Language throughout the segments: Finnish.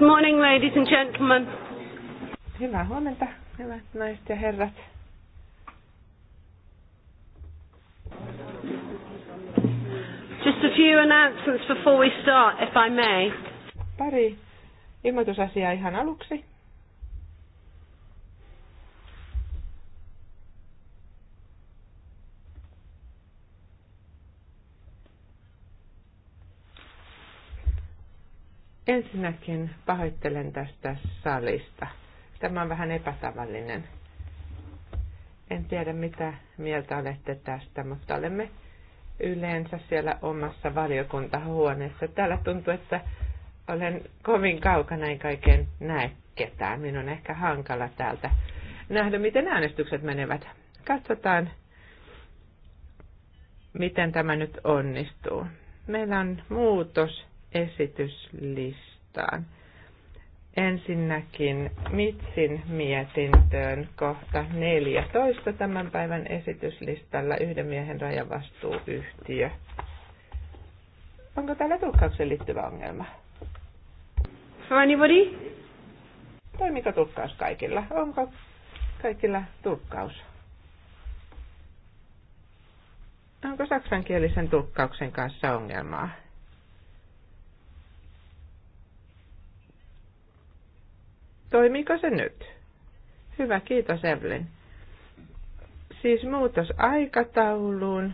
Good morning, ladies and gentlemen. Hyvää huomenta, hyvät naiset ja herrat. Just a few announcements before we start, if I may. Pari ilmoitusasiaa ihan aluksi. Ensinnäkin pahoittelen tästä salista. Tämä on vähän epätavallinen. En tiedä, mitä mieltä olette tästä, mutta olemme yleensä siellä omassa valiokuntahuoneessa. Täällä tuntuu, että olen kovin kaukana, en kaiken näe ketään. Minun on ehkä hankala täältä nähdä, miten äänestykset menevät. Katsotaan, miten tämä nyt onnistuu. Meillä on muutos esityslistaan. Ensinnäkin Mitsin mietintöön kohta 14 tämän päivän esityslistalla yhden miehen rajavastuuyhtiö. Onko täällä tulkkaukseen liittyvä ongelma? For anybody? Toimiko tulkkaus kaikilla? Onko kaikilla tulkkaus? Onko saksankielisen tulkkauksen kanssa ongelmaa? Toimiiko se nyt? Hyvä, kiitos Evelyn. Siis muutos aikatauluun,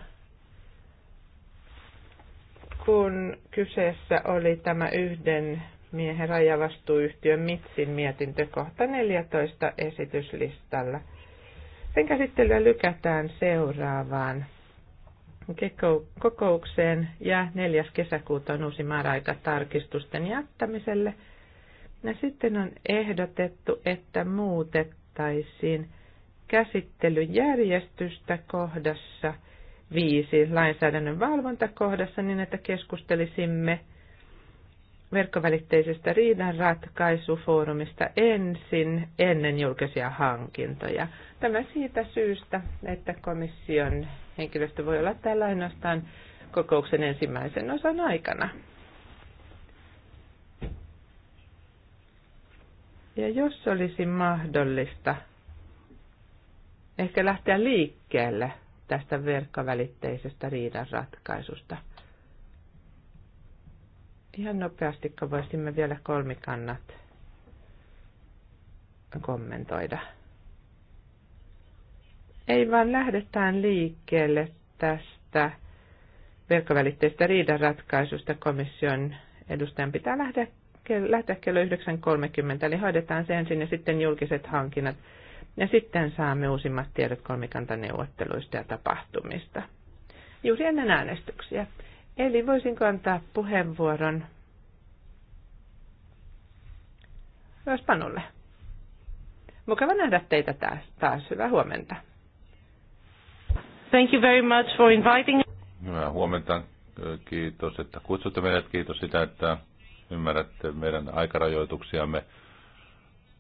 kun kyseessä oli tämä yhden miehen rajavastuuyhtiön Mitsin mietintö kohta 14 esityslistalla. Sen käsittelyä lykätään seuraavaan kokoukseen ja 4. kesäkuuta on uusi määräaika tarkistusten jättämiselle – ja sitten on ehdotettu, että muutettaisiin käsittelyjärjestystä kohdassa viisi lainsäädännön valvontakohdassa niin, että keskustelisimme verkkovälitteisestä riidanratkaisufoorumista ensin ennen julkisia hankintoja. Tämä siitä syystä, että komission henkilöstö voi olla täällä ainoastaan kokouksen ensimmäisen osan aikana. Ja jos olisi mahdollista ehkä lähteä liikkeelle tästä verkkavälitteisestä riidan ratkaisusta. Ihan nopeasti voisimme vielä kolmikannat kommentoida. Ei vaan lähdetään liikkeelle tästä verkkovälitteistä riidanratkaisusta komission edustajan pitää lähteä lähteä kello 9.30, eli hoidetaan se ensin ja sitten julkiset hankinnat. Ja sitten saamme uusimmat tiedot kolmikantaneuvotteluista ja tapahtumista. Juuri ennen äänestyksiä. Eli voisinko antaa puheenvuoron myös Panulle. Mukava nähdä teitä taas. taas. Hyvää huomenta. Thank you very much for inviting. Hyvää huomenta. Kiitos, että kutsutte meidät. Kiitos sitä, että ymmärrätte meidän aikarajoituksiamme.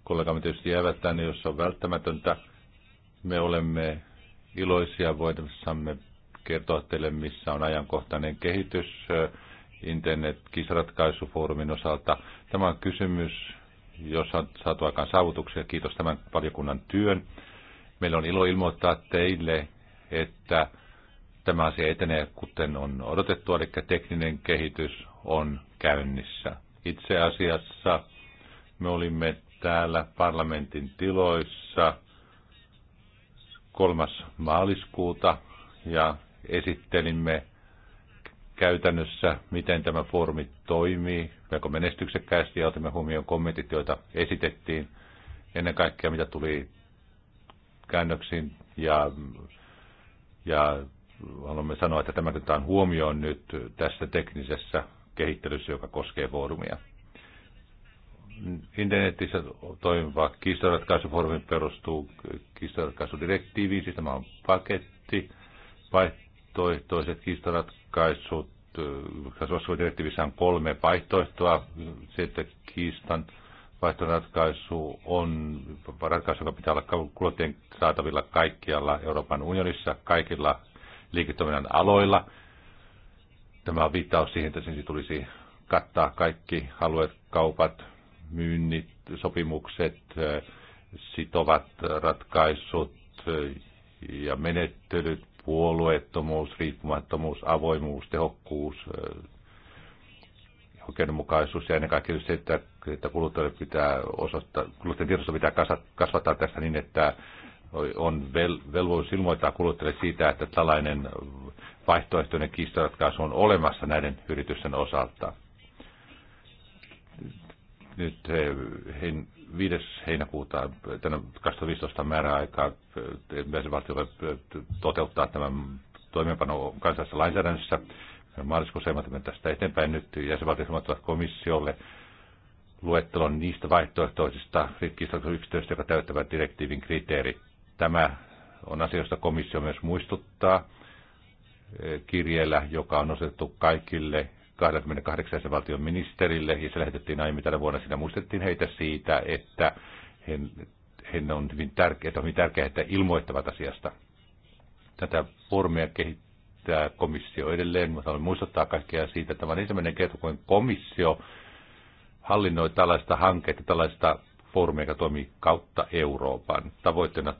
Kollegamme tietysti jäävät tänne, jos on välttämätöntä. Me olemme iloisia voidessamme kertoa teille, missä on ajankohtainen kehitys eh, internet-kisratkaisufoorumin osalta. Tämä on kysymys, jossa on saatu aikaan saavutuksia. Kiitos tämän valiokunnan työn. Meillä on ilo ilmoittaa teille, että tämä asia etenee kuten on odotettu, eli tekninen kehitys on käynnissä. Itse asiassa me olimme täällä parlamentin tiloissa 3. maaliskuuta ja esittelimme käytännössä, miten tämä foorumi toimii, melko menestyksekkäästi ja otimme huomioon kommentit, joita esitettiin ennen kaikkea, mitä tuli käännöksiin ja, ja haluamme sanoa, että tämä otetaan huomioon nyt tässä teknisessä kehittelyssä, joka koskee foorumia. Internetissä toimiva kiistoratkaisufoorumi perustuu kiistoratkaisudirektiiviin, siis tämä on paketti. Vaihtoehtoiset kiistoratkaisut, direktiivissä on kolme vaihtoehtoa. Sitten kiistan vaihtoehtoratkaisu on ratkaisu, joka pitää olla kuluttajien saatavilla kaikkialla Euroopan unionissa, kaikilla liiketoiminnan aloilla – Tämä on viittaus siihen, että sinne tulisi kattaa kaikki alueet, kaupat, myynnit, sopimukset, sitovat ratkaisut ja menettelyt, puolueettomuus, riippumattomuus, avoimuus, tehokkuus, oikeudenmukaisuus ja ennen kaikkea se, että, että pitää osoittaa, kuluttajien tiedosto pitää kasvattaa tästä niin, että on vel, velvollisuus ilmoittaa kuluttajille siitä, että tällainen vaihtoehtoinen kiistaratkaisu on olemassa näiden yritysten osalta. Nyt he, he, 5. heinäkuuta tänä 2015 määräaikaa valtio toteuttaa tämän toimeenpano kansallisessa lainsäädännössä. Maaliskuussa ilmoitamme tästä eteenpäin nyt jäsenvaltiot ilmoittavat komissiolle luettelon niistä vaihtoehtoisista rikkistä yksityistä, jotka täyttävät direktiivin kriteerit. Tämä on asioista komissio myös muistuttaa kirjeellä, joka on osoitettu kaikille 28 valtion ministerille, ja se lähetettiin aiemmin tänä vuonna. Siinä muistettiin heitä siitä, että he, he on hyvin tärkeää, että on hyvin tärkeää, että ilmoittavat asiasta. Tätä formia kehittää komissio edelleen, mutta haluan muistuttaa kaikkia siitä, että tämä on ensimmäinen kerta, kun komissio hallinnoi tällaista hanketta, tällaista foorumia, joka toimii kautta Euroopan. Tavoitteena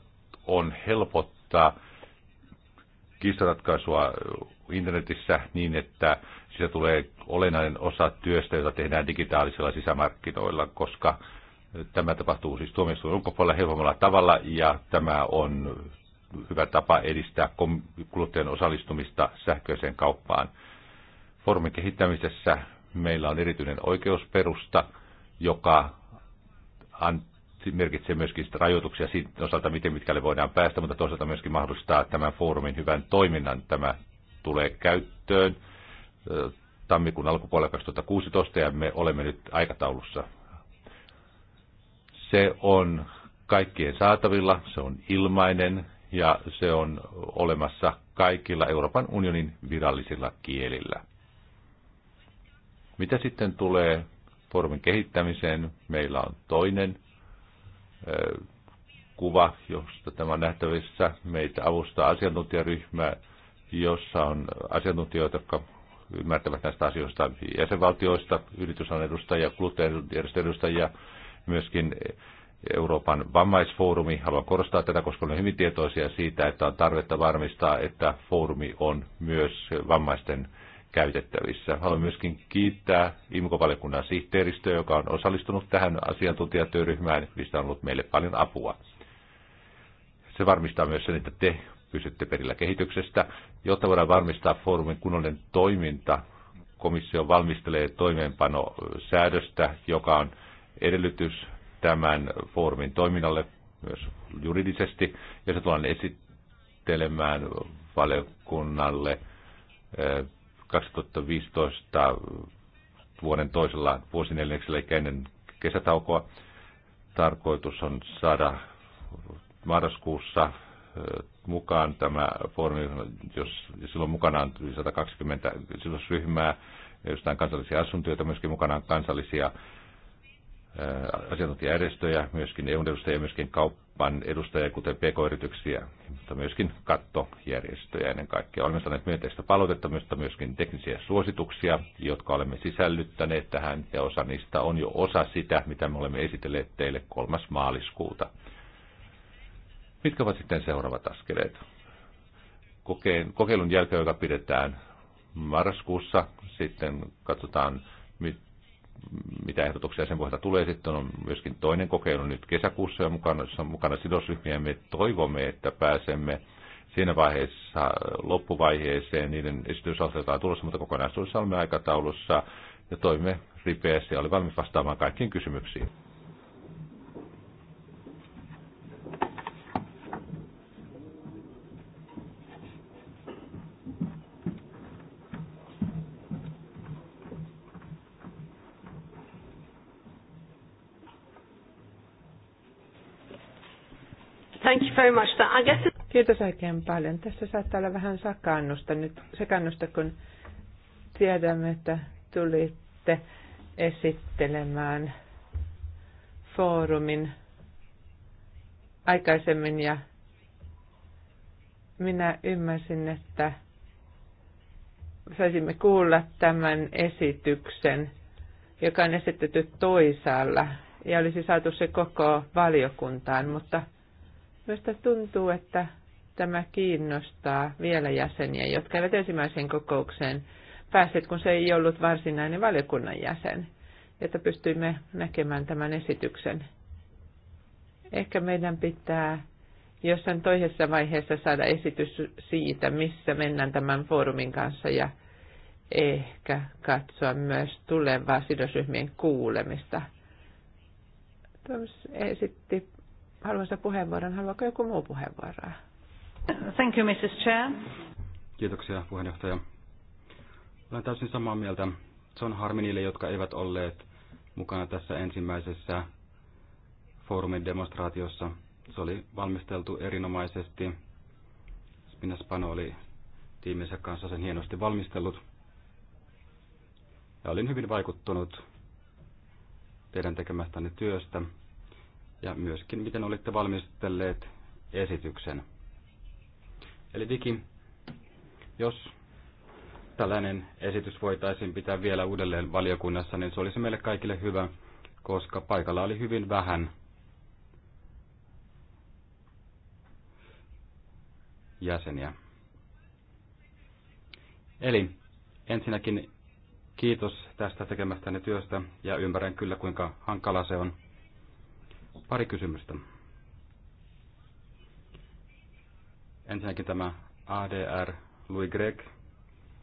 on helpottaa kiistoratkaisua internetissä niin, että siitä tulee olennainen osa työstä, jota tehdään digitaalisilla sisämarkkinoilla, koska tämä tapahtuu siis tuomioistuimen ulkopuolella helpommalla tavalla ja tämä on hyvä tapa edistää kuluttajan osallistumista sähköiseen kauppaan. Foorumin kehittämisessä meillä on erityinen oikeusperusta, joka merkitsee myöskin rajoituksia siitä osalta, miten pitkälle voidaan päästä, mutta toisaalta myöskin mahdollistaa tämän foorumin hyvän toiminnan. Tämä tulee käyttöön tammikuun alkupuolella 2016 ja me olemme nyt aikataulussa. Se on kaikkien saatavilla, se on ilmainen ja se on olemassa kaikilla Euroopan unionin virallisilla kielillä. Mitä sitten tulee foorumin kehittämiseen? Meillä on toinen kuva, josta tämä on nähtävissä. Meitä avustaa asiantuntijaryhmä, jossa on asiantuntijoita, jotka ymmärtävät näistä asioista jäsenvaltioista, yritysalan edustajia, kuluttajien edustajia, myöskin Euroopan vammaisfoorumi. Haluan korostaa tätä, koska olen hyvin tietoisia siitä, että on tarvetta varmistaa, että foorumi on myös vammaisten käytettävissä. Haluan myöskin kiittää IMCO-valiokunnan sihteeristöä, joka on osallistunut tähän asiantuntijatyöryhmään, mistä on ollut meille paljon apua. Se varmistaa myös sen, että te pysytte perillä kehityksestä, jotta voidaan varmistaa foorumin kunnollinen toiminta. Komissio valmistelee toimeenpanosäädöstä, joka on edellytys tämän foorumin toiminnalle myös juridisesti, ja se tullaan esittelemään valiokunnalle eh, 2015 vuoden toisella vuosineljänneksellä, eli ennen kesätaukoa. Tarkoitus on saada marraskuussa mukaan tämä foorumi, jos silloin mukana on 120 sidosryhmää, jostain kansallisia asuntoja, myöskin mukana on kansallisia asiantuntijajärjestöjä, myöskin EU-edustajia, myöskin kaup- kaupan edustajia, kuten pk-yrityksiä, mutta myöskin kattojärjestöjä ennen kaikkea. Olemme saaneet myönteistä palautetta, mutta myöskin teknisiä suosituksia, jotka olemme sisällyttäneet tähän, ja osa niistä on jo osa sitä, mitä me olemme esitelleet teille kolmas maaliskuuta. Mitkä ovat sitten seuraavat askeleet? Kokeilun jälkeen, joka pidetään marraskuussa, sitten katsotaan mitä ehdotuksia sen pohjalta tulee. Sitten on myöskin toinen kokeilu nyt kesäkuussa ja mukana, jossa on mukana sidosryhmiä. Me toivomme, että pääsemme siinä vaiheessa loppuvaiheeseen. Niiden esitys on tulossa, mutta kokonaisuudessa olemme aikataulussa ja toimme ripeästi ja olemme valmis vastaamaan kaikkiin kysymyksiin. very much. I guess it... Kiitos oikein paljon. Tässä saattaa olla vähän sakannusta nyt, sekannusta, kun tiedämme, että tulitte esittelemään foorumin aikaisemmin ja minä ymmärsin, että saisimme kuulla tämän esityksen, joka on esitetty toisaalla ja olisi saatu se koko valiokuntaan, mutta Minusta tuntuu, että tämä kiinnostaa vielä jäseniä, jotka eivät ensimmäiseen kokoukseen päässeet, kun se ei ollut varsinainen valiokunnan jäsen, että pystyimme näkemään tämän esityksen. Ehkä meidän pitää jossain toisessa vaiheessa saada esitys siitä, missä mennään tämän foorumin kanssa ja ehkä katsoa myös tulevaa sidosryhmien kuulemista. Toms esitti haluaisi puheenvuoron. Haluaako joku muu puheenvuoroa? Thank you, Mrs. Chair. Kiitoksia, puheenjohtaja. Olen täysin samaa mieltä. Se on harmi niille, jotka eivät olleet mukana tässä ensimmäisessä foorumin demonstraatiossa. Se oli valmisteltu erinomaisesti. Minä Spano oli tiiminsä kanssa sen hienosti valmistellut. Ja olin hyvin vaikuttunut teidän tekemästänne työstä ja myöskin miten olitte valmistelleet esityksen. Eli Viki, jos tällainen esitys voitaisiin pitää vielä uudelleen valiokunnassa, niin se olisi meille kaikille hyvä, koska paikalla oli hyvin vähän jäseniä. Eli ensinnäkin kiitos tästä tekemästäni työstä ja ymmärrän kyllä kuinka hankala se on. Pari kysymystä. Ensinnäkin tämä ADR Louis Gregg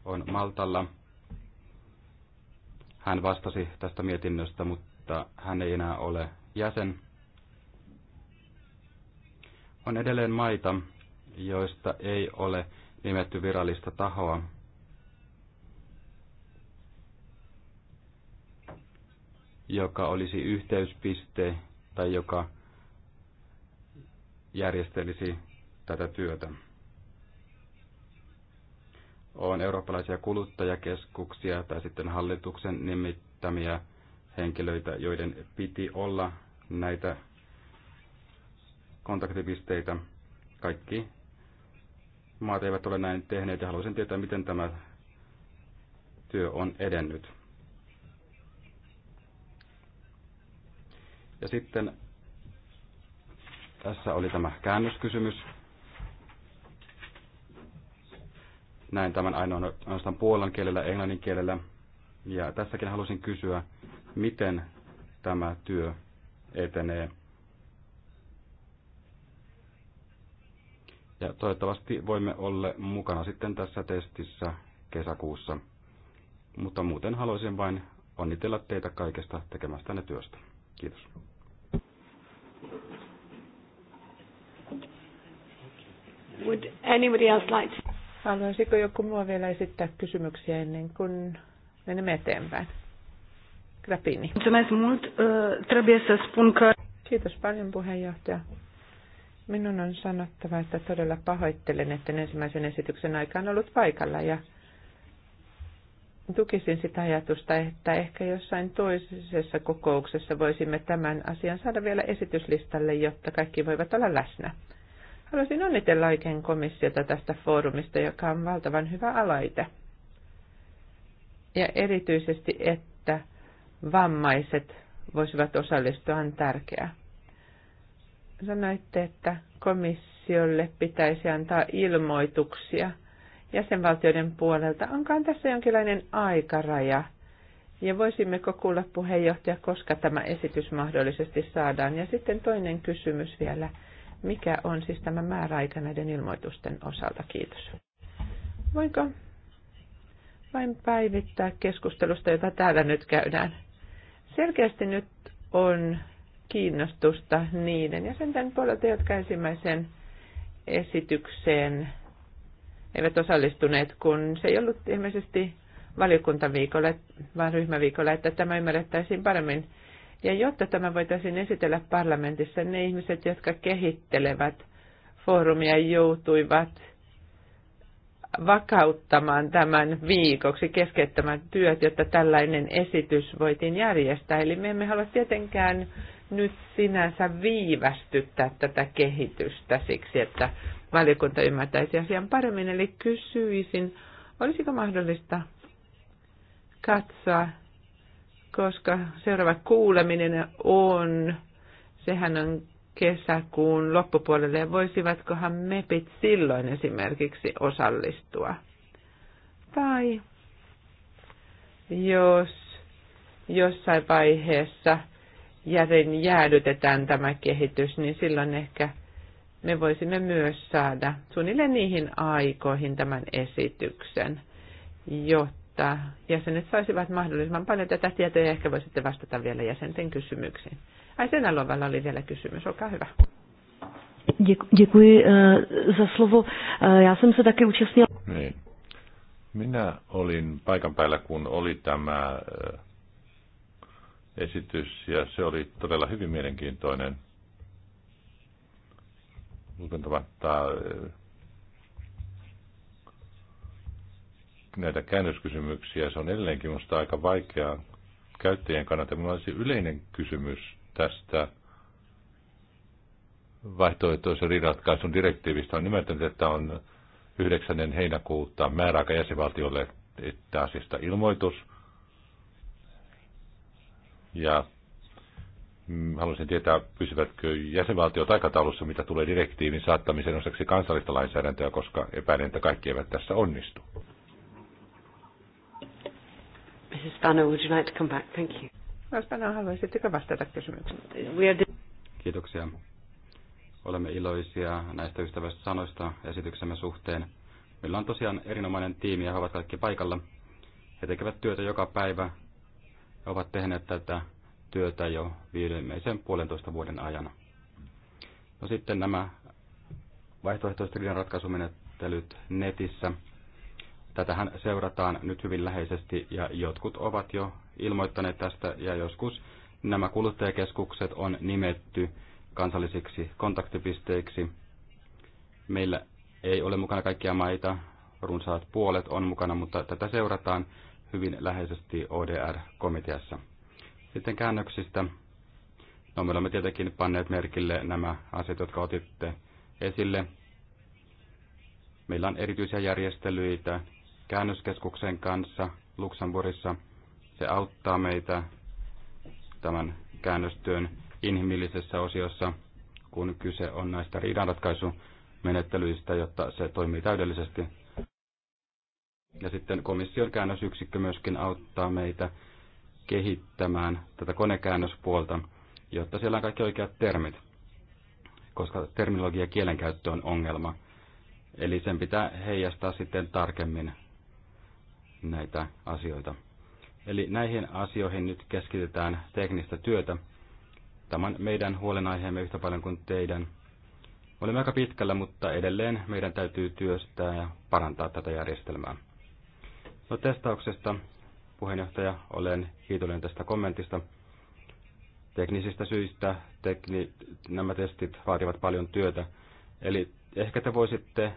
on Maltalla. Hän vastasi tästä mietinnöstä, mutta hän ei enää ole jäsen. On edelleen maita, joista ei ole nimetty virallista tahoa. joka olisi yhteyspiste tai joka järjestelisi tätä työtä. On eurooppalaisia kuluttajakeskuksia tai sitten hallituksen nimittämiä henkilöitä, joiden piti olla näitä kontaktipisteitä. Kaikki maat eivät ole näin tehneet ja haluaisin tietää, miten tämä työ on edennyt. Ja sitten tässä oli tämä käännöskysymys. Näin tämän ainoa, ainoastaan puolan kielellä, englannin kielellä. Ja tässäkin halusin kysyä, miten tämä työ etenee. Ja toivottavasti voimme olla mukana sitten tässä testissä kesäkuussa. Mutta muuten haluaisin vain onnitella teitä kaikesta tekemästänne työstä. Kiitos. Would anybody else like to? Haluaisiko joku muu vielä esittää kysymyksiä ennen kuin menemme eteenpäin? Grappini. Kiitos paljon puheenjohtaja. Minun on sanottava, että todella pahoittelen, että ensimmäisen esityksen aikaan ollut paikalla ja tukisin sitä ajatusta, että ehkä jossain toisessa kokouksessa voisimme tämän asian saada vielä esityslistalle, jotta kaikki voivat olla läsnä. Haluaisin onnitella oikein komissiota tästä foorumista, joka on valtavan hyvä aloite. Ja erityisesti, että vammaiset voisivat osallistua on tärkeää. Sanoitte, että komissiolle pitäisi antaa ilmoituksia jäsenvaltioiden puolelta. Onkaan tässä jonkinlainen aikaraja? Ja voisimmeko kuulla puheenjohtaja, koska tämä esitys mahdollisesti saadaan? Ja sitten toinen kysymys vielä mikä on siis tämä määräaika näiden ilmoitusten osalta? Kiitos. Voinko vain päivittää keskustelusta, jota täällä nyt käydään? Selkeästi nyt on kiinnostusta niiden ja sen puolelta, jotka ensimmäisen esitykseen eivät osallistuneet, kun se ei ollut ilmeisesti valiokuntaviikolla, vaan ryhmäviikolla, että tämä ymmärrettäisiin paremmin ja jotta tämä voitaisiin esitellä parlamentissa, ne ihmiset, jotka kehittelevät foorumia, joutuivat vakauttamaan tämän viikoksi, keskeyttämään työt, jotta tällainen esitys voitiin järjestää. Eli me emme halua tietenkään nyt sinänsä viivästyttää tätä kehitystä siksi, että valiokunta ymmärtäisi asian paremmin. Eli kysyisin, olisiko mahdollista katsoa koska seuraava kuuleminen on, sehän on kesäkuun loppupuolelle, ja voisivatkohan MEPit silloin esimerkiksi osallistua? Tai jos jossain vaiheessa jäsen jäädytetään tämä kehitys, niin silloin ehkä me voisimme myös saada suunnilleen niihin aikoihin tämän esityksen, jotta jotta jäsenet saisivat mahdollisimman paljon tätä tietoa ja ehkä voisitte vastata vielä jäsenten kysymyksiin. Ai sen alueella oli vielä kysymys, olkaa hyvä. Děkuji eh, za slovo. Eh, já jsem se taky účastnila. Niin. Minä olin paikan päällä, kun oli tämä eh, esitys ja se oli todella hyvin mielenkiintoinen. Lukuntamatta näitä käännöskysymyksiä. Se on edelleenkin minusta aika vaikeaa käyttäjien kannalta. Minulla olisi yleinen kysymys tästä vaihtoehtoisen riidanratkaisun direktiivistä. on ymmärtänyt, että on 9. heinäkuuta määräaika jäsenvaltiolle että asiasta ilmoitus. Ja mm, haluaisin tietää, pysyvätkö jäsenvaltiot aikataulussa, mitä tulee direktiivin saattamisen osaksi kansallista lainsäädäntöä, koska epäilen, että kaikki eivät tässä onnistu. Mrs. Banner, would you like to come back? Thank you. Vastana, haluaisitteko vastata kysymykseen? Kiitoksia. Olemme iloisia näistä ystävistä sanoista esityksemme suhteen. Meillä on tosiaan erinomainen tiimi ja he ovat kaikki paikalla. He tekevät työtä joka päivä ja ovat tehneet tätä työtä jo viimeisen puolentoista vuoden ajan. No sitten nämä vaihtoehtoiset ratkaisumenettelyt netissä – Tätähän seurataan nyt hyvin läheisesti ja jotkut ovat jo ilmoittaneet tästä ja joskus nämä kuluttajakeskukset on nimetty kansallisiksi kontaktipisteiksi. Meillä ei ole mukana kaikkia maita, runsaat puolet on mukana, mutta tätä seurataan hyvin läheisesti ODR-komiteassa. Sitten käännöksistä. No, me olemme tietenkin panneet merkille nämä asiat, jotka otitte esille. Meillä on erityisiä järjestelyitä käännöskeskuksen kanssa Luxemburgissa. Se auttaa meitä tämän käännöstyön inhimillisessä osiossa, kun kyse on näistä riidanratkaisumenettelyistä, jotta se toimii täydellisesti. Ja sitten komission käännösyksikkö myöskin auttaa meitä kehittämään tätä konekäännöspuolta, jotta siellä on kaikki oikeat termit, koska terminologia ja kielenkäyttö on ongelma. Eli sen pitää heijastaa sitten tarkemmin näitä asioita. Eli näihin asioihin nyt keskitetään teknistä työtä. Tämän meidän huolenaiheemme yhtä paljon kuin teidän. Olemme aika pitkällä, mutta edelleen meidän täytyy työstää ja parantaa tätä järjestelmää. No testauksesta, puheenjohtaja, olen kiitollinen tästä kommentista. Teknisistä syistä tekni, nämä testit vaativat paljon työtä. Eli ehkä te voisitte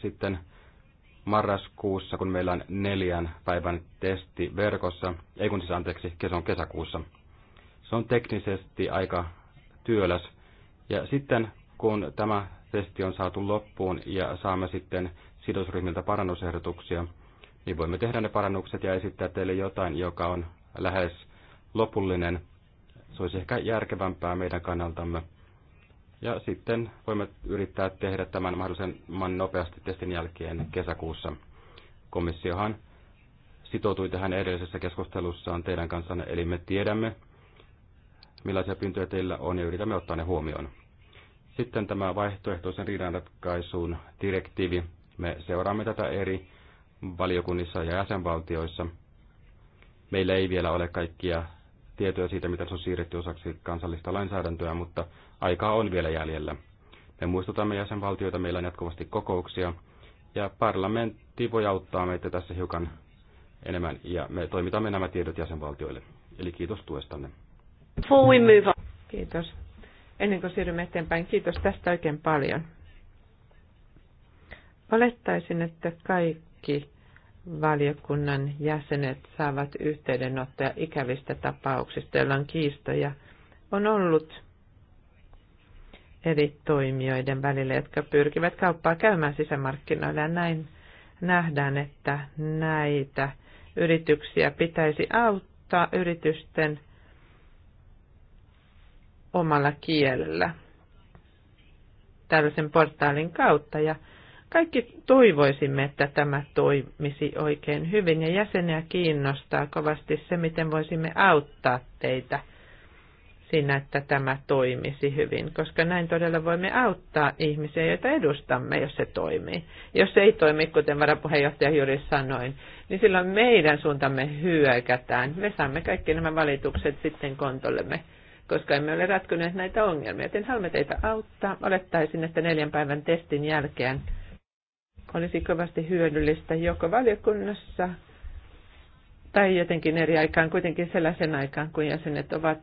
sitten marraskuussa, kun meillä on neljän päivän testi verkossa, ei kun siis anteeksi, on kesäkuussa. Se on teknisesti aika työläs. Ja sitten kun tämä testi on saatu loppuun ja saamme sitten sidosryhmiltä parannusehdotuksia, niin voimme tehdä ne parannukset ja esittää teille jotain, joka on lähes lopullinen. Se olisi ehkä järkevämpää meidän kannaltamme. Ja sitten voimme yrittää tehdä tämän mahdollisimman nopeasti testin jälkeen kesäkuussa. Komissiohan sitoutui tähän edellisessä keskustelussaan teidän kanssanne, eli me tiedämme, millaisia pyyntöjä teillä on ja yritämme ottaa ne huomioon. Sitten tämä vaihtoehtoisen riidanratkaisun direktiivi. Me seuraamme tätä eri valiokunnissa ja jäsenvaltioissa. Meillä ei vielä ole kaikkia tietoja siitä, miten se on siirretty osaksi kansallista lainsäädäntöä, mutta aikaa on vielä jäljellä. Me muistutamme jäsenvaltioita, meillä on jatkuvasti kokouksia, ja parlamentti voi auttaa meitä tässä hiukan enemmän, ja me toimitamme nämä tiedot jäsenvaltioille. Eli kiitos tuestanne. Kiitos. Ennen kuin siirrymme eteenpäin, kiitos tästä oikein paljon. Olettaisin, että kaikki valiokunnan jäsenet saavat yhteydenottoja ikävistä tapauksista, joilla on kiistoja, on ollut eri toimijoiden välillä, jotka pyrkivät kauppaa käymään sisämarkkinoilla. Ja näin nähdään, että näitä yrityksiä pitäisi auttaa yritysten omalla kielellä tällaisen portaalin kautta. Ja kaikki toivoisimme, että tämä toimisi oikein hyvin ja jäseniä kiinnostaa kovasti se, miten voisimme auttaa teitä siinä, että tämä toimisi hyvin, koska näin todella voimme auttaa ihmisiä, joita edustamme, jos se toimii. Jos se ei toimi, kuten varapuheenjohtaja Juri sanoi, niin silloin meidän suuntamme hyökätään. Me saamme kaikki nämä valitukset sitten kontollemme, koska emme ole ratkoneet näitä ongelmia. Joten haluamme teitä auttaa. Olettaisin, että neljän päivän testin jälkeen olisi kovasti hyödyllistä joko valiokunnassa tai jotenkin eri aikaan, kuitenkin sellaisen aikaan, kun jäsenet ovat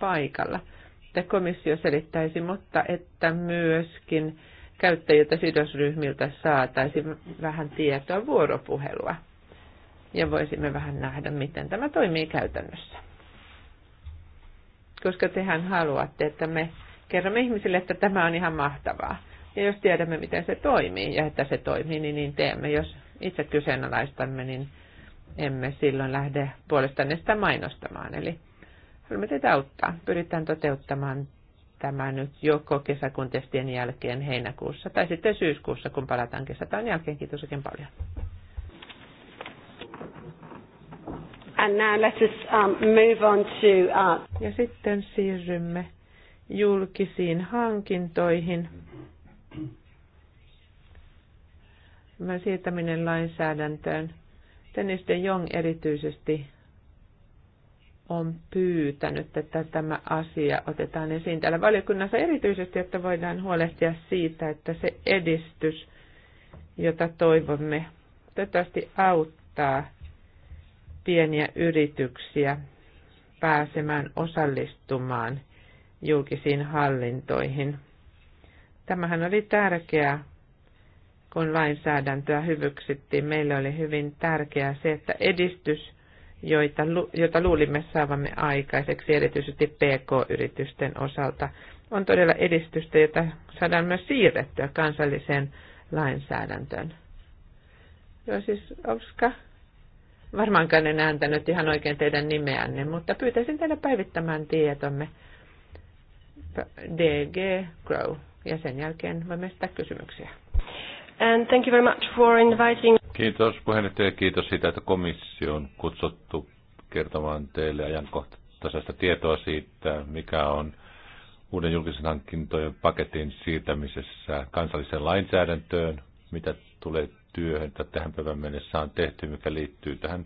paikalla. Että komissio selittäisi, mutta että myöskin käyttäjiltä sidosryhmiltä saataisiin vähän tietoa vuoropuhelua. Ja voisimme vähän nähdä, miten tämä toimii käytännössä. Koska tehän haluatte, että me kerromme ihmisille, että tämä on ihan mahtavaa. Ja jos tiedämme, miten se toimii ja että se toimii, niin niin teemme. Jos itse kyseenalaistamme, niin emme silloin lähde puolestanne sitä mainostamaan. Eli haluamme teitä auttaa. Pyritään toteuttamaan tämä nyt joko kesäkuun testien jälkeen heinäkuussa tai sitten syyskuussa, kun palataan kesätään jälkeen. Kiitos oikein paljon. And now let us um, move on to, uh... Ja sitten siirrymme julkisiin hankintoihin. Tämä siirtäminen lainsäädäntöön. Dennis de Jong erityisesti on pyytänyt, että tämä asia otetaan esiin täällä valiokunnassa erityisesti, että voidaan huolehtia siitä, että se edistys, jota toivomme, toivottavasti auttaa pieniä yrityksiä pääsemään osallistumaan julkisiin hallintoihin – Tämähän oli tärkeää, kun lainsäädäntöä hyväksyttiin. Meille oli hyvin tärkeää se, että edistys, joita, jota luulimme saavamme aikaiseksi, erityisesti PK-yritysten osalta, on todella edistystä, jota saadaan myös siirrettyä kansalliseen lainsäädäntöön. Joo, siis Oska, varmaankaan en ääntänyt ihan oikein teidän nimeänne, mutta pyytäisin teille päivittämään tietomme. DG Grow ja sen jälkeen voimme esittää kysymyksiä. And thank you very much for inviting... Kiitos puheenjohtaja ja kiitos siitä, että komissio on kutsuttu kertomaan teille ajankohtaisesta tietoa siitä, mikä on uuden julkisen hankintojen paketin siirtämisessä kansalliseen lainsäädäntöön, mitä tulee työhön, että tähän päivän mennessä on tehty, mikä liittyy tähän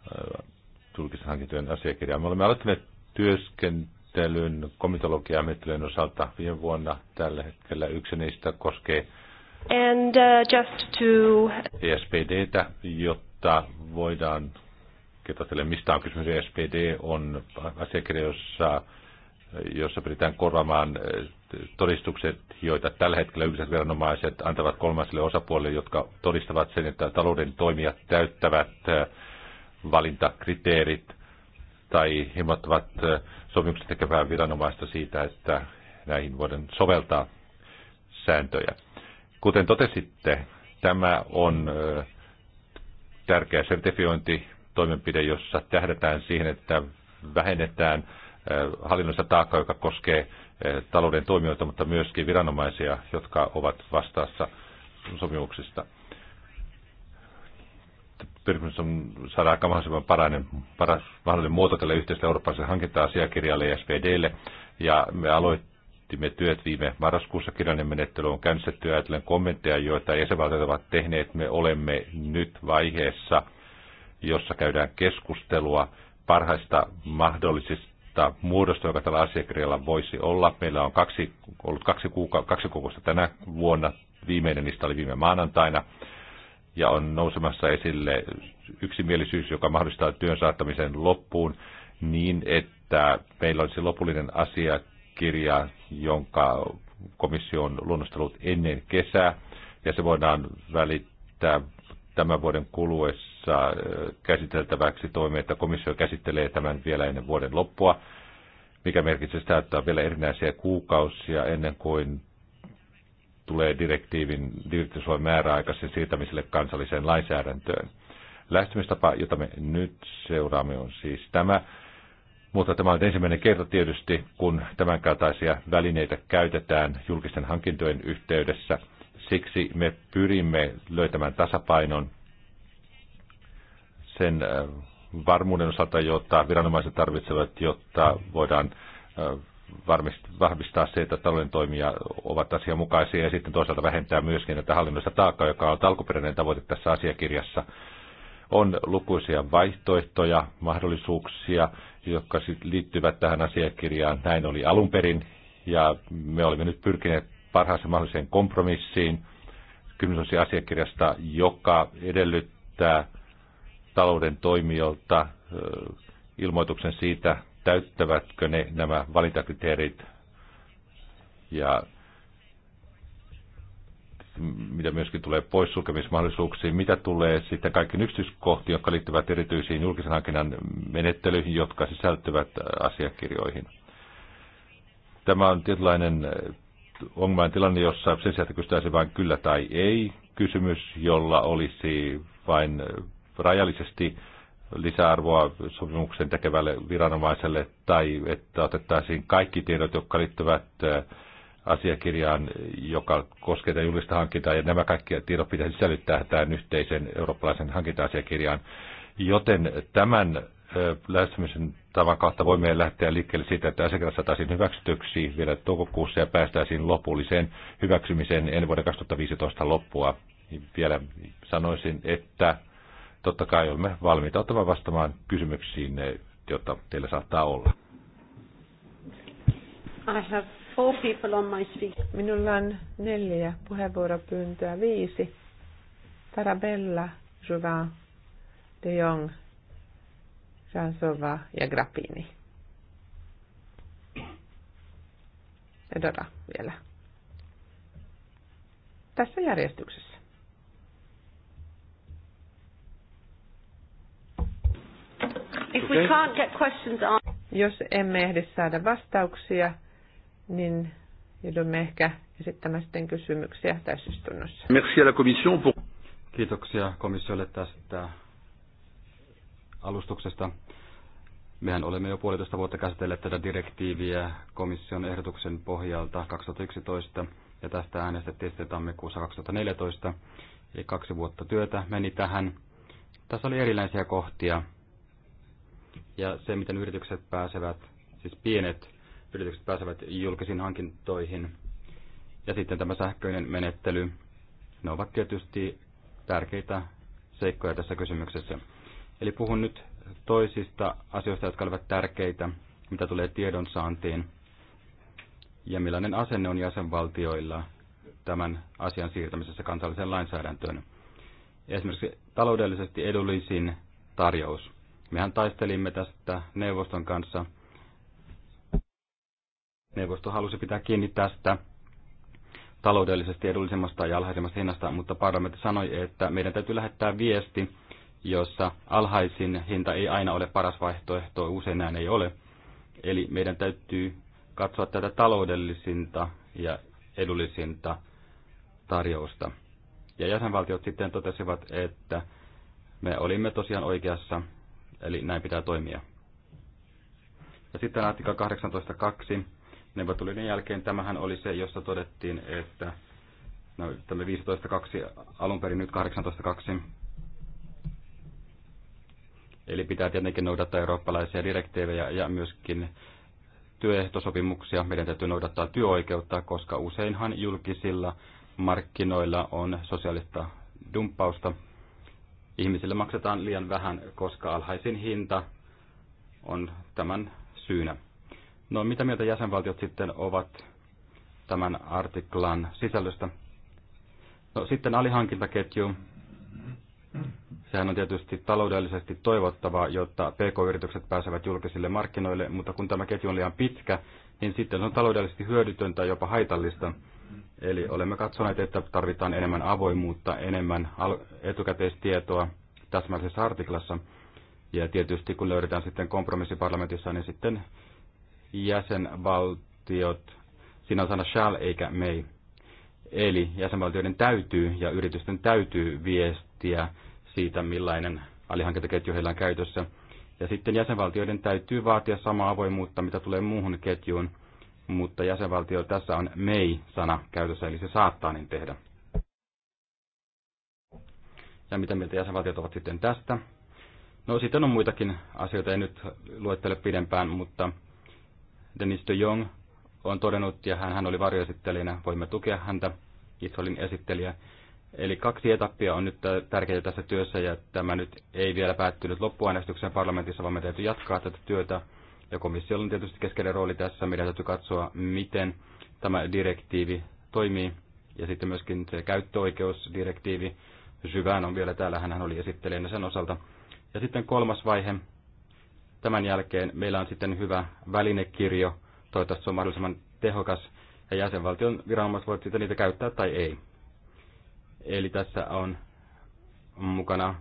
äh, julkisen hankintojen asiakirjaan. Me olemme aloittaneet työskentelyä menettelyn, komitologiamenettelyn osalta viime vuonna. Tällä hetkellä yksi niistä koskee And, uh, just to... ESPDtä, jotta voidaan kertoa mistä on kysymys. ESPD on asiakirja, jossa, jossa pyritään korvaamaan eh, todistukset, joita tällä hetkellä yksityiset viranomaiset antavat kolmansille osapuolille, jotka todistavat sen, että talouden toimijat täyttävät eh, valintakriteerit tai himottavat eh, sopimuksen tekevää viranomaista siitä, että näihin voidaan soveltaa sääntöjä. Kuten totesitte, tämä on tärkeä sertifiointitoimenpide, jossa tähdätään siihen, että vähennetään hallinnollista taakkaa, joka koskee talouden toimijoita, mutta myöskin viranomaisia, jotka ovat vastaassa sopimuksista pyrkimys on saada aika mahdollisimman parainen, paras mahdollinen muoto tälle yhteiselle eurooppalaiselle hankinta-asiakirjalle ja SPDlle. Ja me aloitimme työt viime marraskuussa. Kirjallinen menettely on käynnistetty ajatellen kommentteja, joita jäsenvaltiot ovat tehneet. Me olemme nyt vaiheessa, jossa käydään keskustelua parhaista mahdollisista muodosta, joka tällä asiakirjalla voisi olla. Meillä on kaksi, ollut kaksi, kuuka, kaksi kokousta tänä vuonna. Viimeinen niistä oli viime maanantaina ja on nousemassa esille yksimielisyys, joka mahdollistaa työn saattamisen loppuun niin, että meillä olisi lopullinen asiakirja, jonka komissio on luonnostellut ennen kesää, ja se voidaan välittää tämän vuoden kuluessa äh, käsiteltäväksi toimi, että komissio käsittelee tämän vielä ennen vuoden loppua, mikä merkitsee sitä, että on vielä erinäisiä kuukausia ennen kuin tulee direktiivin, määrä määräaikaisen siirtämiselle kansalliseen lainsäädäntöön. Lähestymistapa, jota me nyt seuraamme, on siis tämä. Mutta tämä on ensimmäinen kerta tietysti, kun tämänkaltaisia välineitä käytetään julkisten hankintojen yhteydessä. Siksi me pyrimme löytämään tasapainon sen äh, varmuuden osalta, jota viranomaiset tarvitsevat, jotta voidaan äh, vahvistaa se, että talouden toimia ovat asianmukaisia ja sitten toisaalta vähentää myöskin tätä hallinnollista taakkaa, joka on alkuperäinen tavoite tässä asiakirjassa. On lukuisia vaihtoehtoja, mahdollisuuksia, jotka liittyvät tähän asiakirjaan. Näin oli alun perin ja me olemme nyt pyrkineet parhaaseen mahdolliseen kompromissiin. Kysymys on siis asiakirjasta, joka edellyttää talouden toimijoilta ilmoituksen siitä, täyttävätkö ne nämä valintakriteerit ja mitä myöskin tulee poissulkemismahdollisuuksiin, mitä tulee sitten kaikkiin yksityiskohtiin, jotka liittyvät erityisiin julkisen hankinnan menettelyihin, jotka sisältyvät asiakirjoihin. Tämä on tietynlainen ongelman tilanne, jossa sen sijaan, että kysytään vain kyllä tai ei, kysymys, jolla olisi vain rajallisesti lisäarvoa sopimuksen tekevälle viranomaiselle tai että otettaisiin kaikki tiedot, jotka liittyvät asiakirjaan, joka koskee julkista hankintaa, ja nämä kaikki tiedot pitäisi sisällyttää tähän yhteisen eurooppalaisen hankinta-asiakirjaan. Joten tämän lähestymisen tavan kautta voimme lähteä liikkeelle siitä, että asiakirjat saataisiin hyväksytyksi vielä toukokuussa ja päästäisiin lopulliseen hyväksymiseen ennen vuoden 2015 loppua. Vielä sanoisin, että totta kai olemme valmiita ottamaan vastaamaan kysymyksiin, jotta teillä saattaa olla. I have four people on my speak. Minulla on neljä puheenvuoropyyntöä, viisi. Tarabella, Juvan, De Jong, Jansova ja Grappini. Ja Dora vielä. Tässä järjestyksessä. If we can't get questions on... Jos emme ehdi saada vastauksia, niin joudumme ehkä esittämään sitten kysymyksiä täysistunnossa. Merci à la commission pour... Kiitoksia komissiolle tästä alustuksesta. Mehän olemme jo puolitoista vuotta käsitelleet tätä direktiiviä komission ehdotuksen pohjalta 2011 ja tästä äänestettiin sitten tammikuussa 2014. Eli kaksi vuotta työtä meni tähän. Tässä oli erilaisia kohtia, ja se, miten yritykset pääsevät, siis pienet yritykset pääsevät julkisiin hankintoihin. Ja sitten tämä sähköinen menettely, ne ovat tietysti tärkeitä seikkoja tässä kysymyksessä. Eli puhun nyt toisista asioista, jotka olivat tärkeitä, mitä tulee tiedonsaantiin ja millainen asenne on jäsenvaltioilla tämän asian siirtämisessä kansalliseen lainsäädäntöön. Esimerkiksi taloudellisesti edullisin tarjous. Mehän taistelimme tästä neuvoston kanssa. Neuvosto halusi pitää kiinni tästä taloudellisesti edullisemmasta ja alhaisemmasta hinnasta, mutta parlamentti sanoi, että meidän täytyy lähettää viesti, jossa alhaisin hinta ei aina ole paras vaihtoehto, usein näin ei ole. Eli meidän täytyy katsoa tätä taloudellisinta ja edullisinta tarjousta. Ja jäsenvaltiot sitten totesivat, että me olimme tosiaan oikeassa Eli näin pitää toimia. Ja sitten artikla 18.2. Neuvottelujen jälkeen tämähän oli se, jossa todettiin, että no, tämä 15.2 alun perin nyt 18.2. Eli pitää tietenkin noudattaa eurooppalaisia direktiivejä ja myöskin työehtosopimuksia. Meidän täytyy noudattaa työoikeutta, koska useinhan julkisilla markkinoilla on sosiaalista dumppausta ihmisille maksetaan liian vähän, koska alhaisin hinta on tämän syynä. No mitä mieltä jäsenvaltiot sitten ovat tämän artiklan sisällöstä? No sitten alihankintaketju. Sehän on tietysti taloudellisesti toivottavaa, jotta pk-yritykset pääsevät julkisille markkinoille, mutta kun tämä ketju on liian pitkä, niin sitten se on taloudellisesti hyödytöntä, jopa haitallista, Eli olemme katsoneet, että tarvitaan enemmän avoimuutta, enemmän etukäteistietoa täsmällisessä artiklassa. Ja tietysti kun löydetään sitten kompromissi parlamentissa, niin sitten jäsenvaltiot, siinä on sana shall eikä may. Eli jäsenvaltioiden täytyy ja yritysten täytyy viestiä siitä, millainen alihankintaketju heillä on käytössä. Ja sitten jäsenvaltioiden täytyy vaatia samaa avoimuutta, mitä tulee muuhun ketjuun – mutta jäsenvaltio tässä on mei-sana käytössä, eli se saattaa niin tehdä. Ja mitä mieltä jäsenvaltiot ovat sitten tästä? No sitten on muitakin asioita, en nyt luettele pidempään, mutta Dennis de Jong on todennut, ja hän, hän oli varjoesittelijänä, voimme tukea häntä, itse olin esittelijä. Eli kaksi etappia on nyt tärkeitä tässä työssä, ja tämä nyt ei vielä päättynyt loppuäänestykseen parlamentissa, vaan me täytyy jatkaa tätä työtä ja komissiolla on tietysti keskeinen rooli tässä. Meidän täytyy katsoa, miten tämä direktiivi toimii. Ja sitten myöskin se käyttöoikeusdirektiivi. Syvään on vielä täällä, hän oli esittelijänä sen osalta. Ja sitten kolmas vaihe. Tämän jälkeen meillä on sitten hyvä välinekirjo. Toivottavasti se on mahdollisimman tehokas. Ja jäsenvaltion viranomaiset voivat sitten niitä käyttää tai ei. Eli tässä on mukana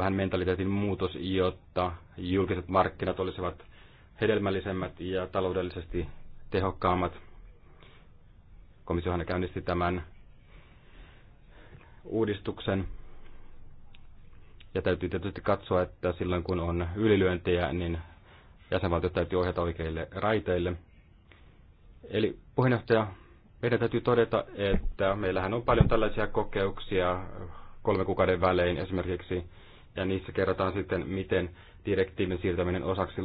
vähän mentaliteetin muutos, jotta julkiset markkinat olisivat hedelmällisemmät ja taloudellisesti tehokkaammat. Komissiohan käynnisti tämän uudistuksen. Ja täytyy tietysti katsoa, että silloin kun on ylilyöntejä, niin jäsenvaltiot täytyy ohjata oikeille raiteille. Eli puheenjohtaja, meidän täytyy todeta, että meillähän on paljon tällaisia kokeuksia kolme kuukauden välein esimerkiksi ja niissä kerrotaan sitten, miten direktiivin siirtäminen osaksi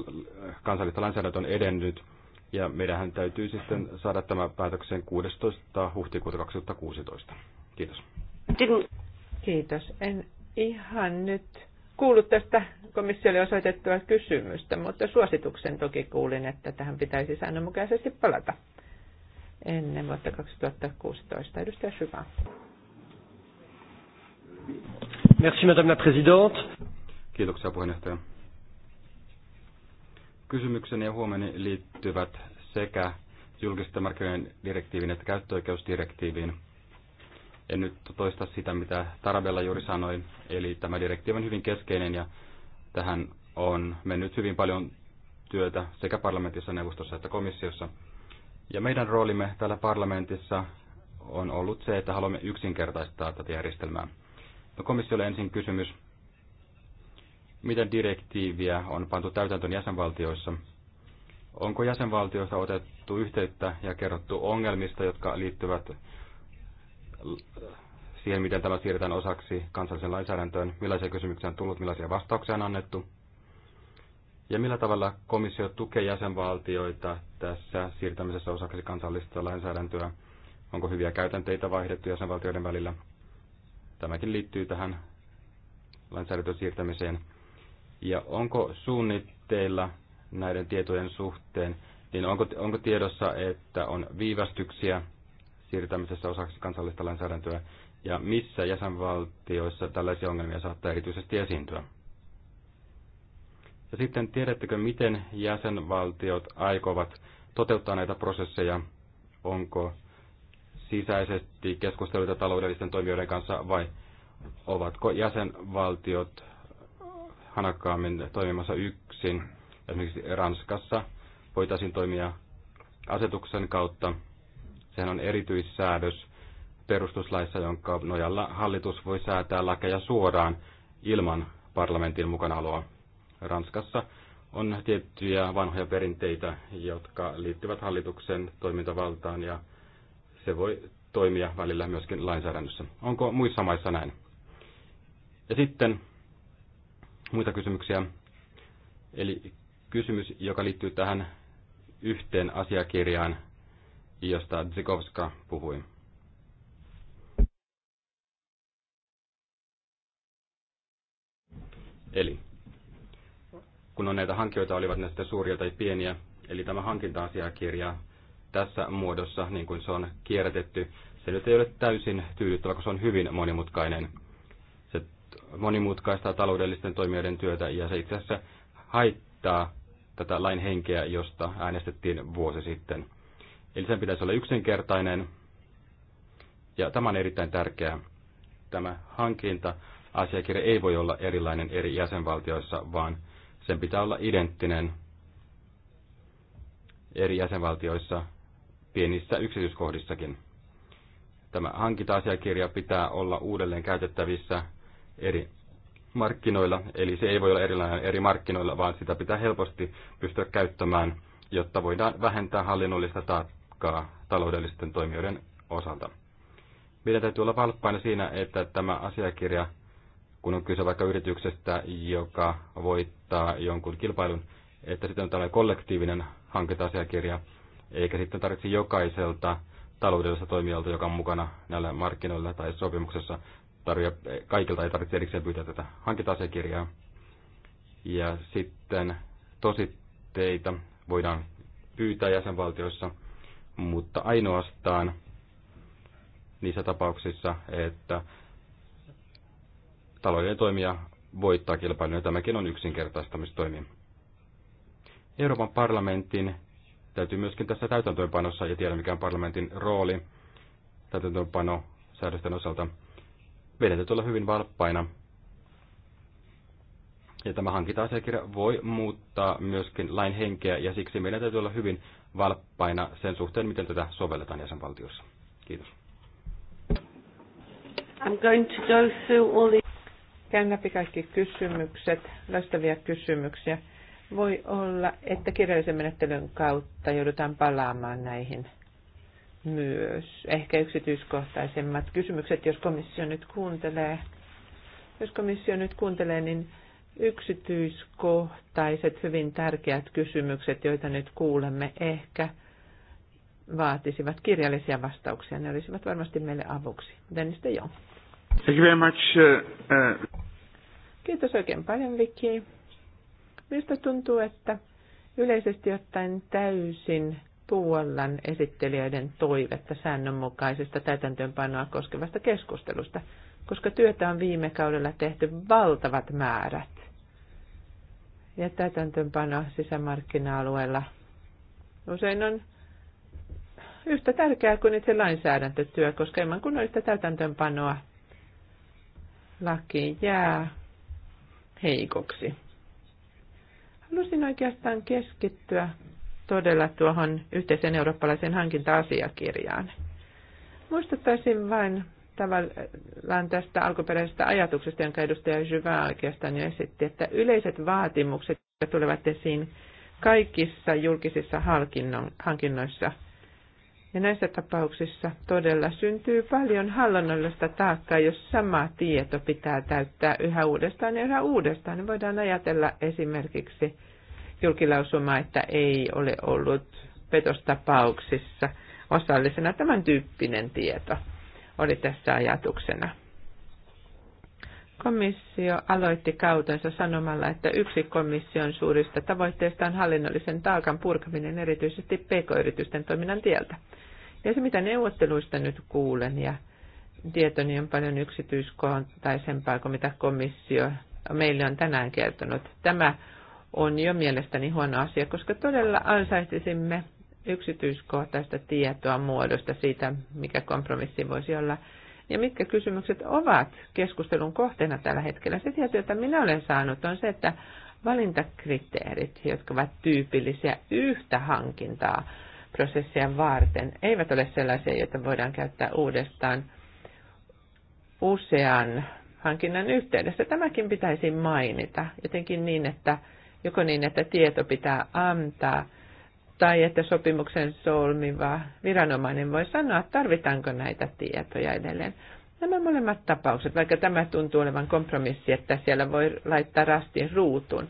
kansallista lainsäädäntöä on edennyt, ja meidän täytyy sitten saada tämä päätökseen 16. huhtikuuta 2016. Kiitos. Kiitos. En ihan nyt kuullut tästä komissiolle osoitettua kysymystä, mutta suosituksen toki kuulin, että tähän pitäisi säännönmukaisesti palata ennen vuotta 2016. Edustaja Syvä. Merci, Madame la Présidente. Kiitoksia puheenjohtaja. Kysymykseni ja huomenni liittyvät sekä julkisten markkinoiden direktiivin että käyttöoikeusdirektiiviin. En nyt toista sitä, mitä Tarabella juuri sanoi, eli tämä direktiivi on hyvin keskeinen ja tähän on mennyt hyvin paljon työtä sekä parlamentissa, neuvostossa että komissiossa. Ja meidän roolimme täällä parlamentissa on ollut se, että haluamme yksinkertaistaa tätä järjestelmää. No komissiolle ensin kysymys. Miten direktiiviä on pantu täytäntöön jäsenvaltioissa? Onko jäsenvaltioissa otettu yhteyttä ja kerrottu ongelmista, jotka liittyvät siihen, miten tämä siirretään osaksi kansallisen lainsäädäntöön? Millaisia kysymyksiä on tullut, millaisia vastauksia on annettu? Ja millä tavalla komissio tukee jäsenvaltioita tässä siirtämisessä osaksi kansallista lainsäädäntöä? Onko hyviä käytänteitä vaihdettu jäsenvaltioiden välillä? Tämäkin liittyy tähän lainsäädäntön siirtämiseen. Ja onko suunnitteilla näiden tietojen suhteen, niin onko, onko tiedossa, että on viivästyksiä siirtämisessä osaksi kansallista lainsäädäntöä, ja missä jäsenvaltioissa tällaisia ongelmia saattaa erityisesti esiintyä? Ja sitten tiedättekö, miten jäsenvaltiot aikovat toteuttaa näitä prosesseja? Onko sisäisesti keskusteluita taloudellisten toimijoiden kanssa vai ovatko jäsenvaltiot hanakkaammin toimimassa yksin? Esimerkiksi Ranskassa voitaisiin toimia asetuksen kautta. Sehän on erityissäädös perustuslaissa, jonka nojalla hallitus voi säätää lakeja suoraan ilman parlamentin mukanaoloa. Ranskassa on tiettyjä vanhoja perinteitä, jotka liittyvät hallituksen toimintavaltaan ja se voi toimia välillä myöskin lainsäädännössä. Onko muissa maissa näin? Ja sitten muita kysymyksiä. Eli kysymys, joka liittyy tähän yhteen asiakirjaan, josta Zikovska puhui. Eli kun on näitä hankijoita, olivat ne sitten suuria tai pieniä, eli tämä hankinta-asiakirja tässä muodossa, niin kuin se on kierrätetty, se nyt ei ole täysin tyydyttävä, koska se on hyvin monimutkainen. Se monimutkaistaa taloudellisten toimijoiden työtä ja se itse asiassa haittaa tätä lain henkeä, josta äänestettiin vuosi sitten. Eli sen pitäisi olla yksinkertainen ja tämä on erittäin tärkeää. Tämä hankinta asiakirja ei voi olla erilainen eri jäsenvaltioissa, vaan sen pitää olla identtinen eri jäsenvaltioissa pienissä yksityiskohdissakin. Tämä hankinta-asiakirja pitää olla uudelleen käytettävissä eri markkinoilla, eli se ei voi olla erilainen eri markkinoilla, vaan sitä pitää helposti pystyä käyttämään, jotta voidaan vähentää hallinnollista taakkaa taloudellisten toimijoiden osalta. Meidän täytyy olla valppaina siinä, että tämä asiakirja, kun on kyse vaikka yrityksestä, joka voittaa jonkun kilpailun, että sitten on tällainen kollektiivinen hankinta-asiakirja, eikä sitten tarvitse jokaiselta taloudellisesta toimijalta, joka on mukana näillä markkinoilla tai sopimuksessa, tarvitse, kaikilta ei tarvitse erikseen pyytää tätä hankintasekirjaa. Ja sitten tositteita voidaan pyytää jäsenvaltioissa, mutta ainoastaan niissä tapauksissa, että taloudellinen toimija voittaa kilpailun, ja tämäkin on yksinkertaistamistoimi. Euroopan parlamentin täytyy myöskin tässä täytäntöönpanossa, ja tiedä mikä on parlamentin rooli täytäntöönpano säädösten osalta, meidän täytyy olla hyvin valppaina. Ja tämä hankinta-asiakirja voi muuttaa myöskin lain henkeä, ja siksi meidän täytyy olla hyvin valppaina sen suhteen, miten tätä sovelletaan jäsenvaltiossa. Kiitos. I'm going to go through all the... Käyn läpi kaikki kysymykset, löystäviä kysymyksiä voi olla, että kirjallisen menettelyn kautta joudutaan palaamaan näihin myös. Ehkä yksityiskohtaisemmat kysymykset, jos komissio nyt kuuntelee. Jos komissio nyt kuuntelee, niin yksityiskohtaiset, hyvin tärkeät kysymykset, joita nyt kuulemme, ehkä vaatisivat kirjallisia vastauksia. Ne olisivat varmasti meille avuksi. Dennis de Jong. Thank you very much. Uh, uh... Kiitos oikein paljon, Vicky. Minusta tuntuu, että yleisesti ottaen täysin puollan esittelijöiden toivetta säännönmukaisesta täytäntöönpanoa koskevasta keskustelusta, koska työtä on viime kaudella tehty valtavat määrät. Ja täytäntöönpano sisämarkkina-alueella usein on yhtä tärkeää kuin itse lainsäädäntötyö, koska ilman kunnollista täytäntöönpanoa laki jää heikoksi. Halusin oikeastaan keskittyä todella tuohon yhteisen eurooppalaisen hankinta-asiakirjaan. Muistuttaisin vain tavallaan tästä alkuperäisestä ajatuksesta, jonka edustaja Jyvä oikeastaan jo esitti, että yleiset vaatimukset tulevat esiin kaikissa julkisissa hankinnoissa – ja näissä tapauksissa todella syntyy paljon hallinnollista taakkaa, jos sama tieto pitää täyttää yhä uudestaan ja yhä uudestaan. Niin voidaan ajatella esimerkiksi julkilausuma, että ei ole ollut petostapauksissa osallisena. Tämän tyyppinen tieto oli tässä ajatuksena. Komissio aloitti kautensa sanomalla, että yksi komission suurista tavoitteista on hallinnollisen taakan purkaminen erityisesti pk-yritysten toiminnan tieltä. Ja se, mitä neuvotteluista nyt kuulen ja tietoni on paljon yksityiskohtaisempaa kuin mitä komissio meille on tänään kertonut. Tämä on jo mielestäni huono asia, koska todella ansaitsisimme yksityiskohtaista tietoa muodosta siitä, mikä kompromissi voisi olla ja mitkä kysymykset ovat keskustelun kohteena tällä hetkellä. Se tieto, jota minä olen saanut, on se, että valintakriteerit, jotka ovat tyypillisiä yhtä hankintaa prosessia varten, eivät ole sellaisia, joita voidaan käyttää uudestaan usean hankinnan yhteydessä. Tämäkin pitäisi mainita jotenkin niin, että joko niin, että tieto pitää antaa – tai että sopimuksen solmiva viranomainen voi sanoa, tarvitaanko näitä tietoja edelleen. Nämä molemmat tapaukset, vaikka tämä tuntuu olevan kompromissi, että siellä voi laittaa rastin ruutun.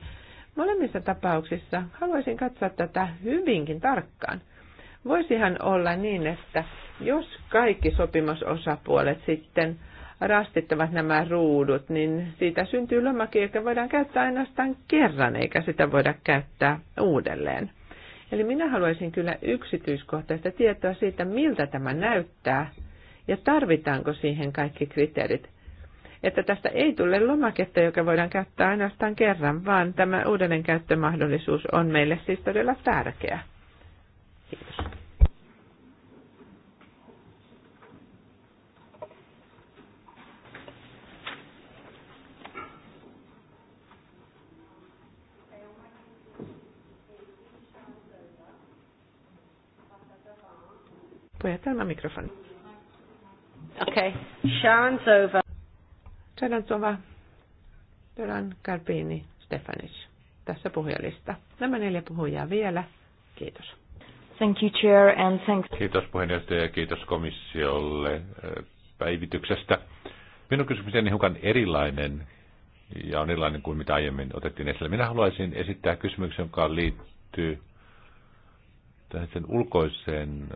Molemmissa tapauksissa haluaisin katsoa tätä hyvinkin tarkkaan. Voisihan olla niin, että jos kaikki sopimusosapuolet sitten rastittavat nämä ruudut, niin siitä syntyy lomake, joka voidaan käyttää ainoastaan kerran, eikä sitä voida käyttää uudelleen. Eli minä haluaisin kyllä yksityiskohtaista tietoa siitä, miltä tämä näyttää ja tarvitaanko siihen kaikki kriteerit. Että tästä ei tule lomaketta, joka voidaan käyttää ainoastaan kerran, vaan tämä uudelleenkäyttömahdollisuus on meille siis todella tärkeä. Kiitos. Puheenjohtajalla mikrofoni. Okei. Okay. Sharon's over. Tova, Doran, Karpini, Stefanis. Tässä puhujalista. Nämä neljä puhujaa vielä. Kiitos. Thank you, Chair, and thanks. Kiitos puheenjohtaja ja kiitos komissiolle äh, päivityksestä. Minun kysymykseni on hiukan erilainen ja on erilainen kuin mitä aiemmin otettiin esille. Minä haluaisin esittää kysymyksen, joka liittyy sen ulkoiseen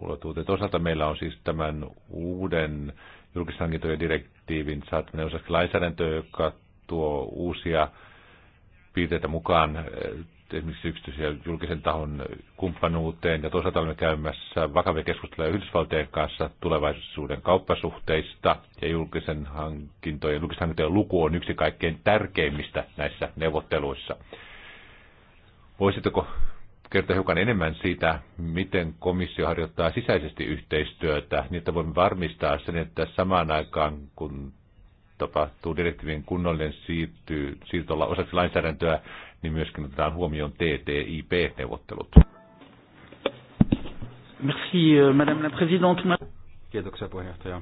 ulottuvuuteen. Toisaalta meillä on siis tämän uuden julkishankintojen direktiivin saattaminen osaksi lainsäädäntöä, joka tuo uusia piirteitä mukaan eh, esimerkiksi yksityisen ja julkisen tahon kumppanuuteen. Ja toisaalta olemme käymässä vakavia keskusteluja Yhdysvaltojen kanssa tulevaisuuden kauppasuhteista. Ja julkisen hankintojen, julkisen hankintojen luku on yksi kaikkein tärkeimmistä näissä neuvotteluissa. Voisitteko kertoa hiukan enemmän siitä, miten komissio harjoittaa sisäisesti yhteistyötä, niin että voimme varmistaa sen, että samaan aikaan kun tapahtuu direktiivin kunnollinen siirtyy, siirtolla osaksi lainsäädäntöä, niin myöskin otetaan huomioon TTIP-neuvottelut. Merci, euh, Madame la Présidente. Kiitoksia puheenjohtaja.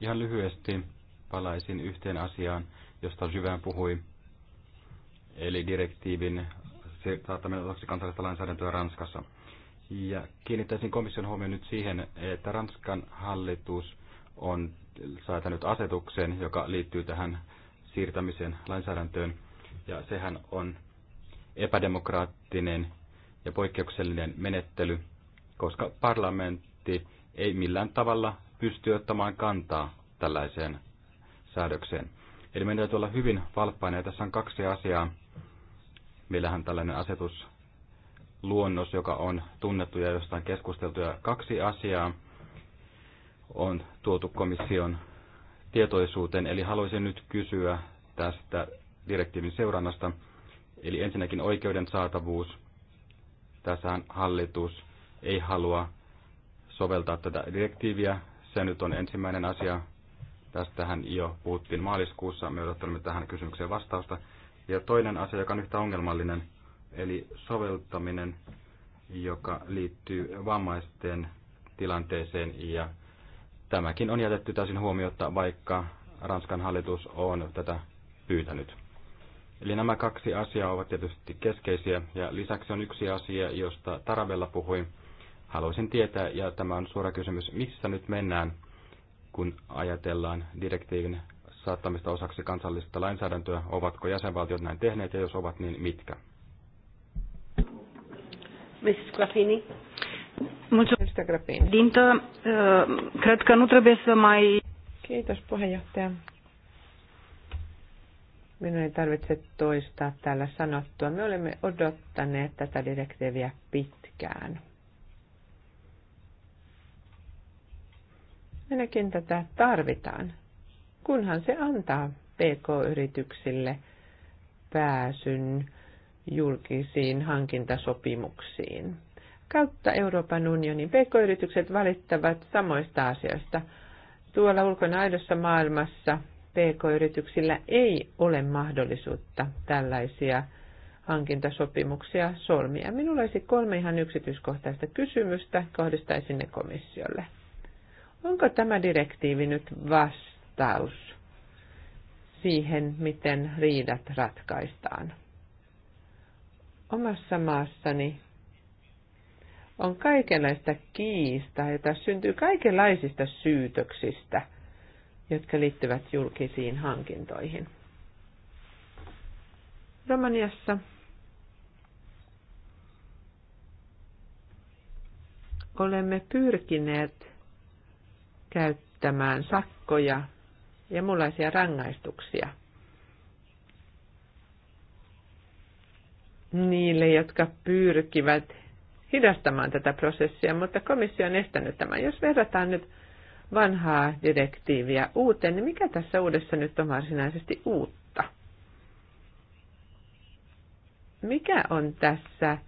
Ihan lyhyesti palaisin yhteen asiaan, josta Syvään puhui, eli direktiivin saattaa mennä osaksi kansallista lainsäädäntöä Ranskassa. Ja kiinnittäisin komission huomioon nyt siihen, että Ranskan hallitus on säätänyt asetuksen, joka liittyy tähän siirtämisen lainsäädäntöön. Ja sehän on epädemokraattinen ja poikkeuksellinen menettely, koska parlamentti ei millään tavalla pysty ottamaan kantaa tällaiseen säädökseen. Eli meidän täytyy olla hyvin valppaina. Ja tässä on kaksi asiaa, Meillähän tällainen asetus luonnos, joka on tunnettu ja jostain keskusteltu. Ja kaksi asiaa on tuotu komission tietoisuuteen. Eli haluaisin nyt kysyä tästä direktiivin seurannasta. Eli ensinnäkin oikeuden saatavuus. Tässä hallitus ei halua soveltaa tätä direktiiviä. Se nyt on ensimmäinen asia. Tästähän jo puhuttiin maaliskuussa. Me odottelemme tähän kysymykseen vastausta. Ja toinen asia, joka on yhtä ongelmallinen, eli soveltaminen, joka liittyy vammaisten tilanteeseen. Ja tämäkin on jätetty täysin huomiota, vaikka Ranskan hallitus on tätä pyytänyt. Eli nämä kaksi asiaa ovat tietysti keskeisiä. Ja lisäksi on yksi asia, josta Tarabella puhui. Haluaisin tietää, ja tämä on suora kysymys, missä nyt mennään, kun ajatellaan direktiivin saattamista osaksi kansallista lainsäädäntöä? Ovatko jäsenvaltiot näin tehneet ja jos ovat, niin mitkä? Mrs. Graffini. Eh, mai... Kiitos, puheenjohtaja. Minun ei tarvitse toistaa täällä sanottua. Me olemme odottaneet tätä direktiiviä pitkään. Minäkin tätä tarvitaan kunhan se antaa pk-yrityksille pääsyn julkisiin hankintasopimuksiin. Kautta Euroopan unionin pk-yritykset valittavat samoista asioista. Tuolla ulkona aidossa maailmassa pk-yrityksillä ei ole mahdollisuutta tällaisia hankintasopimuksia solmia. Minulla olisi kolme ihan yksityiskohtaista kysymystä, kohdistaisin ne komissiolle. Onko tämä direktiivi nyt vasta? vastaus siihen, miten riidat ratkaistaan. Omassa maassani on kaikenlaista kiistaa, jota syntyy kaikenlaisista syytöksistä, jotka liittyvät julkisiin hankintoihin. Romaniassa olemme pyrkineet käyttämään sakkoja ja muunlaisia rangaistuksia niille, jotka pyrkivät hidastamaan tätä prosessia, mutta komissio on estänyt tämän. Jos verrataan nyt vanhaa direktiiviä uuteen, niin mikä tässä uudessa nyt on varsinaisesti uutta? Mikä on tässä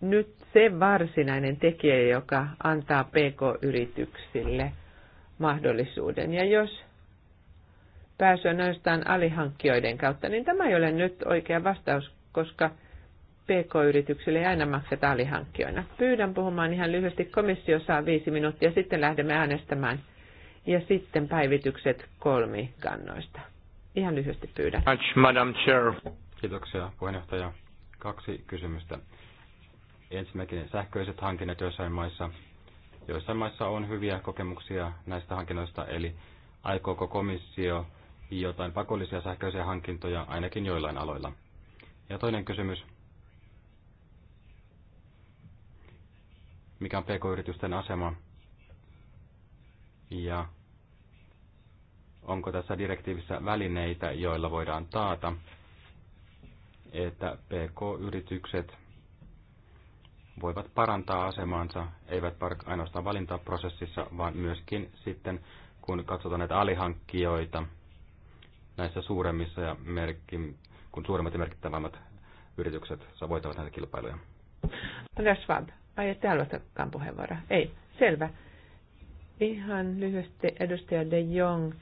nyt se varsinainen tekijä, joka antaa pk-yrityksille – mahdollisuuden. Ja jos pääsy on ainoastaan alihankkijoiden kautta, niin tämä ei ole nyt oikea vastaus, koska PK-yrityksille ei aina makseta alihankkijoina. Pyydän puhumaan ihan lyhyesti. Komissio saa viisi minuuttia, sitten lähdemme äänestämään. Ja sitten päivitykset kolmi kannoista. Ihan lyhyesti pyydän. Madam Chair. Kiitoksia puheenjohtaja. Kaksi kysymystä. Ensinnäkin sähköiset hankinnat joissain maissa Joissain maissa on hyviä kokemuksia näistä hankinnoista, eli aikooko komissio jotain pakollisia sähköisiä hankintoja ainakin joillain aloilla? Ja toinen kysymys. Mikä on pk-yritysten asema? Ja onko tässä direktiivissä välineitä, joilla voidaan taata, että pk-yritykset voivat parantaa asemaansa, eivät ainoastaan valintaprosessissa, vaan myöskin sitten, kun katsotaan näitä alihankkijoita näissä suuremmissa ja merkki, kun suuremmat ja merkittävämmät yritykset voittavat näitä kilpailuja. Andreas Schwab, aiotte aloittakaan puheenvuoroa? Ei, selvä. Ihan lyhyesti edustaja De Jong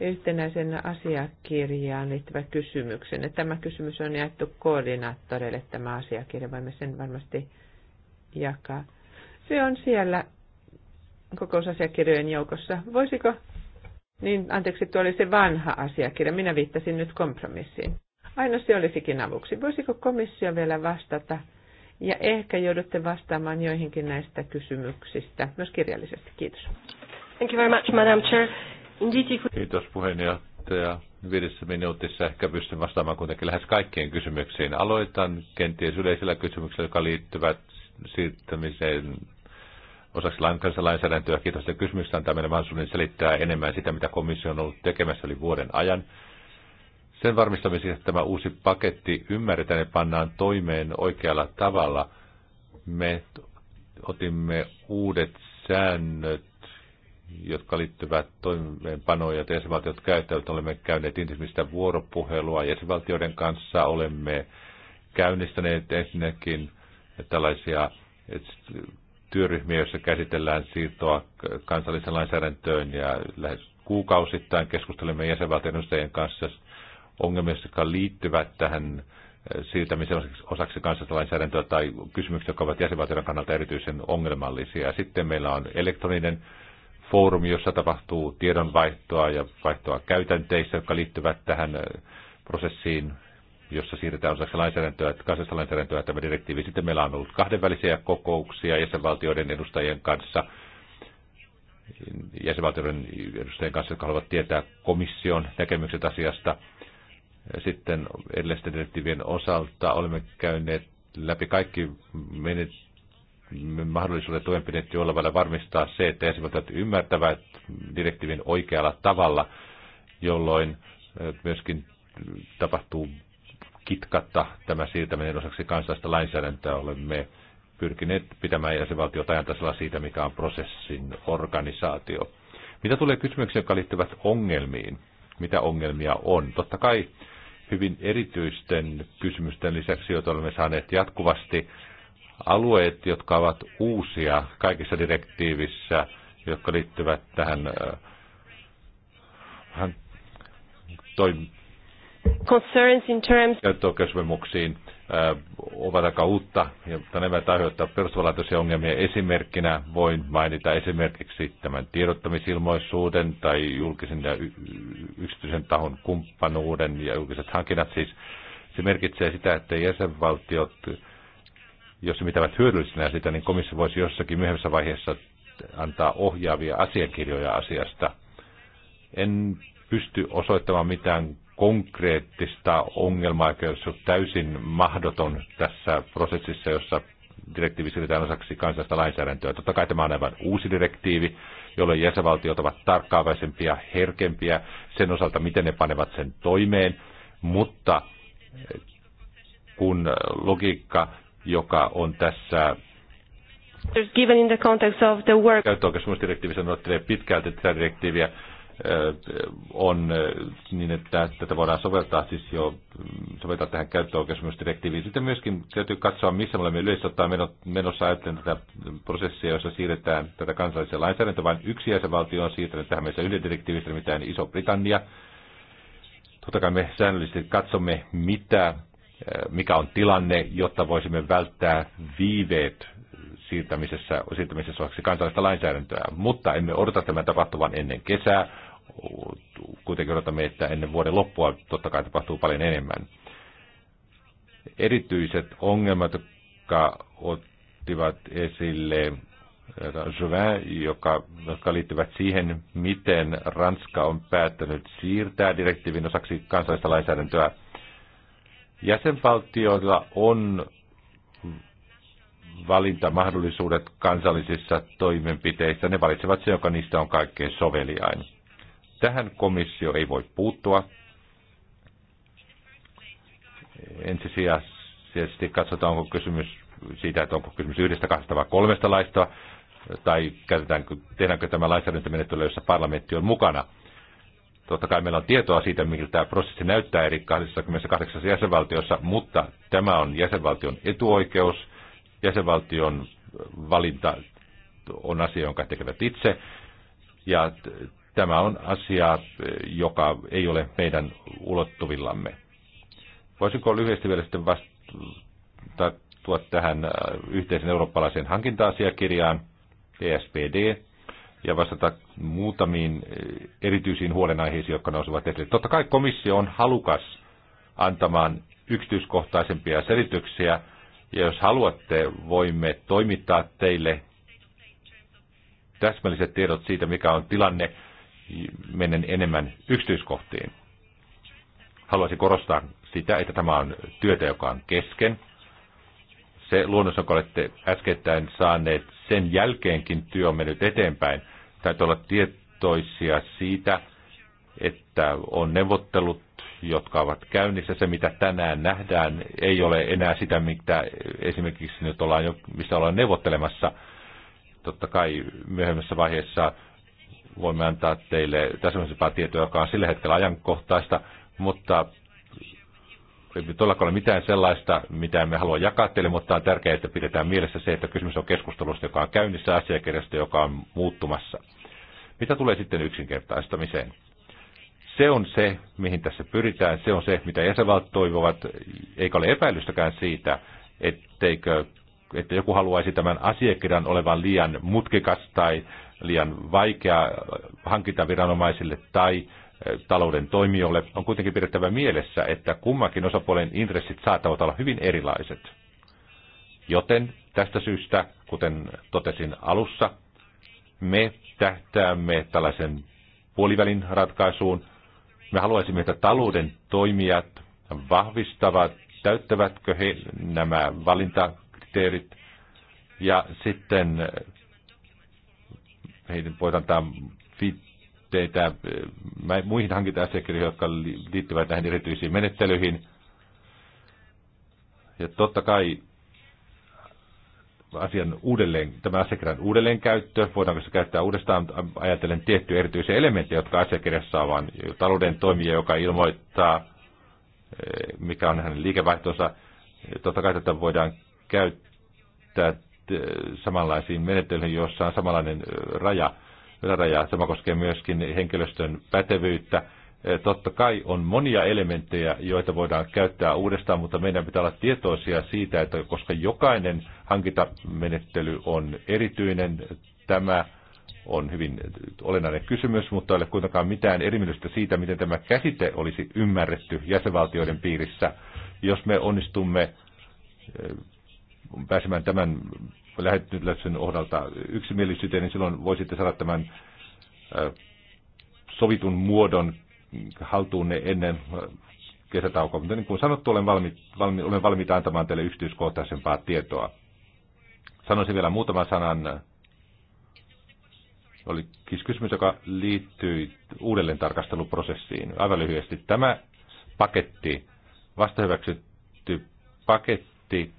yhtenäisen asiakirjaan liittyvä kysymyksen. Tämä kysymys on jaettu koordinaattoreille tämä asiakirja, voimme sen varmasti jakaa. Se on siellä kokousasiakirjojen joukossa. Voisiko? Niin, anteeksi, tuo oli se vanha asiakirja. Minä viittasin nyt kompromissiin. Aina se olisikin avuksi. Voisiko komissio vielä vastata? Ja ehkä joudutte vastaamaan joihinkin näistä kysymyksistä myös kirjallisesti. Kiitos. Thank you very much, Madam Chair. Kiitos puheenjohtaja. Viidessä minuutissa ehkä pystyn vastaamaan kuitenkin lähes kaikkien kysymyksiin. Aloitan kenties yleisillä kysymyksillä, jotka liittyvät siirtämiseen osaksi kansallista lainsäädäntöä. Kiitos tästä kysymyksestä. Antaa meille mahdollisuuden selittää enemmän sitä, mitä komissio on ollut tekemässä yli vuoden ajan. Sen varmistamiseksi, että tämä uusi paketti ymmärretään ja pannaan toimeen oikealla tavalla, me otimme uudet säännöt, jotka liittyvät toimeenpanoon ja jäsenvaltiot käyttävät. Olemme käyneet intensiivistä vuoropuhelua jäsenvaltioiden kanssa. Olemme käynnistäneet ensinnäkin tällaisia työryhmiä, joissa käsitellään siirtoa kansallisen lainsäädäntöön ja lähes kuukausittain keskustelemme jäsenvaltion edustajien kanssa ongelmista, jotka liittyvät tähän siirtämisen osaksi kansallista lainsäädäntöä tai kysymyksiä, jotka ovat jäsenvaltion kannalta erityisen ongelmallisia. Sitten meillä on elektroninen foorumi, jossa tapahtuu tiedonvaihtoa ja vaihtoa käytänteissä, jotka liittyvät tähän prosessiin jossa siirretään osaksi lainsäädäntöä, kansallista lainsäädäntöä tämä direktiivi. Sitten meillä on ollut kahdenvälisiä kokouksia jäsenvaltioiden edustajien kanssa, jäsenvaltioiden edustajien kanssa, jotka haluavat tietää komission näkemykset asiasta. Sitten edellisten direktiivien osalta olemme käyneet läpi kaikki menet, mahdollisuudet toimenpideet, jollain tavalla varmistaa se, että jäsenvaltiot ymmärtävät direktiivin oikealla tavalla, jolloin myöskin tapahtuu kitkatta tämä siirtäminen osaksi kansallista lainsäädäntöä. Olemme pyrkineet pitämään jäsenvaltiot ajantasalla siitä, mikä on prosessin organisaatio. Mitä tulee kysymyksiin, jotka liittyvät ongelmiin? Mitä ongelmia on? Totta kai hyvin erityisten kysymysten lisäksi, joita olemme saaneet jatkuvasti, alueet, jotka ovat uusia kaikissa direktiivissä, jotka liittyvät tähän, tähän Concerns in terms... Käyttöoikeuskysymyksiin äh, ovat aika uutta ja nämä aiheuttaa perustavanlaatuisia ongelmia. Esimerkkinä voin mainita esimerkiksi tämän tiedottamisilmoisuuden tai julkisen ja yksityisen tahon kumppanuuden ja julkiset hankinnat. Siis se merkitsee sitä, että jäsenvaltiot, jos mitävät hyödyllisenä sitä, niin komissio voisi jossakin myöhemmässä vaiheessa antaa ohjaavia asiakirjoja asiasta. En pysty osoittamaan mitään konkreettista ongelmaa, joka olisi täysin mahdoton tässä prosessissa, jossa direktiivi siirretään osaksi kansallista lainsäädäntöä. Totta kai tämä on aivan uusi direktiivi, jolloin jäsenvaltiot ovat tarkkaavaisempia, herkempiä sen osalta, miten ne panevat sen toimeen, mutta kun logiikka, joka on tässä given in the context of the work. pitkälti tätä direktiiviä on niin, että tätä voidaan soveltaa siis jo mm, soveltaa tähän käyttöoikeusmyysdirektiiviin. Sitten myöskin täytyy katsoa, missä me olemme yleisesti ottaa menossa ajattelen tätä prosessia, jossa siirretään tätä kansallisia lainsäädäntöä vain yksi jäsenvaltio on siirtänyt tähän meissä yhden direktiivistä, mitään Iso-Britannia. Totta kai me säännöllisesti katsomme, mitä, mikä on tilanne, jotta voisimme välttää viiveet siirtämisessä, siirtämisessä osaksi kansallista lainsäädäntöä, mutta emme odota tämän tapahtuvan ennen kesää, kuitenkin odotamme, että ennen vuoden loppua totta kai tapahtuu paljon enemmän. Erityiset ongelmat, jotka ottivat esille Jouvin, joka, jotka liittyvät siihen, miten Ranska on päättänyt siirtää direktiivin osaksi kansallista lainsäädäntöä. Jäsenvaltioilla on valintamahdollisuudet kansallisissa toimenpiteissä. Ne valitsevat se, joka niistä on kaikkein soveliain. Tähän komissio ei voi puuttua. Ensisijaisesti katsotaan, onko kysymys siitä, että onko kysymys yhdestä, kahdesta vai kolmesta laista, tai käytetäänkö, tehdäänkö tämä lainsäädäntömenettely, jossa parlamentti on mukana. Totta kai meillä on tietoa siitä, miltä tämä prosessi näyttää eri 28 jäsenvaltiossa, mutta tämä on jäsenvaltion etuoikeus. Jäsenvaltion valinta on asia, jonka tekevät itse. Ja Tämä on asia, eh, joka ei ole meidän ulottuvillamme. Voisinko lyhyesti vielä sitten vastata tähän eh, yhteisen eurooppalaisen hankinta-asiakirjaan, ESPD, ja vastata muutamiin eh, erityisiin huolenaiheisiin, jotka nousivat esille. Totta kai komissio on halukas antamaan yksityiskohtaisempia selityksiä, ja jos haluatte, voimme toimittaa teille täsmälliset tiedot siitä, mikä on tilanne menen enemmän yksityiskohtiin. Haluaisin korostaa sitä, että tämä on työtä, joka on kesken. Se luonnos, jonka olette äskettäin saaneet, sen jälkeenkin työ on mennyt eteenpäin. Täytyy olla tietoisia siitä, että on neuvottelut, jotka ovat käynnissä. Se, mitä tänään nähdään, ei ole enää sitä, mitä esimerkiksi nyt ollaan jo, missä ollaan neuvottelemassa. Totta kai myöhemmässä vaiheessa voimme antaa teille täsmällisempää tietoa, joka on sillä hetkellä ajankohtaista, mutta ei todellakaan ole mitään sellaista, mitä me halua jakaa teille, mutta on tärkeää, että pidetään mielessä se, että kysymys on keskustelusta, joka on käynnissä asiakirjasta, joka on muuttumassa. Mitä tulee sitten yksinkertaistamiseen? Se on se, mihin tässä pyritään, se on se, mitä jäsenvaltiot toivovat, eikä ole epäilystäkään siitä, etteikö, että joku haluaisi tämän asiakirjan olevan liian mutkikas tai liian vaikea viranomaisille tai eh, talouden toimijoille, on kuitenkin pidettävä mielessä, että kummankin osapuolen intressit saattavat olla hyvin erilaiset. Joten tästä syystä, kuten totesin alussa, me tähtäämme tällaisen puolivälin ratkaisuun. Me haluaisimme, että talouden toimijat vahvistavat, täyttävätkö he nämä valintakriteerit ja sitten eh, heidän voit antaa fitteitä eh, muihin hankinta-asiakirjoihin, jotka liittyvät näihin erityisiin menettelyihin. Ja totta kai asian uudelleen, tämä asiakirjan uudelleenkäyttö, voidaanko se käyttää uudestaan ajatellen tiettyjä erityisiä elementtejä, jotka asiakirjassa vaan talouden toimija, joka ilmoittaa, eh, mikä on hänen liikevaihtonsa. Totta kai tätä voidaan käyttää Äh, samanlaisiin menettelyihin, joissa on samanlainen äh, raja, yläraja. Sama koskee myöskin henkilöstön pätevyyttä. Äh, totta kai on monia elementtejä, joita voidaan käyttää uudestaan, mutta meidän pitää olla tietoisia siitä, että koska jokainen hankintamenettely on erityinen, tämä on hyvin olennainen kysymys, mutta ei ole kuitenkaan mitään erimielistä siitä, miten tämä käsite olisi ymmärretty jäsenvaltioiden piirissä. Jos me onnistumme pääsemään tämän lähettyläisen ohdalta yksimielisyyteen, niin silloin voisitte saada tämän sovitun muodon haltuunne ennen kesätaukoa. Mutta niin kuin sanottu, olen valmi, valmi, olen valmiita antamaan teille yksityiskohtaisempaa tietoa. Sanoisin vielä muutaman sanan. Oli kysymys, joka liittyy uudelleen tarkasteluprosessiin. Aivan lyhyesti. Tämä paketti, vastahyväksytty paketti,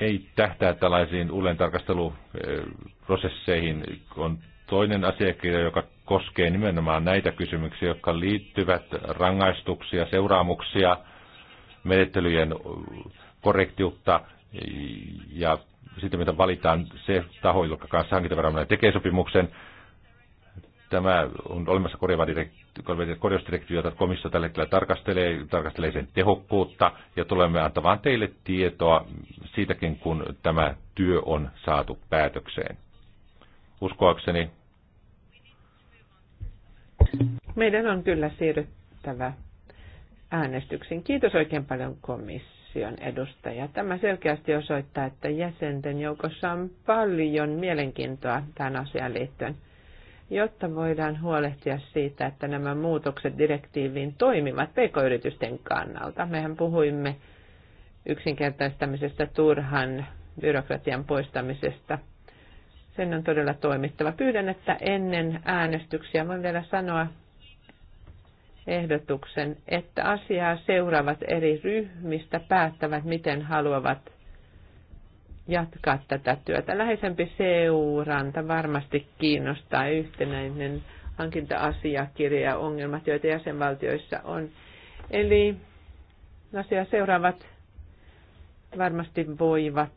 ei tähtää tällaisiin uuden On toinen asiakirja, joka koskee nimenomaan näitä kysymyksiä, jotka liittyvät rangaistuksia, seuraamuksia, menettelyjen korrektiutta ja sitten mitä valitaan se taho, joka kanssa hankintaviranomainen tekee sopimuksen. Tämä on olemassa korjausdirektiivi, jota komissio tällä hetkellä tarkastelee, tarkastelee sen tehokkuutta ja tulemme antamaan teille tietoa siitäkin, kun tämä työ on saatu päätökseen. Uskoakseni. Meidän on kyllä siirryttävä äänestyksen. Kiitos oikein paljon komission edustaja. Tämä selkeästi osoittaa, että jäsenten joukossa on paljon mielenkiintoa tähän asian liittyen jotta voidaan huolehtia siitä, että nämä muutokset direktiiviin toimivat pk-yritysten kannalta. Mehän puhuimme yksinkertaistamisesta, turhan byrokratian poistamisesta. Sen on todella toimittava. Pyydän, että ennen äänestyksiä voin vielä sanoa ehdotuksen, että asiaa seuraavat eri ryhmistä päättävät, miten haluavat jatkaa tätä työtä. Läheisempi seuranta varmasti kiinnostaa yhtenäinen hankinta-asiakirja ja ongelmat, joita jäsenvaltioissa on. Eli asia seuraavat varmasti voivat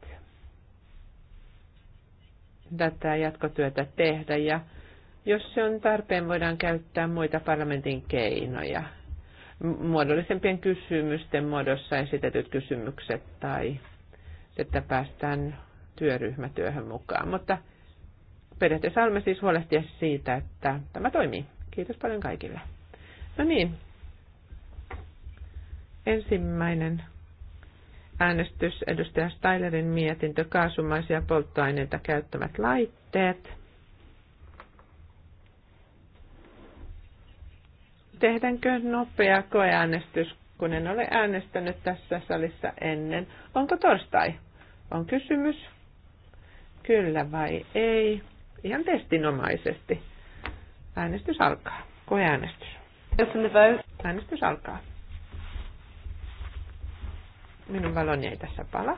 tätä jatkotyötä tehdä ja jos se on tarpeen, voidaan käyttää muita parlamentin keinoja. Muodollisempien kysymysten muodossa esitetyt kysymykset tai että päästään työryhmätyöhön mukaan. Mutta periaatteessa haluamme siis huolehtia siitä, että tämä toimii. Kiitos paljon kaikille. No niin. Ensimmäinen äänestys edustaja Steilerin mietintö kaasumaisia polttoaineita käyttävät laitteet. Tehdäänkö nopea koeäänestys kun en ole äänestänyt tässä salissa ennen. Onko torstai? On kysymys. Kyllä vai ei? Ihan testinomaisesti. Äänestys alkaa. Koeäänestys. Äänestys alkaa. Minun valoni ei tässä pala.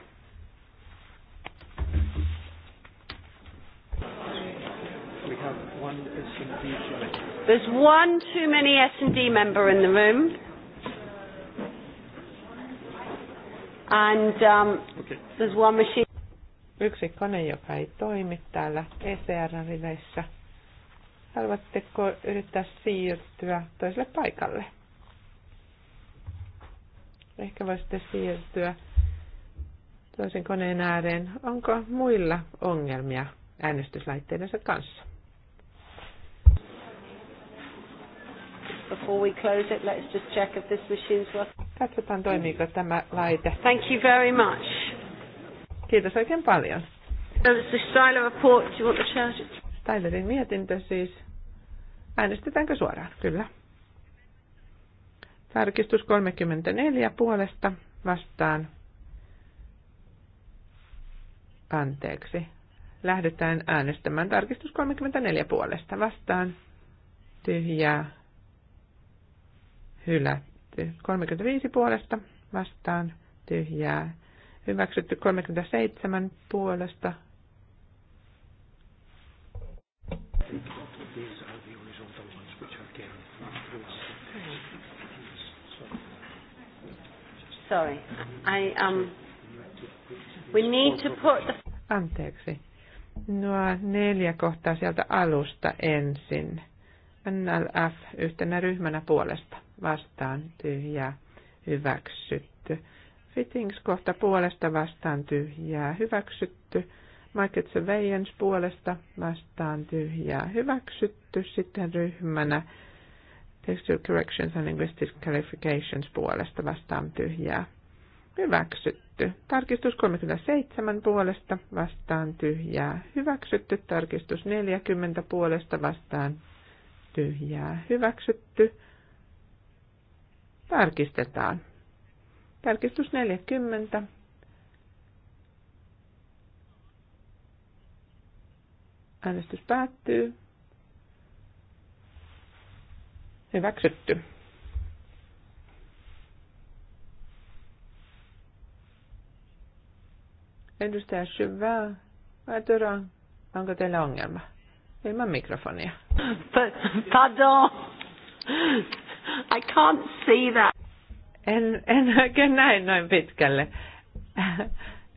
There's one too many S&D member in the room. And um, okay. there's one machine. Yksi kone, joka ei toimi täällä ecr rileissä Haluatteko yrittää siirtyä toiselle paikalle? Ehkä voisitte siirtyä toisen koneen ääreen. Onko muilla ongelmia äänestyslaitteidensa kanssa? before we close it. Let's just check if this machine's working. Katsotaan toimiiko tämä laite. Thank you very much. Kiitos oikein paljon. Styler report, do you want to charge it? Stylerin mietintö siis. Äänestetäänkö suoraan? Kyllä. Tarkistus 34 puolesta vastaan. Anteeksi. Lähdetään äänestämään tarkistus 34 puolesta vastaan. Tyhjää hylätty. 35 puolesta vastaan tyhjää hyväksytty. 37 puolesta Sorry. I um we need to put the Anteeksi. Nuo neljä kohtaa sieltä alusta ensin. NLF yhtenä ryhmänä puolesta vastaan tyhjää hyväksytty. Fittings kohta puolesta vastaan tyhjää hyväksytty. Market Surveillance puolesta vastaan tyhjää hyväksytty. Sitten ryhmänä Textual Corrections and Linguistic Clarifications puolesta vastaan tyhjää hyväksytty. Tarkistus 37 puolesta vastaan tyhjää hyväksytty. Tarkistus 40 puolesta vastaan tyhjää hyväksytty. Tarkistetaan. Tarkistus 40. Äänestys päättyy. Hyväksytty. Edustaja Syvää, Vätyrä, onko teillä ongelma? Ilman mikrofonia. Pardon. I can't see that. En, en oikein näin noin pitkälle.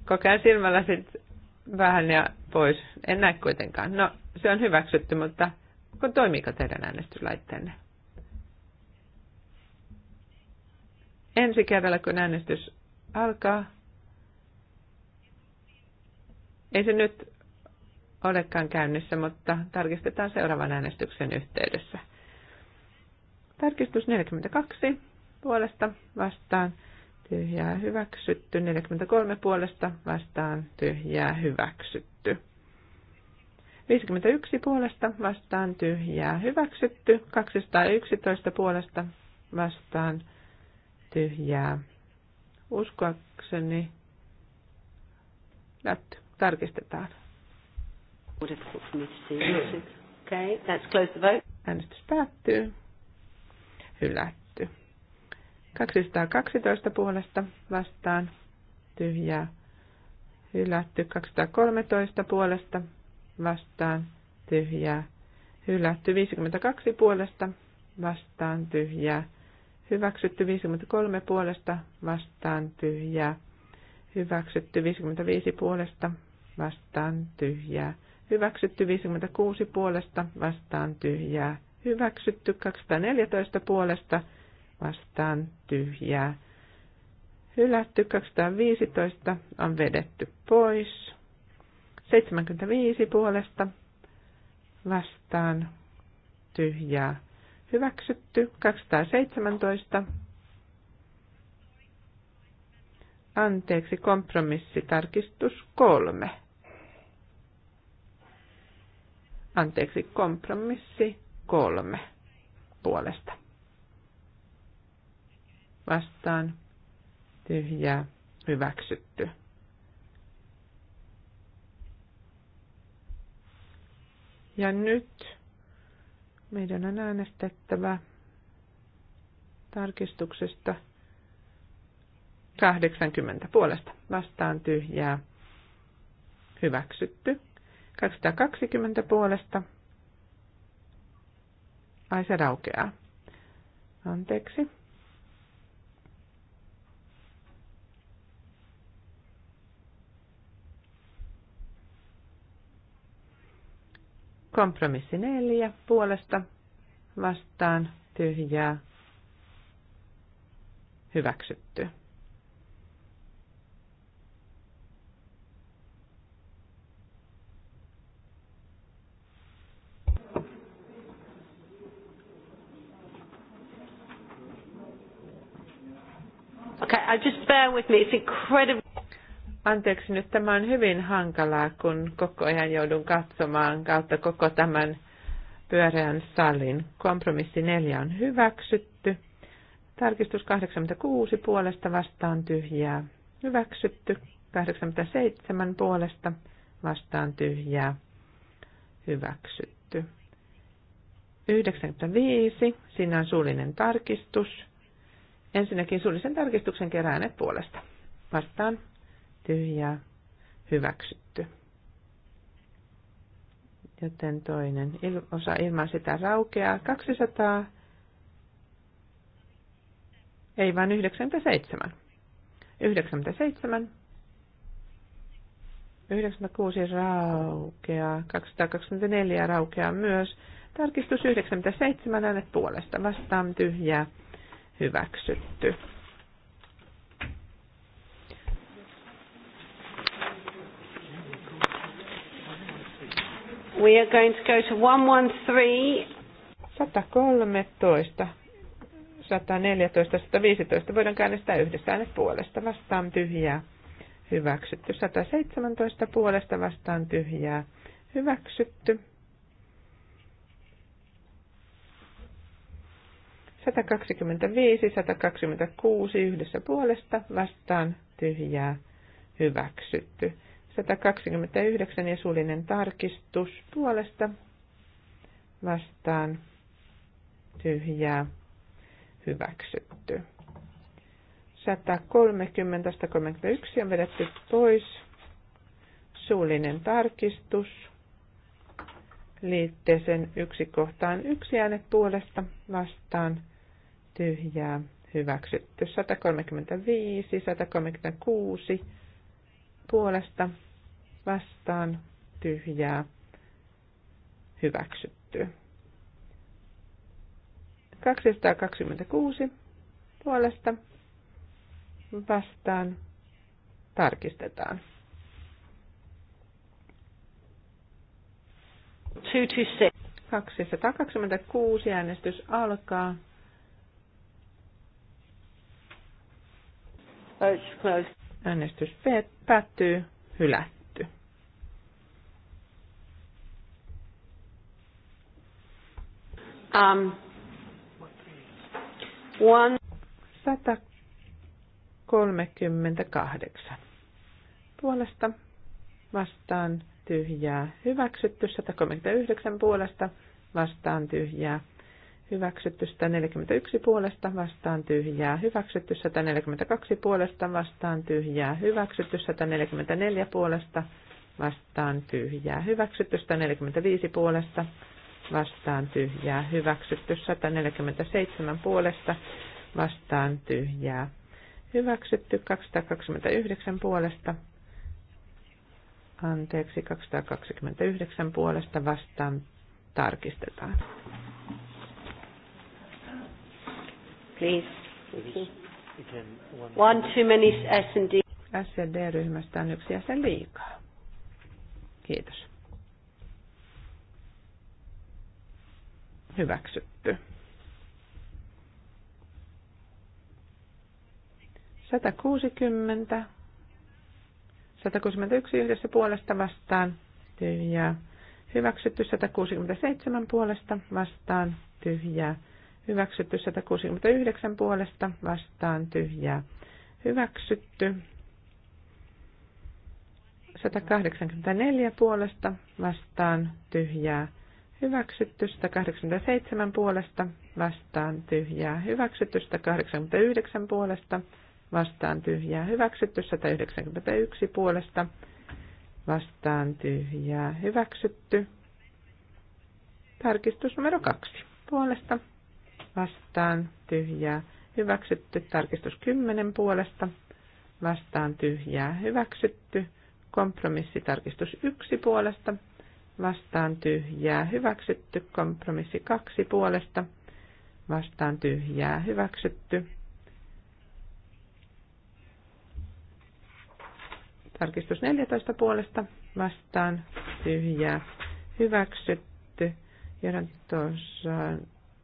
Kokeen silmällä sit vähän ja pois. En näe kuitenkaan. No, se on hyväksytty, mutta kun toimiiko teidän äänestyslaitteenne? Ensi kerralla, kun äänestys alkaa, ei se nyt olekaan käynnissä, mutta tarkistetaan seuraavan äänestyksen yhteydessä. Tarkistus 42 puolesta vastaan tyhjää hyväksytty. 43 puolesta vastaan tyhjää hyväksytty. 51 puolesta vastaan tyhjää hyväksytty. 211 puolesta vastaan tyhjää. Uskoakseni lätty. Tarkistetaan. Okay, that's close the vote. Äänestys päättyy hylätty. 212 puolesta vastaan tyhjää hylätty. 213 puolesta vastaan tyhjää hylätty. 52 puolesta vastaan tyhjää hyväksytty. 53 puolesta vastaan tyhjää hyväksytty. 55 puolesta vastaan tyhjää hyväksytty. 56 puolesta vastaan tyhjää hyväksytty 214 puolesta vastaan tyhjää. Hylätty 215 on vedetty pois. 75 puolesta vastaan tyhjää. Hyväksytty 217. Anteeksi, kompromissitarkistus kolme. Anteeksi, kompromissi kolme puolesta. Vastaan tyhjää hyväksytty. Ja nyt meidän on äänestettävä tarkistuksesta 80 puolesta. Vastaan tyhjää hyväksytty. 220 puolesta Ai se raukeaa. Anteeksi. Kompromissi neljä puolesta vastaan tyhjää hyväksytty. I just bear with me. It's incredible. Anteeksi, nyt tämä on hyvin hankalaa, kun koko ajan joudun katsomaan kautta koko tämän pyöreän salin. Kompromissi 4 on hyväksytty. Tarkistus 86 puolesta vastaan tyhjää. Hyväksytty. 87 puolesta vastaan tyhjää. Hyväksytty. 95. Siinä on suullinen tarkistus. Ensinnäkin suullisen tarkistuksen keräänet puolesta. Vastaan tyhjää hyväksytty. Joten toinen osa ilman sitä raukeaa 200, ei vaan 97. 97 96 raukeaa, 224 raukeaa myös. Tarkistus 97 äänet puolesta vastaan tyhjää, hyväksytty. We are going to go to 113. 114, 115. Voidaan äänestää yhdessä äänet puolesta vastaan tyhjää. Hyväksytty. 117 puolesta vastaan tyhjää. Hyväksytty. 125, 126 yhdessä puolesta vastaan tyhjää hyväksytty. 129 ja suullinen tarkistus puolesta vastaan tyhjää hyväksytty. 130, 131 on vedetty pois. Suullinen tarkistus liitteeseen yksi kohtaan yksi äänet puolesta vastaan tyhjää hyväksytty. 135, 136 puolesta vastaan tyhjää hyväksytty. 226 puolesta vastaan tarkistetaan. 226 äänestys alkaa. Äänestys päättyy. Hylätty. Um, one. 138. Puolesta vastaan tyhjää. Hyväksytty 139 puolesta vastaan tyhjää Hyväksytty 141 puolesta vastaan tyhjää. Hyväksytty 142 puolesta vastaan tyhjää. Hyväksytty 144 puolesta vastaan tyhjää. Hyväksytty 145 puolesta vastaan tyhjää. Hyväksytty 147 puolesta vastaan tyhjää. Hyväksytty 229 puolesta anteeksi 229 puolesta vastaan tarkistetaan please. One too many S&D. sd ryhmästä on yksi jäsen liikaa. Kiitos. Hyväksytty. 160. 161 yhdessä puolesta vastaan. Tyhjää. Hyväksytty 167 puolesta vastaan. Tyhjää. Hyväksytty 169 puolesta vastaan tyhjää. Hyväksytty 184 puolesta vastaan tyhjää. Hyväksytty 187 puolesta vastaan tyhjää. Hyväksytty 189 puolesta vastaan tyhjää. Hyväksytty 191 puolesta vastaan tyhjää. Hyväksytty. Tarkistus numero kaksi puolesta vastaan tyhjää hyväksytty. Tarkistus 10 puolesta vastaan tyhjää hyväksytty. kompromissi tarkistus 1 puolesta vastaan tyhjää hyväksytty. Kompromissi 2 puolesta vastaan tyhjää hyväksytty. Tarkistus 14 puolesta vastaan tyhjää hyväksytty. ja tuossa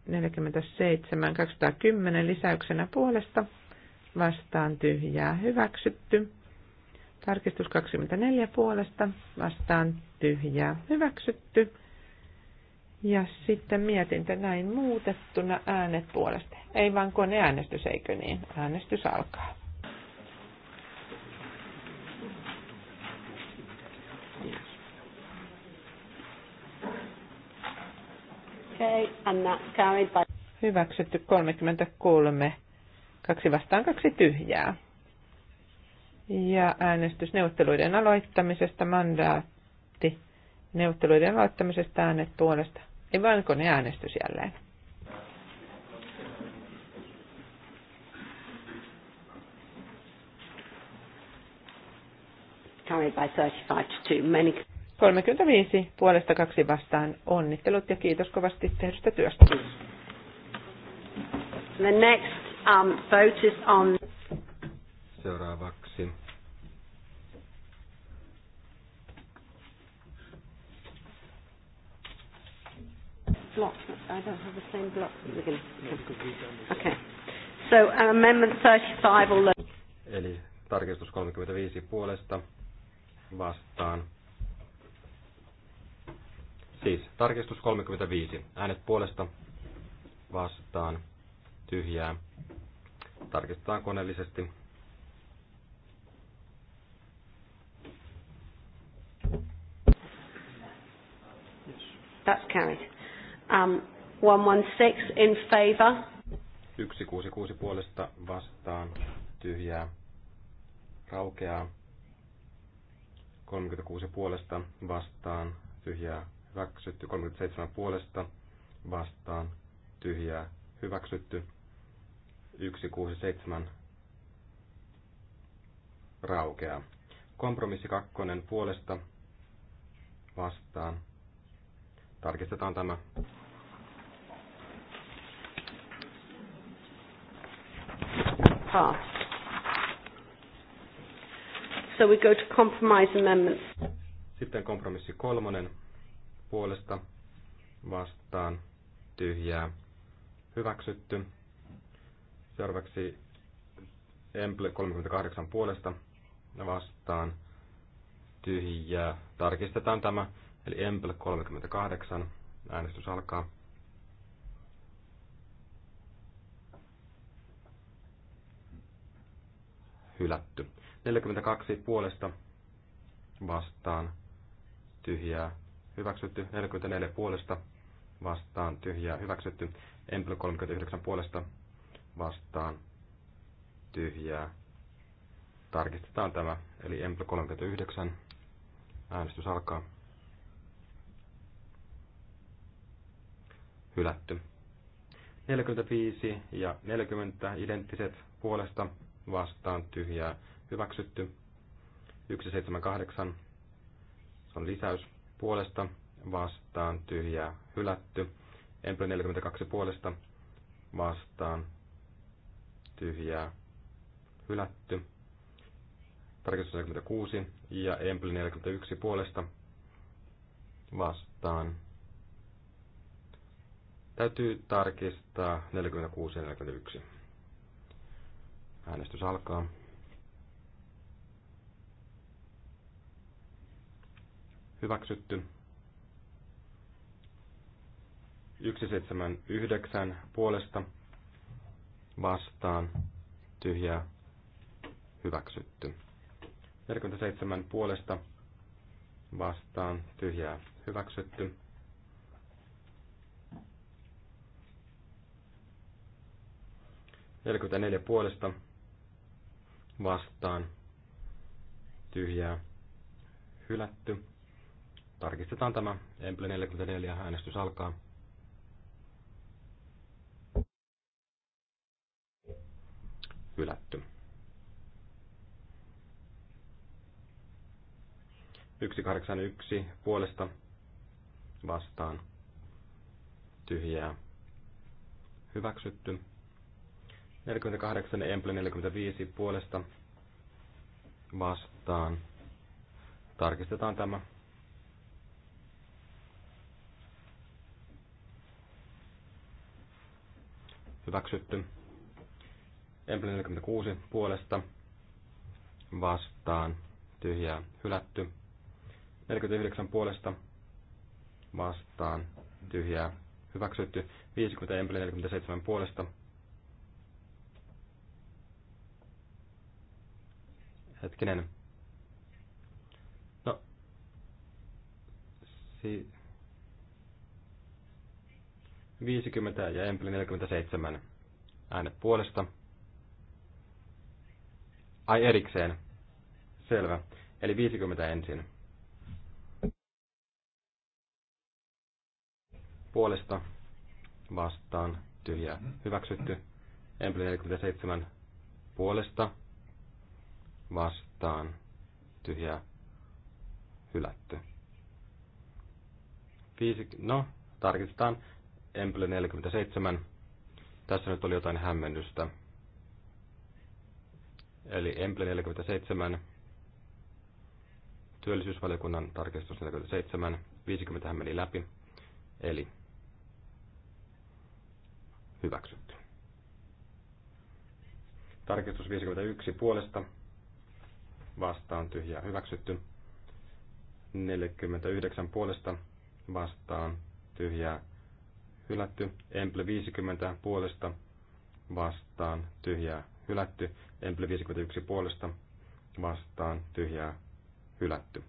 47, 210 lisäyksenä puolesta vastaan tyhjää hyväksytty. Tarkistus 24 puolesta vastaan tyhjää hyväksytty. Ja sitten mietintä näin muutettuna äänet puolesta. Ei vaan kone äänestys, eikö niin? Äänestys alkaa. Okay, carried by... Hyväksytty 33, kaksi vastaan kaksi tyhjää. Ja äänestysneuvotteluiden aloittamisesta mandaatti. Neuvotteluiden aloittamisesta äänet puolesta. Ei vaan kone äänestys jälleen. Carried by 35 to 2. Many... 35 puolesta kaksi vastaan. Onnittelut ja kiitos kovasti tehdystä työstä. The next um, vote is on... Seuraavaksi. Block. I don't have the same block. We're Okay. So amendment 35 all... Eli tarkistus 35 puolesta vastaan Siis tarkistus 35. Äänet puolesta vastaan tyhjää. Tarkistetaan koneellisesti. That's carried. Um, 116 in favor. 166 puolesta vastaan tyhjää raukeaa. 36 puolesta vastaan tyhjää hyväksytty, 37 puolesta vastaan tyhjää hyväksytty, 167 raukeaa. Kompromissi kakkonen puolesta vastaan. Tarkistetaan tämä. Ha. Ah. So we go to compromise amendments. Sitten kompromissi kolmonen puolesta vastaan tyhjää hyväksytty. Seuraavaksi Emple 38 puolesta vastaan tyhjää. Tarkistetaan tämä, eli Emple 38. Äänestys alkaa. Hylätty. 42 puolesta vastaan tyhjää hyväksytty, 44 puolesta vastaan tyhjää hyväksytty, Empl 39 puolesta vastaan tyhjää. Tarkistetaan tämä, eli Empl 39. Äänestys alkaa. Hylätty. 45 ja 40 identtiset puolesta vastaan tyhjää hyväksytty. 178. Se on lisäys puolesta vastaan tyhjää hylätty. Emply 42 puolesta vastaan tyhjää hylätty. Tarkistus 46 ja Emply 41 puolesta vastaan. Täytyy tarkistaa 46 ja 41. Äänestys alkaa. hyväksytty. 179 puolesta vastaan tyhjää hyväksytty. 47 puolesta vastaan tyhjää hyväksytty. neljä puolesta vastaan tyhjää hylätty. Tarkistetaan tämä. Emple 44 äänestys alkaa. Hylätty. yksi puolesta vastaan tyhjää hyväksytty. 48 Emple 45 puolesta vastaan. Tarkistetaan tämä. hyväksytty. Emple 46 puolesta vastaan tyhjää hylätty. 49 puolesta vastaan tyhjää hyväksytty. 50 Emple 47 puolesta hetkinen. No, si- 50 ja Empel 47. Äänet puolesta. Ai erikseen. Selvä. Eli 50 ensin. Puolesta vastaan tyhjä hyväksytty. Empel 47 puolesta vastaan tyhjä hylätty. Fiisik- no, tarkistetaan Emple 47. Tässä nyt oli jotain hämmennystä. Eli Emple 47, työllisyysvaliokunnan tarkistus 47, 50 hän meni läpi, eli hyväksytty. Tarkistus 51 puolesta, vastaan tyhjää hyväksytty. 49 puolesta, vastaan tyhjää hylätty, Emple 50 puolesta vastaan tyhjää hylätty, Emple 51 puolesta vastaan tyhjää hylätty.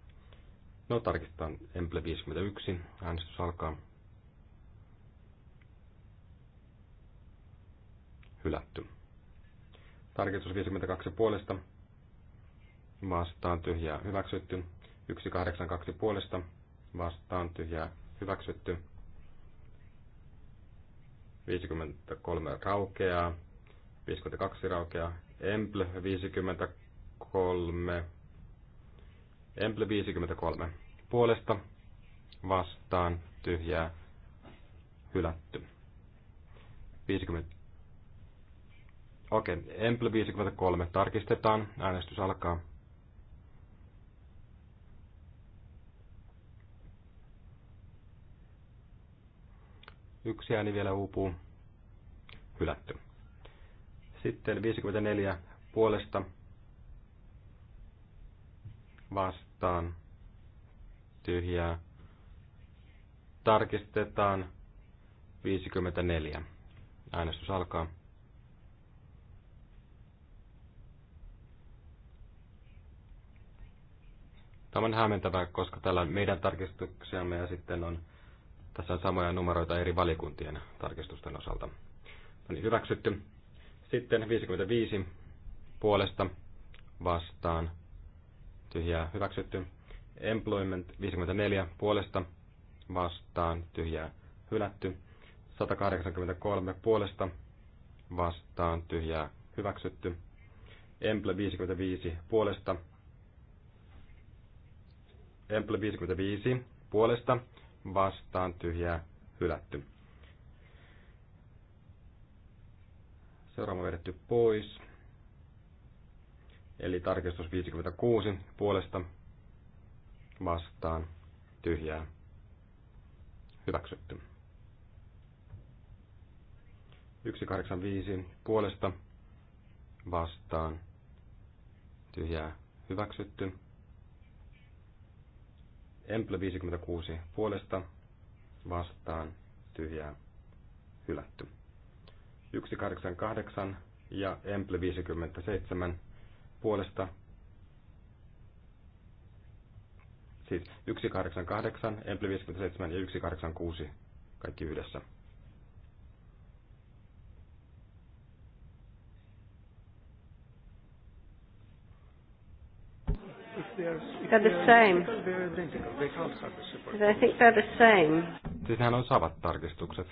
No tarkistetaan Emple 51, äänestys alkaa. Hylätty. Tarkistus 52 puolesta vastaan tyhjää hyväksytty, 182 puolesta vastaan tyhjää hyväksytty, 53 raukeaa, 52 raukeaa, Emple 53, Emple 53 puolesta vastaan tyhjää hylätty. 50. Okei, Emple 53 tarkistetaan, äänestys alkaa. Yksi ääni vielä uupuu. Hylätty. Sitten 54 puolesta vastaan tyhjää. Tarkistetaan 54. Äänestys alkaa. Tämä on hämmentävää, koska täällä on meidän tarkistuksiamme ja sitten on tässä on samoja numeroita eri valikuntien tarkistusten osalta. No niin, hyväksytty. Sitten 55 puolesta vastaan tyhjää hyväksytty. Employment 54 puolesta vastaan tyhjää hylätty. 183 puolesta vastaan tyhjää hyväksytty. Emple 55 puolesta. Emple 55 puolesta vastaan tyhjää hylätty. Seuraava vedetty pois. Eli tarkistus 56 puolesta vastaan tyhjää hyväksytty. 185 puolesta vastaan tyhjää hyväksytty. Emple 56 puolesta vastaan tyhjää hylätty. 188 ja Emple 57 puolesta siis 188, Emple 57 ja 186 kaikki yhdessä They're the same. They think they're the same. Siis nehän on samat tarkistukset.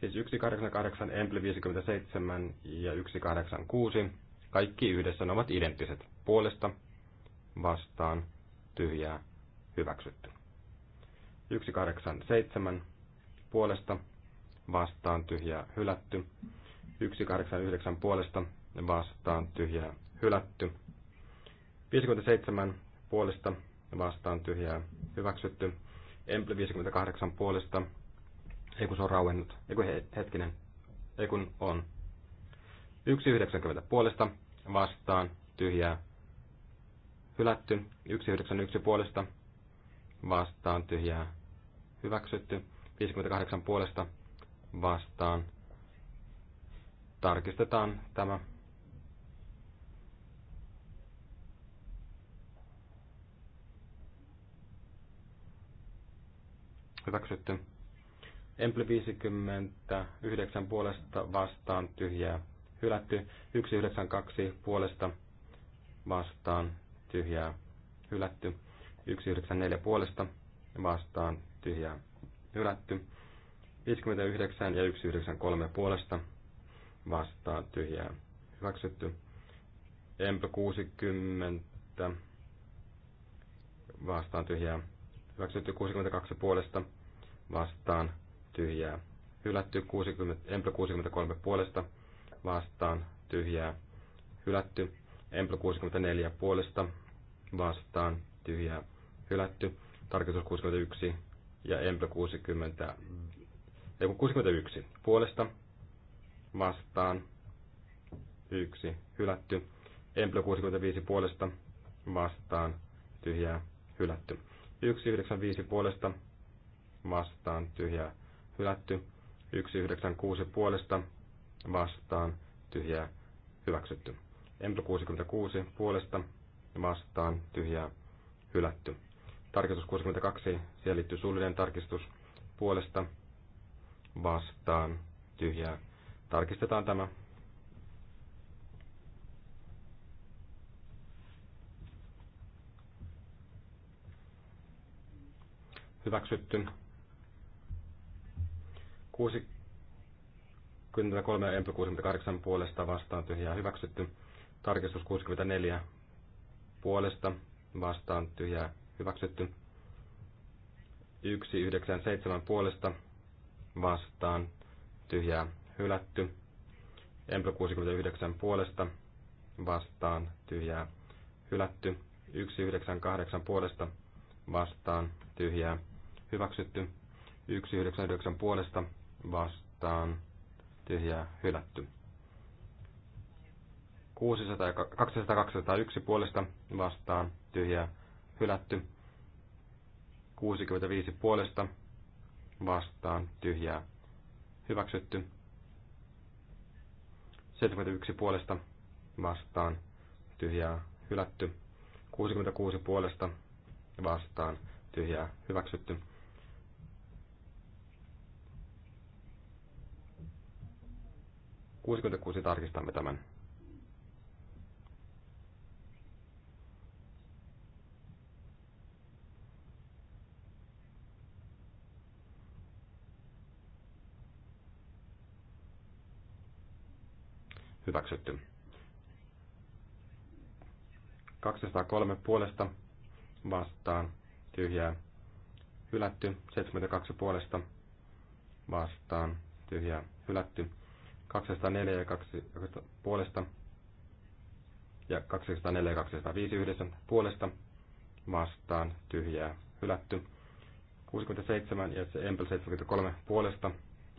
Siis 188, Emple 57 ja 186, kaikki yhdessä ne ovat identtiset. Puolesta, vastaan, tyhjää, hyväksytty. 187, puolesta, vastaan, tyhjää, hylätty. 189 puolesta, vastaan tyhjää hylätty. 57 puolesta vastaan tyhjää hyväksytty. Emple 58 puolesta, ei kun se on rauennut, ei kun he, hetkinen, ei kun on. 1,90 puolesta vastaan tyhjää hylätty. 1,91 puolesta vastaan tyhjää hyväksytty. 58 puolesta vastaan tarkistetaan tämä hyväksytty. Empli 59 puolesta vastaan tyhjää hylätty. 192 puolesta vastaan tyhjää hylätty. 194 puolesta vastaan tyhjää hylätty. 59 ja 193 puolesta vastaan tyhjää hyväksytty. Empö 60 vastaan tyhjää hyväksytty 62 puolesta vastaan tyhjää hylätty. 60, Emple 63 puolesta vastaan tyhjää hylätty. Emple 64 puolesta vastaan tyhjää hylätty. Tarkistus 61 ja Emple 60, ei 61 puolesta vastaan yksi hylätty. Emple 65 puolesta vastaan tyhjää hylätty. 195 puolesta vastaan tyhjää hylätty. 196 puolesta vastaan tyhjää hyväksytty. Emplo 66 puolesta vastaan tyhjää hylätty. Tarkistus 62, siihen liittyy suullinen tarkistus puolesta vastaan tyhjää. Tarkistetaan tämä. Hyväksytty. 63 ja 68 puolesta vastaan tyhjää hyväksytty. Tarkistus 64 puolesta vastaan tyhjää hyväksytty. 197 puolesta vastaan tyhjää hylätty. Emplo 69 puolesta vastaan tyhjää hylätty. 198 puolesta vastaan tyhjää hyväksytty. 199 puolesta vastaan tyhjää hylätty. 600 ja 200 201 puolesta vastaan tyhjää hylätty. 65 puolesta vastaan tyhjää hyväksytty. 71 puolesta vastaan tyhjää hylätty. 66 puolesta vastaan tyhjää hyväksytty. 66 tarkistamme tämän. Hyväksytty. 203 puolesta vastaan tyhjää hylätty. 72 puolesta vastaan tyhjää hylätty. 204 ja 2 puolesta ja 204 ja 205 yhdessä puolesta vastaan tyhjää hylätty. 67 ja se Empel 73 puolesta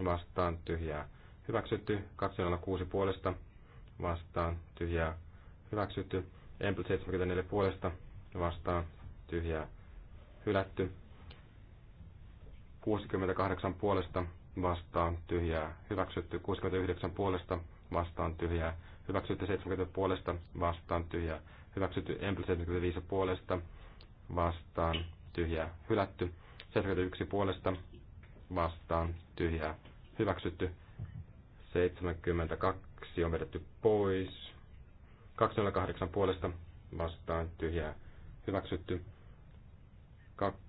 vastaan tyhjää hyväksytty. 206 puolesta vastaan tyhjää hyväksytty. Empel 74 puolesta vastaan tyhjää hylätty. 68 puolesta vastaan tyhjää hyväksytty, 69 puolesta vastaan tyhjää hyväksytty, 70 puolesta vastaan tyhjää hyväksytty, Emple 75 puolesta vastaan tyhjää hylätty, 71 puolesta vastaan tyhjää hyväksytty, 72 on vedetty pois, 208 puolesta vastaan tyhjää hyväksytty, 2,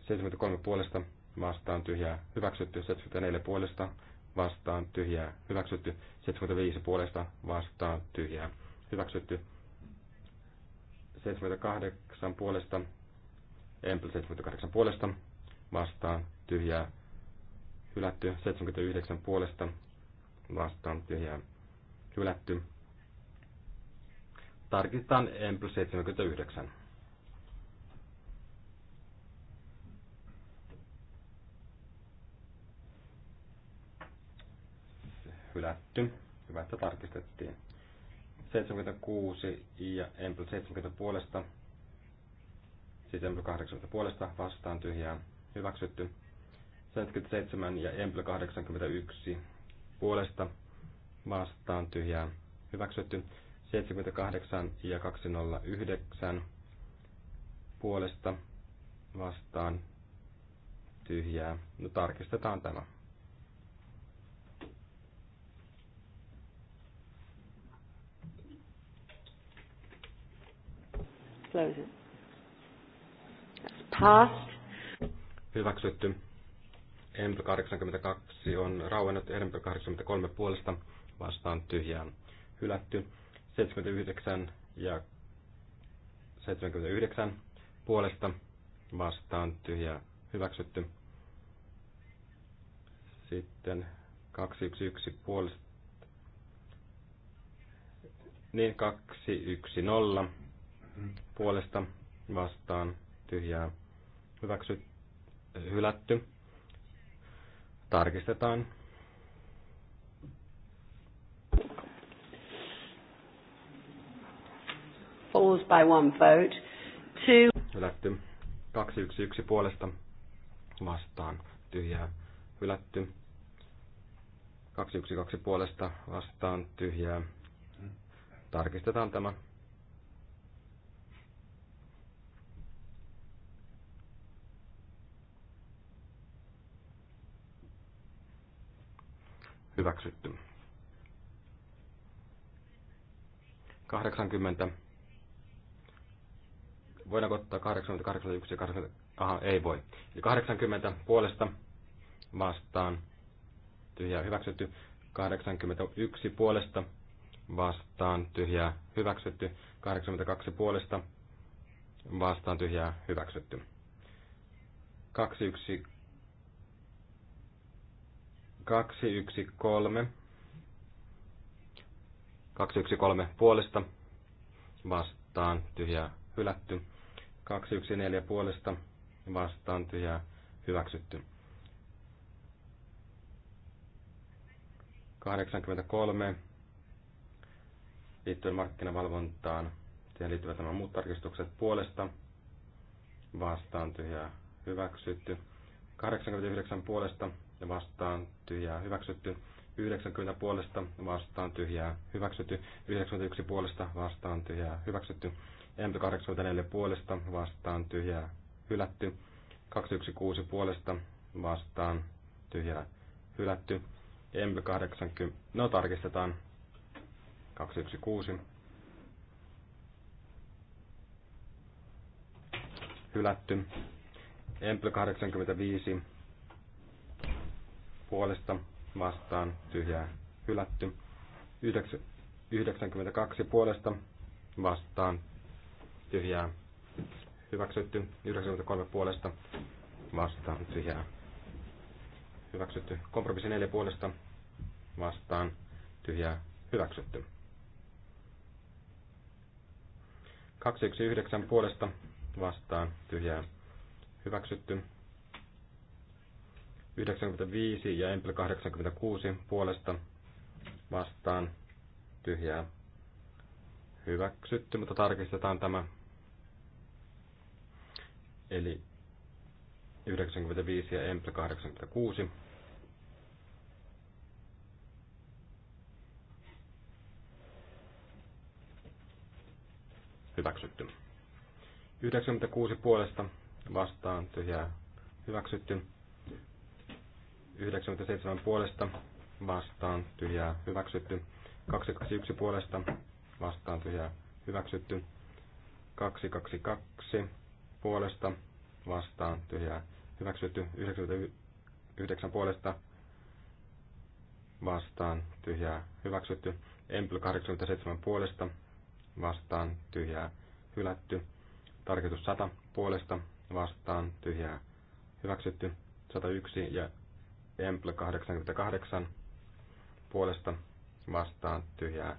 73 puolesta vastaan tyhjää hyväksytty, 74 puolesta vastaan tyhjää hyväksytty, 75 puolesta vastaan tyhjää hyväksytty, 78 puolesta, Empel 78 puolesta vastaan tyhjää hylätty, 79 puolesta vastaan tyhjää hylätty. Tarkistetaan Empel 79. hylätty. Hyvä, että tarkistettiin. 76 ja Empl 70 puolesta. Siis Empl 80 puolesta vastaan tyhjää hyväksytty. 77 ja Empl 81 puolesta vastaan tyhjää hyväksytty. 78 ja 209 puolesta vastaan tyhjää. No tarkistetaan tämä. Close passed. Hyväksytty. Empl 82 on rauennut Empl 83 puolesta vastaan tyhjään hylätty. 79 ja 79 puolesta vastaan tyhjää hyväksytty. Sitten 211 puolesta. Niin 210 puolesta vastaan tyhjää hyväksy, hylätty. Tarkistetaan. Falls by one vote. Two. Hylätty. 211 puolesta vastaan tyhjää hylätty. 212 puolesta vastaan tyhjää. Tarkistetaan tämä. hyväksytty. 80. Voidaanko ottaa 80, 81 ja 80? Aha, ei voi. Eli 80 puolesta vastaan tyhjää hyväksytty. 81 puolesta vastaan tyhjää hyväksytty. 82 puolesta vastaan tyhjää hyväksytty. 21 213. 213 puolesta vastaan tyhjää hylätty. 214 puolesta vastaan tyhjää hyväksytty. 83 liittyen markkinavalvontaan. Siihen liittyvät nämä muut tarkistukset puolesta vastaan tyhjää hyväksytty. 89 puolesta ja vastaan tyhjää hyväksytty. 90 puolesta vastaan tyhjää hyväksytty. 91 puolesta vastaan tyhjää hyväksytty. MP84 puolesta vastaan tyhjää hylätty. 216 puolesta vastaan tyhjää hylätty. MP80, no tarkistetaan. 216. Hylätty. Empl 85 puolesta vastaan tyhjää hylätty. 92 puolesta vastaan tyhjää hyväksytty. 93 puolesta vastaan tyhjää hyväksytty. Kompromissi 4 puolesta vastaan tyhjää hyväksytty. 219 puolesta vastaan tyhjää hyväksytty. 95 ja Empel 86 puolesta vastaan tyhjää hyväksytty, mutta tarkistetaan tämä. Eli 95 ja Empel 86. Hyväksytty. 96 puolesta vastaan tyhjää hyväksytty. 97 puolesta vastaan tyhjää hyväksytty. 221 puolesta vastaan tyhjää hyväksytty. 222 puolesta vastaan tyhjää hyväksytty. 99 puolesta vastaan tyhjää hyväksytty. Empl 87 puolesta vastaan tyhjää hylätty. Tarkoitus 100 puolesta vastaan tyhjää hyväksytty. 101 ja Emple 88 puolesta vastaan tyhjää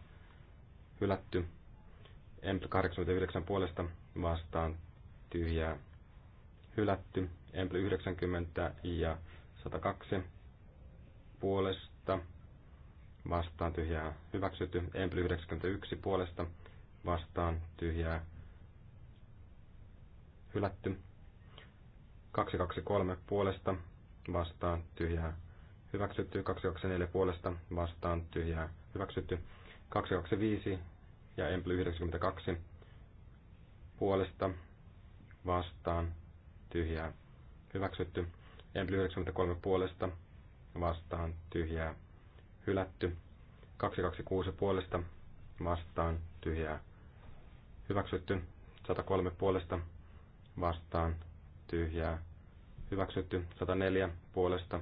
hylätty. Emple 89 puolesta vastaan tyhjää hylätty. Emple 90 ja 102 puolesta vastaan tyhjää hyväksytty. Emple 91 puolesta vastaan tyhjää hylätty. 223 puolesta vastaan tyhjää hyväksytty, 224 puolesta vastaan tyhjää hyväksytty, 225 ja Emple 92 puolesta vastaan tyhjää hyväksytty, Emple 93 puolesta vastaan tyhjää hylätty, 226 puolesta vastaan tyhjää hyväksytty, 103 puolesta vastaan tyhjää hyväksytty 104 puolesta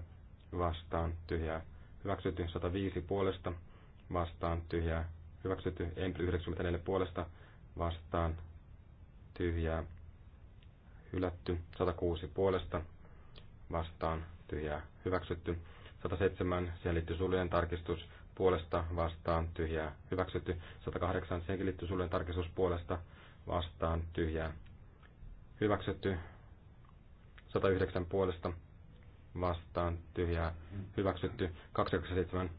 vastaan tyhjää, hyväksytty 105 puolesta vastaan tyhjää, hyväksytty 94 puolesta vastaan tyhjää, hylätty 106 puolesta vastaan tyhjää, hyväksytty 107, siihen liittyy suljen tarkistus puolesta vastaan tyhjää, hyväksytty 108, siihen liittyy suljen tarkistus puolesta vastaan tyhjää, hyväksytty 109 puolesta vastaan tyhjää hyväksytty. 27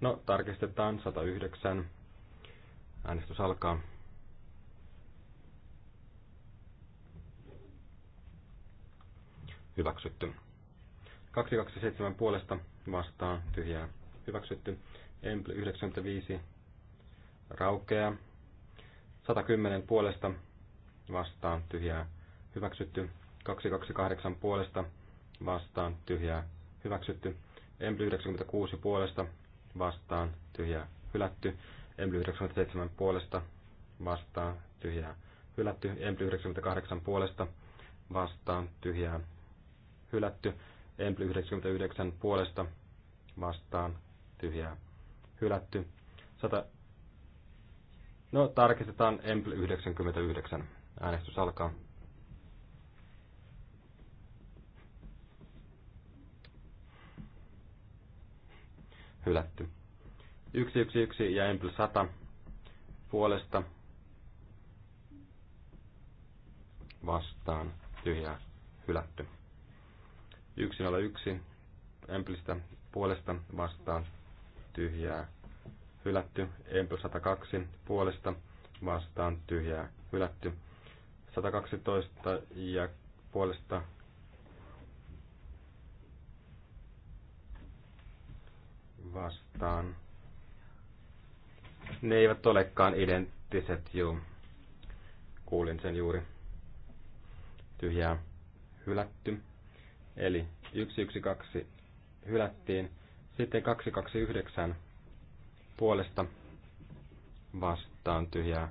No, tarkistetaan 109. Äänestys alkaa. Hyväksytty. 227 puolesta vastaan tyhjää hyväksytty. Emple 95 raukeaa. 110 puolesta vastaan tyhjää hyväksytty. 228 puolesta vastaan tyhjää hyväksytty. Emply 96 puolesta vastaan tyhjää hylätty. Emply 97 puolesta vastaan tyhjää hylätty. Emply 98 puolesta vastaan tyhjää hylätty. Emply 99 puolesta vastaan tyhjää hylätty. 100... No tarkistetaan Emply 99. Äänestys alkaa. hylätty. 111 ja Empl 100 puolesta vastaan tyhjää hylätty. 101 Emplistä puolesta vastaan tyhjää hylätty. Empl 102 puolesta vastaan tyhjää hylätty. 112 ja puolesta vastaan. Ne eivät olekaan identtiset, juu. Kuulin sen juuri. Tyhjää hylätty. Eli 112 hylättiin. Sitten 229 puolesta vastaan tyhjää.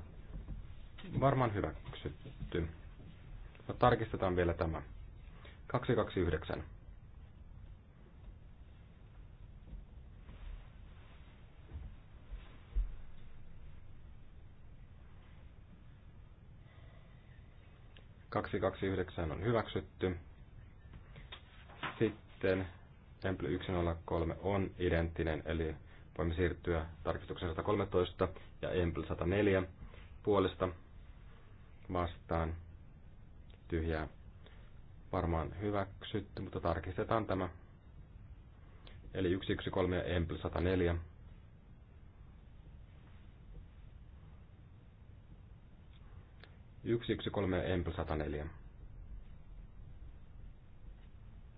Varmaan hyväksytty. No tarkistetaan vielä tämä. 229. 229 on hyväksytty. Sitten Temple 103 on identtinen, eli voimme siirtyä tarkistuksen 113 ja Emple 104 puolesta vastaan tyhjää. Varmaan hyväksytty, mutta tarkistetaan tämä. Eli 113 ja Emple 104 113 ja Empl 104.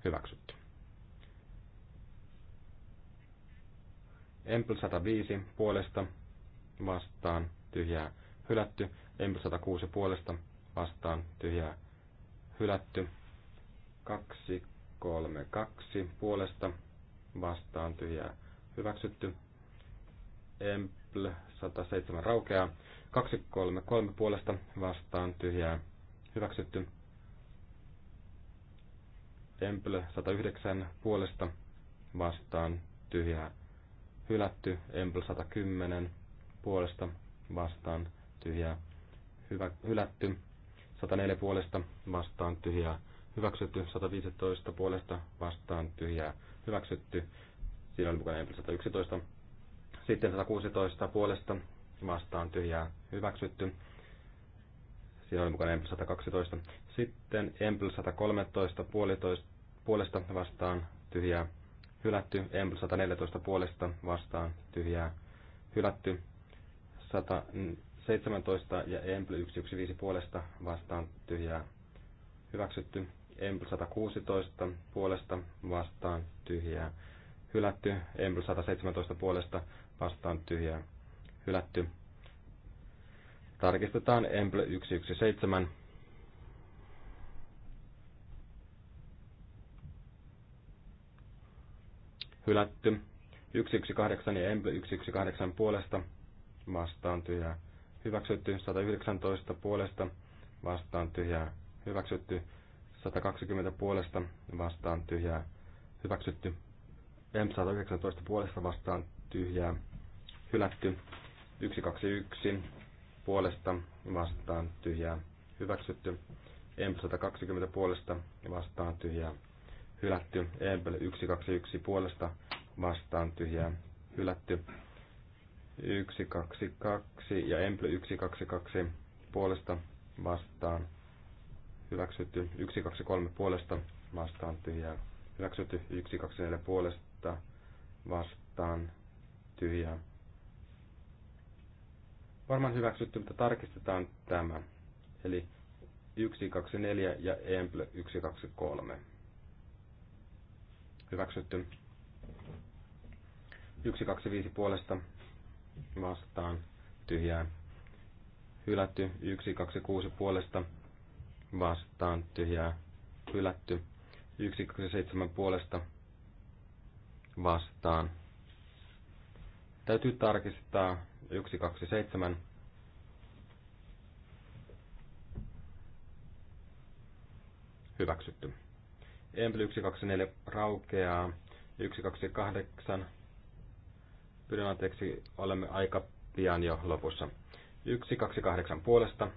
Hyväksytty. Empl 105 puolesta vastaan tyhjää hylätty. Empl 106 puolesta vastaan tyhjää hylätty. 232 puolesta vastaan tyhjää hyväksytty. Empl 107 raukeaa. 233 puolesta vastaan tyhjää hyväksytty. Emple 109 puolesta vastaan tyhjää hylätty. Emple 110 puolesta vastaan tyhjää hyvä, hylätty. 104 puolesta vastaan tyhjää hyväksytty. 115 puolesta vastaan tyhjää hyväksytty. Siinä oli mukana Emple 111. Sitten 116 puolesta vastaan tyhjää hyväksytty. Siinä oli mukana Empel 112. Sitten Empel 113 puolitoista, puolesta vastaan tyhjää hylätty. Empel 114 puolesta vastaan tyhjää hylätty. 117 ja Empel 115 puolesta vastaan tyhjää hyväksytty. Empel 116 puolesta vastaan tyhjää hylätty. Empel 117 puolesta vastaan tyhjää hylätty. Tarkistetaan Emble 117. Hylätty. 118 ja Emble 118 puolesta vastaan tyhjää hyväksytty. 119 puolesta vastaan tyhjää hyväksytty. 120 puolesta vastaan tyhjää hyväksytty. M119 puolesta vastaan tyhjää hylätty. 121 puolesta vastaan tyhjää hyväksytty. Empel 120 puolesta vastaan tyhjää hylätty. Empel 121 puolesta vastaan tyhjää hylätty. 122 ja Empel 122 puolesta vastaan hyväksytty. 123 puolesta vastaan tyhjää hyväksytty. 124 puolesta vastaan tyhjää varmaan hyväksytty, mutta tarkistetaan tämä. Eli 124 ja Emple 123. Hyväksytty. 125 puolesta vastaan tyhjää. Hylätty 126 puolesta vastaan tyhjää. Hylätty 127 puolesta vastaan. Täytyy tarkistaa 7. Hyväksytty. 2, 4 raukeaa. 8. Pyydän anteeksi, olemme aika pian jo lopussa. 8 puolesta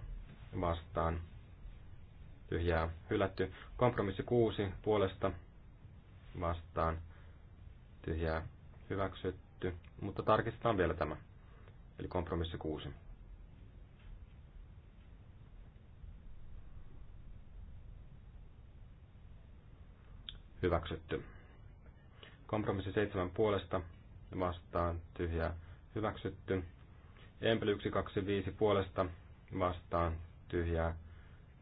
vastaan. Tyhjää hylätty. Kompromissi 6 puolesta vastaan. Tyhjää hyväksytty. Mutta tarkistetaan vielä tämä. Eli kompromissi 6. Hyväksytty. Kompromissi 7 puolesta vastaan tyhjä hyväksytty. Empel 125 puolesta vastaan tyhjä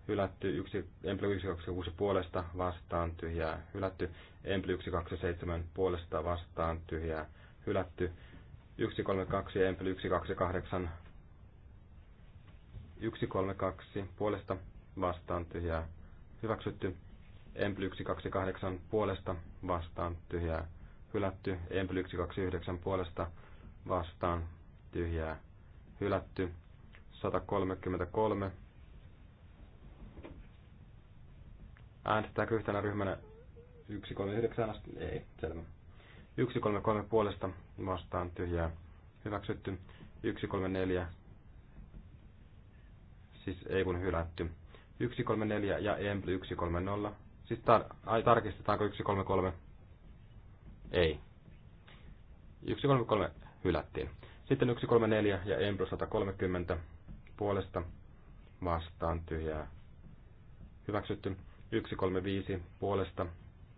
hylätty. Yksi, Empel 126 puolesta vastaan tyhjä hylätty. Empel 127 puolesta vastaan tyhjä hylätty. 132 ja Empel 128. 132 puolesta vastaan tyhjää hyväksytty. Empel 128 puolesta vastaan tyhjää hylätty. Empel 129 puolesta vastaan tyhjää hylätty. 133. Äänestetäänkö yhtenä ryhmänä 139 asti? Ei, selvä. 133 puolesta vastaan tyhjää hyväksytty. 134 siis ei kun hylätty. 134 ja Empl 130. Siis tar- ai, tarkistetaanko 133? Ei. 133 hylättiin. Sitten 134 ja Empl 130 puolesta vastaan tyhjää. Hyväksytty. 135 puolesta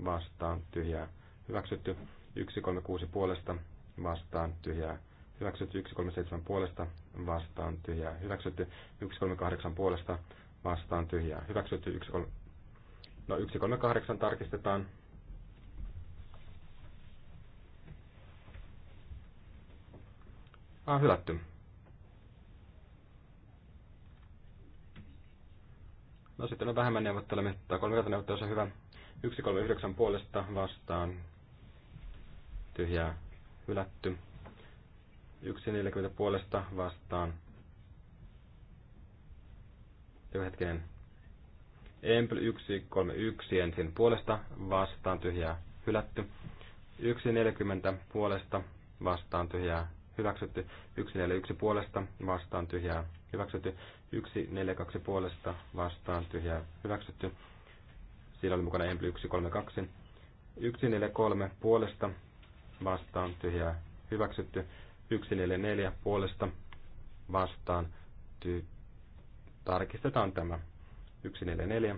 vastaan tyhjää. Hyväksytty. 136 puolesta vastaan tyhjää hyväksytty, 137 puolesta vastaan tyhjää hyväksytty, 138 puolesta vastaan tyhjää hyväksytty, 13... no 138 tarkistetaan. Ah, hylätty. No sitten on vähemmän neuvottelemista. Kolmikata neuvottelussa hyvä. 139 puolesta vastaan. Tyhjää hylätty. 1.40 puolesta vastaan. Joku hetkinen. Empl 1.31 ensin puolesta vastaan tyhjää hylätty. 1.40 puolesta vastaan tyhjää hyväksytty. 1.41 puolesta vastaan tyhjää hyväksytty. 1.42 puolesta vastaan tyhjää hyväksytty. Siinä oli mukana Empl 1.32. 1.43 puolesta vastaan tyhjää hyväksytty. 144 puolesta vastaan ty- tarkistetaan tämä. 144.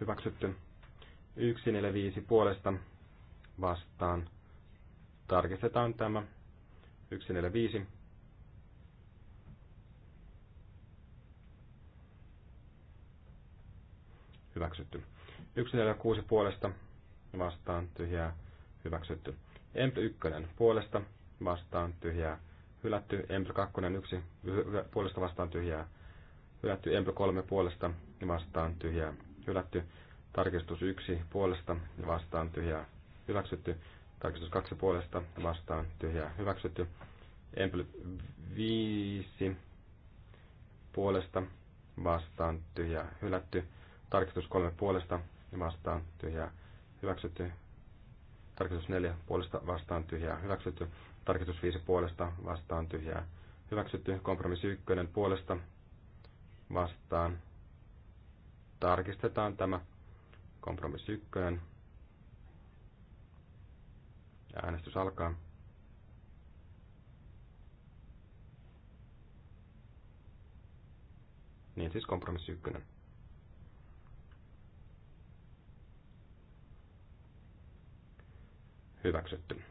Hyväksytty. 145 puolesta vastaan. Tarkistetaan tämä. 145. hyväksytty. 146 puolesta vastaan tyhjää hyväksytty. Emp 1 puolesta vastaan tyhjää hylätty. Emp 2 1 puolesta vastaan tyhjää hylätty. Emp 3 puolesta vastaan tyhjää hylätty. Tarkistus 1 puolesta vastaan tyhjää hyväksytty. Tarkistus 2 puolesta vastaan tyhjää hyväksytty. Emp 5 puolesta vastaan tyhjää hylätty. Tarkistus kolme puolesta ja vastaan tyhjää hyväksytty. Tarkistus neljä puolesta vastaan tyhjää hyväksytty. Tarkistus viisi puolesta vastaan tyhjää hyväksytty. Kompromissi ykkönen puolesta vastaan. Tarkistetaan tämä kompromissi ykkönen. Ja äänestys alkaa. Niin siis kompromissi ykkönen. hyväksytty.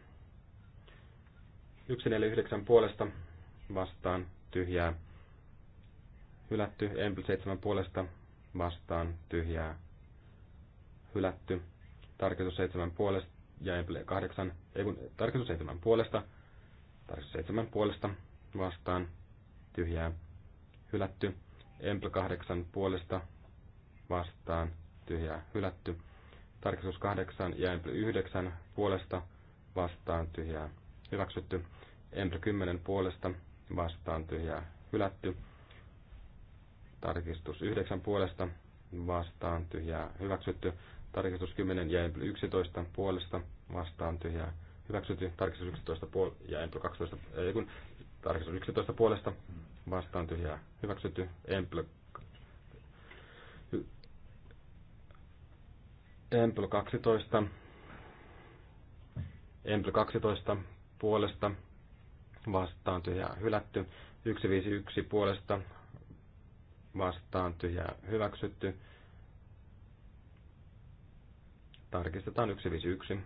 149 puolesta vastaan tyhjää hylätty. Empl 7 puolesta vastaan tyhjää hylätty. Tarkistus 7 puolesta ja Empl 8, ei kun, tarkistus 7 puolesta, tarkistus 7 puolesta vastaan tyhjää hylätty. Empl 8 puolesta vastaan tyhjää hylätty. Tarkistus 8 ja Empl 9 puolesta vastaan tyhjää hyväksytty. Empl 10 puolesta vastaan tyhjää hylätty. Tarkistus 9 puolesta vastaan tyhjää hyväksytty. Tarkistus 10 ja Empl 11 puolesta vastaan tyhjää hyväksytty. Tarkistus 11 puol- ja Empl 12, ei kun tarkistus 11 puolesta vastaan tyhjää hyväksytty. Empl Empl 12. Empl 12 puolesta vastaan tyhjää hylätty. 151 puolesta vastaan tyhjää hyväksytty. Tarkistetaan 151.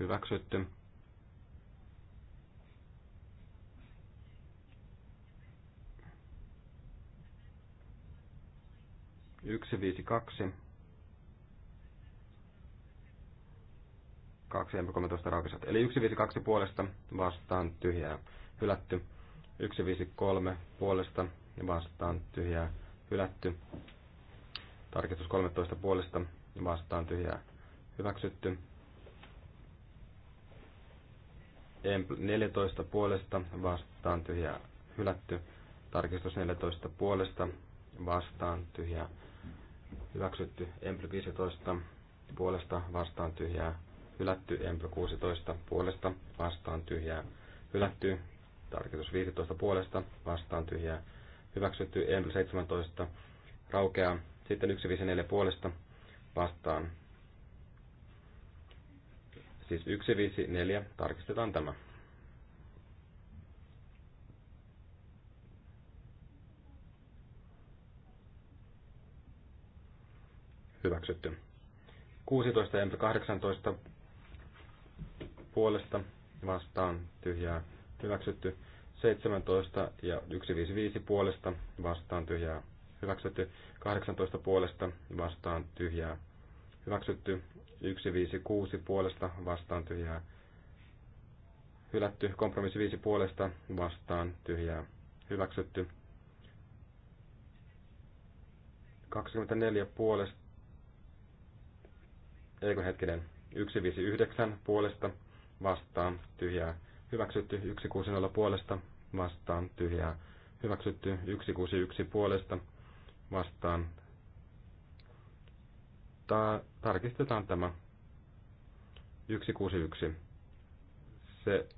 Hyväksytty. 152. raukisat. Eli 152 puolesta vastaan tyhjää hylätty. 153 puolesta vastaan tyhjää hylätty. Tarkistus 13 puolesta vastaan tyhjää hyväksytty. 14 puolesta vastaan tyhjää hylätty. Tarkistus 14 puolesta vastaan tyhjää hylätty hyväksytty Emple 15 puolesta vastaan tyhjää, hylätty Emple 16 puolesta vastaan tyhjää, hylätty tarkoitus 15 puolesta vastaan tyhjää, hyväksytty Emple 17 raukeaa, sitten 154 puolesta vastaan. Siis 154 tarkistetaan tämä. hyväksytty. 16 ja 18 puolesta vastaan tyhjää hyväksytty. 17 ja 155 puolesta vastaan tyhjää hyväksytty. 18 puolesta vastaan tyhjää hyväksytty. 156 puolesta vastaan tyhjää hylätty. Kompromissi 5 puolesta vastaan tyhjää hyväksytty. 24 puolesta eikö hetkinen, 159 puolesta vastaan tyhjää hyväksytty, 160 puolesta vastaan tyhjää hyväksytty, 161 puolesta vastaan. Ta- tarkistetaan tämä 161. Se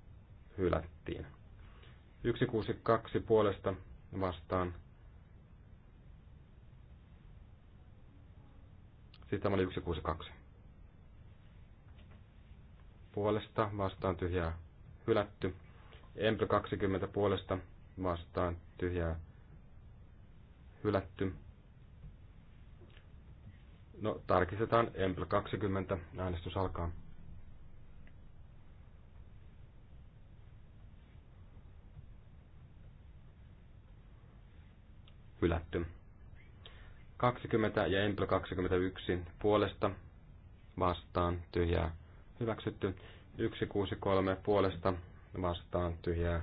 hylättiin. 162 puolesta vastaan. Sitten siis tämä oli 162 puolesta vastaan tyhjää hylätty. Empl 20 puolesta vastaan tyhjää hylätty. No, tarkistetaan Empl 20. Äänestys alkaa. Hylätty. 20 ja Empl 21 puolesta vastaan tyhjää hyväksytty. 163 puolesta vastaan tyhjää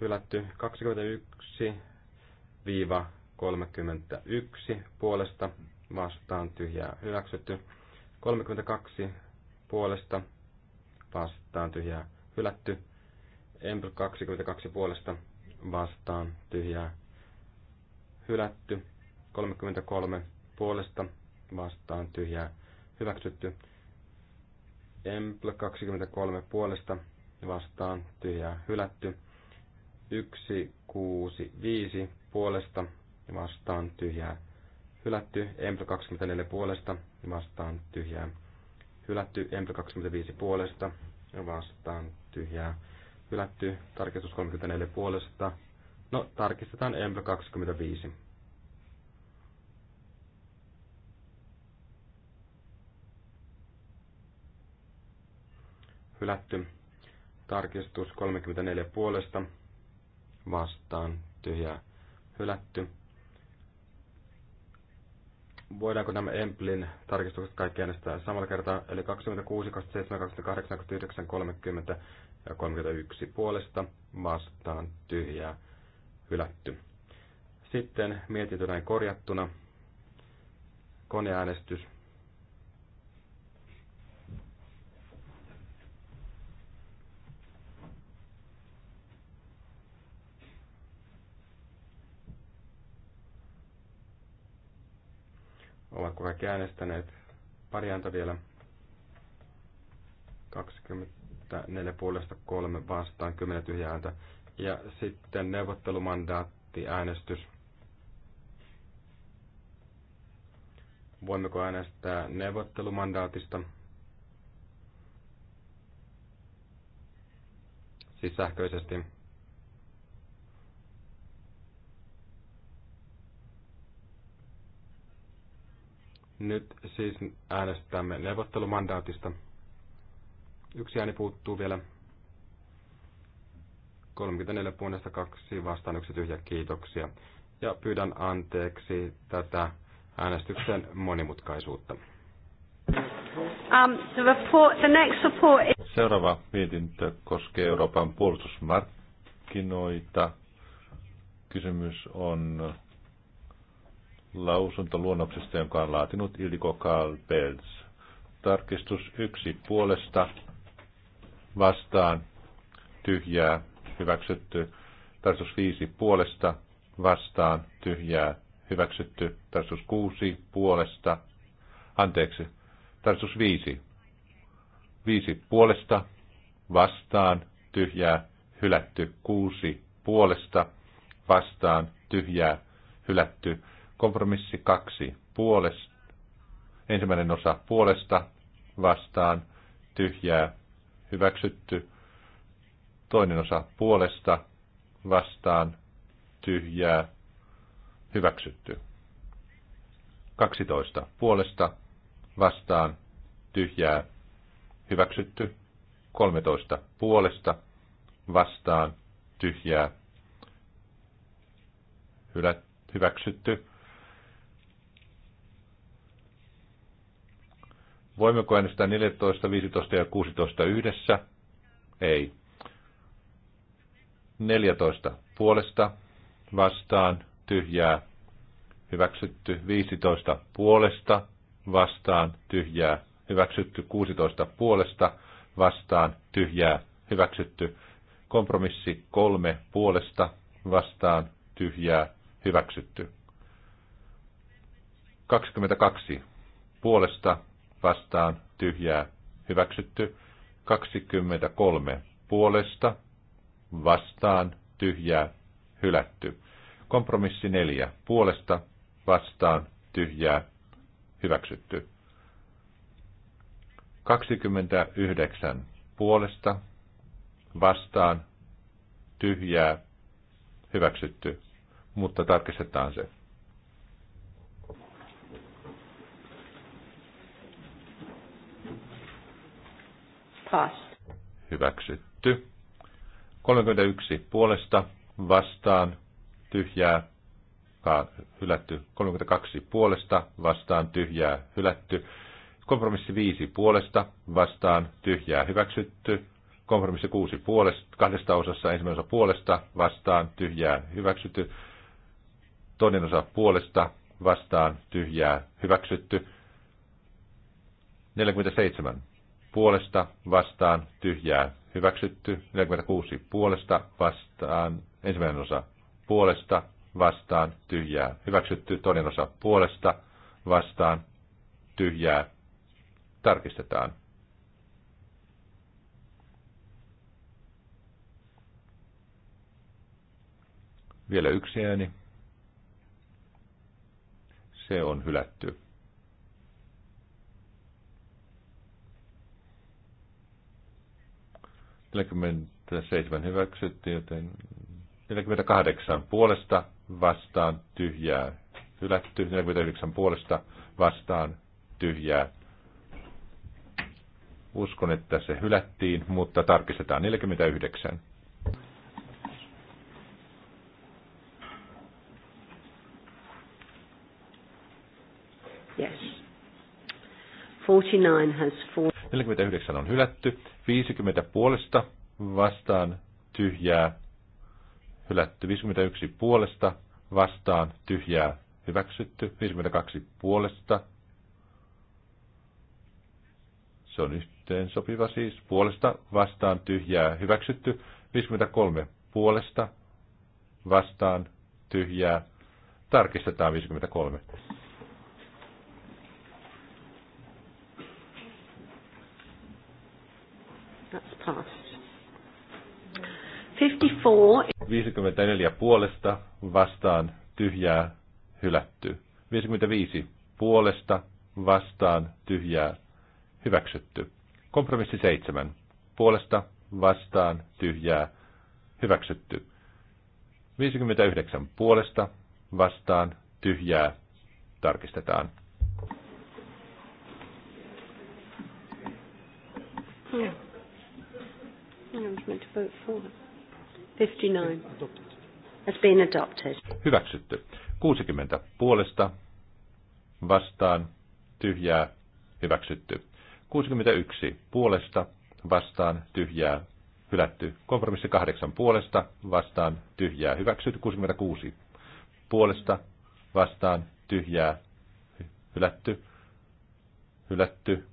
hylätty. 21 viiva 31 puolesta vastaan tyhjää hyväksytty. 32 puolesta vastaan tyhjää hylätty. Empl 22 puolesta vastaan tyhjää hylätty. 33 puolesta vastaan tyhjää hyväksytty. Emple 23 puolesta vastaan tyhjää hylätty. 165 puolesta vastaan tyhjää hylätty. Emple 24 puolesta vastaan tyhjää hylätty. Emple 25 puolesta vastaan tyhjää hylätty. Tarkistus 34 puolesta. No, tarkistetaan emple 25. hylätty. Tarkistus 34 puolesta vastaan tyhjä hylätty. Voidaanko nämä Emplin tarkistukset kaikki äänestää samalla kertaa, eli 26, 27, 28, 29, 30 ja 31 puolesta vastaan tyhjää hylätty. Sitten mietintö näin korjattuna. Koneäänestys Ovatko kaikki äänestäneet? Pari ääntä vielä. 24 puolesta kolme vastaan, 10 tyhjää ääntä. Ja sitten neuvottelumandaatti, äänestys. Voimmeko äänestää neuvottelumandaatista? Siis sähköisesti. Nyt siis äänestämme neuvottelumandaatista. Yksi ääni puuttuu vielä. 34 puolesta kaksi vastaan yksi tyhjä kiitoksia. Ja pyydän anteeksi tätä äänestyksen monimutkaisuutta. Um, the report, the next report is... Seuraava mietintö koskee Euroopan puolustusmarkkinoita. Kysymys on lausuntoluonnoksesta, jonka on laatinut Iliko Kalpels. Tarkistus yksi puolesta vastaan tyhjää hyväksytty. Tarkistus viisi puolesta vastaan tyhjää hyväksytty. Tarkistus kuusi puolesta. Anteeksi. Tarkistus viisi. Viisi puolesta vastaan tyhjää hylätty. Kuusi puolesta vastaan tyhjää hylätty Kompromissi kaksi puolesta. Ensimmäinen osa puolesta vastaan tyhjää hyväksytty. Toinen osa puolesta vastaan tyhjää hyväksytty. 12 puolesta vastaan tyhjää hyväksytty. 13 puolesta vastaan tyhjää hyväksytty. Voimmeko äänestää 14, 15 ja 16 yhdessä? Ei. 14 puolesta, vastaan, tyhjää, hyväksytty 15 puolesta, vastaan, tyhjää, hyväksytty 16 puolesta, vastaan, tyhjää, hyväksytty kompromissi 3 puolesta, vastaan, tyhjää, hyväksytty. 22 puolesta, vastaan tyhjää hyväksytty. 23 puolesta vastaan tyhjää hylätty. Kompromissi 4 puolesta vastaan tyhjää hyväksytty. 29 puolesta vastaan tyhjää hyväksytty, mutta tarkistetaan se. Passed. Hyväksytty. 31 puolesta vastaan tyhjää hylätty. 32 puolesta vastaan tyhjää hylätty. Kompromissi 5 puolesta vastaan tyhjää hyväksytty. Kompromissi 6 puolesta, kahdesta osassa ensimmäinen osa puolesta vastaan tyhjää hyväksytty. Toinen osa puolesta vastaan tyhjää hyväksytty. 47 puolesta vastaan tyhjää hyväksytty. 46 puolesta vastaan ensimmäinen osa puolesta vastaan tyhjää hyväksytty. Toinen osa puolesta vastaan tyhjää tarkistetaan. Vielä yksi ääni. Se on hylätty. 47 hyväksytty, joten 48 puolesta vastaan tyhjää hylätty, 49 puolesta vastaan tyhjää. Uskon, että se hylättiin, mutta tarkistetaan 49. 49 on hylätty, 50 puolesta vastaan tyhjää hylätty, 51 puolesta vastaan tyhjää hyväksytty, 52 puolesta. Se on yhteen sopiva siis. Puolesta vastaan tyhjää hyväksytty, 53 puolesta vastaan tyhjää. Tarkistetaan 53. passed. 54. puolesta vastaan tyhjää hylätty. 55 puolesta vastaan tyhjää hyväksytty. Kompromissi 7 puolesta vastaan tyhjää hyväksytty. 59 puolesta vastaan tyhjää tarkistetaan. meant to vote for. 59. Has been adopted. Hyväksytty. 60 puolesta vastaan tyhjää hyväksytty. 61 puolesta vastaan tyhjää hylätty. Kompromissi 8 puolesta vastaan tyhjää hyväksytty. 66 puolesta vastaan tyhjää hylätty. Hylätty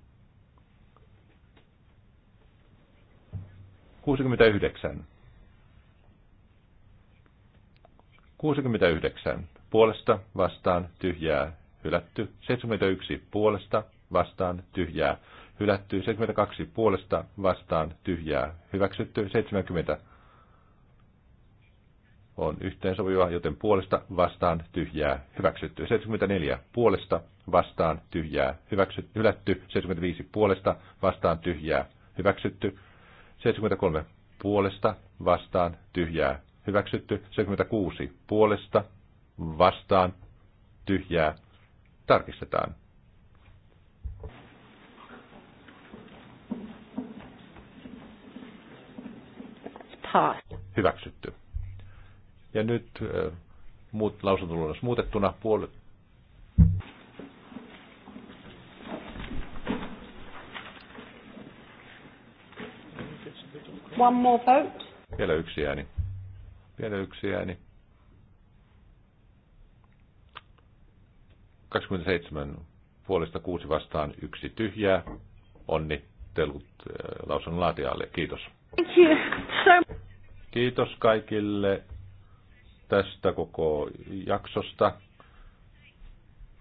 69. 69. Puolesta vastaan tyhjää hylätty. 71. Puolesta vastaan tyhjää hylätty. 72. Puolesta vastaan tyhjää hyväksytty. 70 on yhteensopiva, joten puolesta vastaan tyhjää hyväksytty. 74 puolesta vastaan tyhjää hyväksytty, hylätty. 75 puolesta vastaan tyhjää hyväksytty. 73 puolesta vastaan tyhjää hyväksytty. 76 puolesta vastaan tyhjää tarkistetaan. Hyväksytty. Ja nyt äh, muut lausuntoluonnos muutettuna puolet One more vote. Vielä yksi ääni. Vielä yksi ääni. 27 puolesta kuusi vastaan yksi tyhjää. Onnittelut äh, lausun laatijalle. Kiitos. Kiitos kaikille tästä koko jaksosta.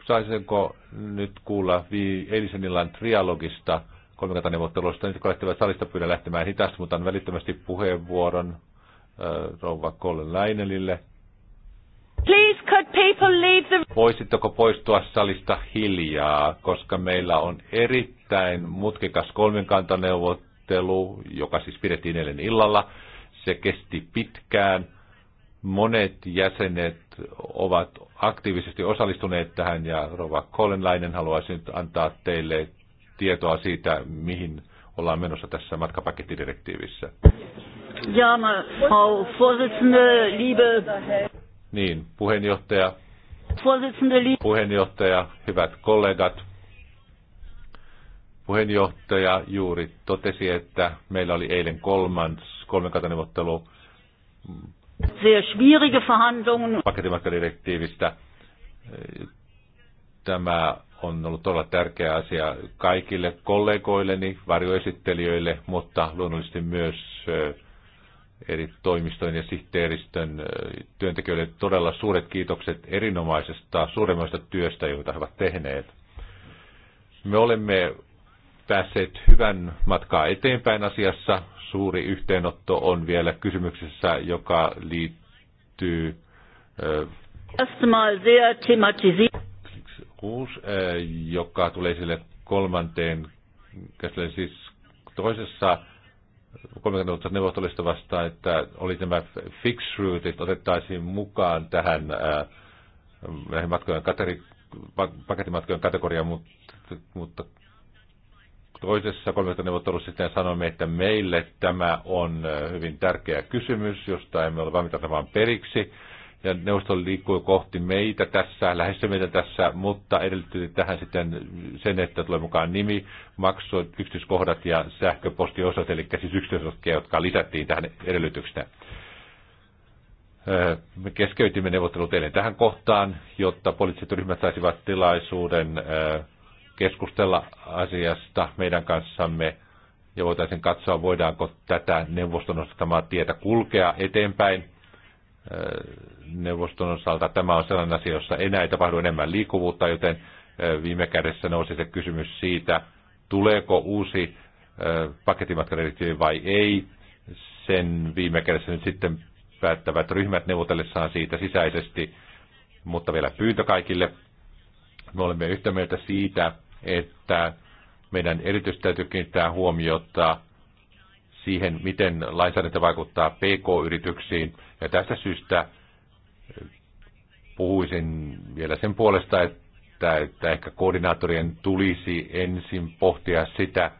Saisinko nyt kuulla eilisen illan trialogista? kolmikantaneuvotteluista. Nyt kun salista pyydän lähtemään hitaasti, mutta on välittömästi puheenvuoron äh, rouva Kolle Läinelille. Please could people leave the... Voisitteko poistua salista hiljaa, koska meillä on erittäin mutkikas kolmikantaneuvottelu, joka siis pidettiin eilen illalla. Se kesti pitkään. Monet jäsenet ovat aktiivisesti osallistuneet tähän ja Rova Kollenlainen haluaisi nyt antaa teille tietoa siitä, mihin ollaan menossa tässä matkapakettidirektiivissä. Ja, Frau Vorsitzende, liebe... Niin, puheenjohtaja. Vorsitzende, liebe... Puheenjohtaja, hyvät kollegat. Puheenjohtaja juuri totesi, että meillä oli eilen kolmans, kolmenkataneuvottelu sehr schwierige Verhandlungen. Tämä on ollut todella tärkeä asia kaikille kollegoilleni, varjoesittelijöille, mutta luonnollisesti myös eri toimistojen ja sihteeristön työntekijöille todella suuret kiitokset erinomaisesta, suuremmasta työstä, jota he ovat tehneet. Me olemme päässeet hyvän matkaa eteenpäin asiassa. Suuri yhteenotto on vielä kysymyksessä, joka liittyy 6, joka tulee sille kolmanteen, käsittelen siis toisessa kolmikannallisesta neuvottelusta vastaan, että oli tämä fix route, otettaisiin mukaan tähän näihin matkojen kateri, pakettimatkojen kategoriaan, mutta, mutta toisessa neuvottelussa sitten sanoimme, että meille tämä on hyvin tärkeä kysymys, josta emme ole valmiita antamaan periksi ja neuvosto liikkuu kohti meitä tässä, lähes meitä tässä, mutta edellytti tähän sitten sen, että tulee mukaan nimi, maksu, yksityiskohdat ja sähköpostiosat, eli siis yksityiskohdat, jotka lisättiin tähän edellytyksenä. Öö, me keskeytimme neuvottelut eilen tähän kohtaan, jotta poliittiset ryhmät saisivat tilaisuuden öö, keskustella asiasta meidän kanssamme ja voitaisiin katsoa, voidaanko tätä neuvoston nostamaa tietä kulkea eteenpäin neuvoston osalta. Tämä on sellainen asia, jossa enää ei tapahdu enemmän liikkuvuutta, joten viime kädessä nousi se kysymys siitä, tuleeko uusi pakettimatkadirektiivi vai ei. Sen viime kädessä nyt sitten päättävät ryhmät neuvotellessaan siitä sisäisesti, mutta vielä pyyntö kaikille. Me olemme yhtä mieltä siitä, että meidän erityisesti täytyy kiinnittää huomiota siihen, miten lainsäädäntö vaikuttaa PK-yrityksiin – ja tästä syystä puhuisin vielä sen puolesta, että, että ehkä koordinaattorien tulisi ensin pohtia sitä,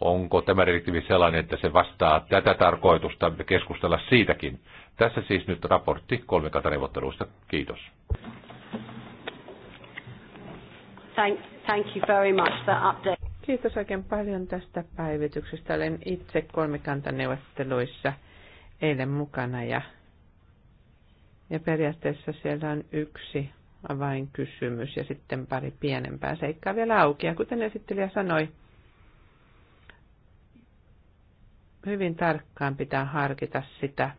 onko tämä direktiivi sellainen, että se vastaa tätä tarkoitusta ja keskustella siitäkin. Tässä siis nyt raportti kolmikantaneuvotteluista. Kiitos. Thank, thank you very much for update. Kiitos oikein paljon tästä päivityksestä. Olen itse kolmikantaneuvotteluissa eilen mukana ja, ja periaatteessa siellä on yksi avainkysymys ja sitten pari pienempää seikkaa vielä auki. Ja kuten esittelijä sanoi, hyvin tarkkaan pitää harkita sitä,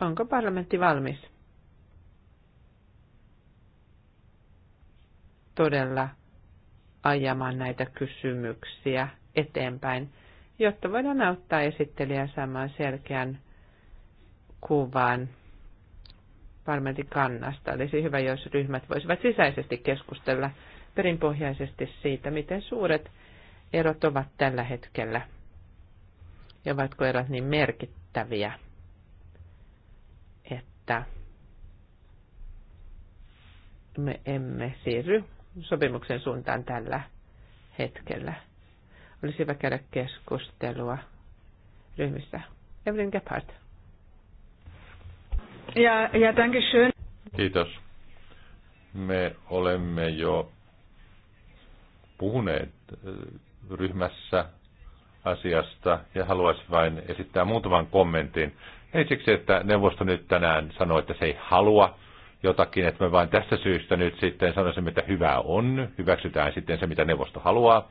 onko parlamentti valmis todella ajamaan näitä kysymyksiä eteenpäin, jotta voidaan auttaa esittelijää saamaan selkeän kuvan varmasti kannasta. Olisi hyvä, jos ryhmät voisivat sisäisesti keskustella perinpohjaisesti siitä, miten suuret erot ovat tällä hetkellä ja ovatko erot niin merkittäviä, että me emme siirry sopimuksen suuntaan tällä hetkellä. Olisi hyvä käydä keskustelua ryhmissä. Evelyn Gephardt. Ja, ja danke schön. Kiitos. Me olemme jo puhuneet äh, ryhmässä asiasta ja haluaisin vain esittää muutaman kommentin. Ei siksi, että neuvosto nyt tänään sanoi, että se ei halua jotakin, että me vain tästä syystä nyt sitten sanoisimme, että hyvä on, hyväksytään sitten se, mitä neuvosto haluaa.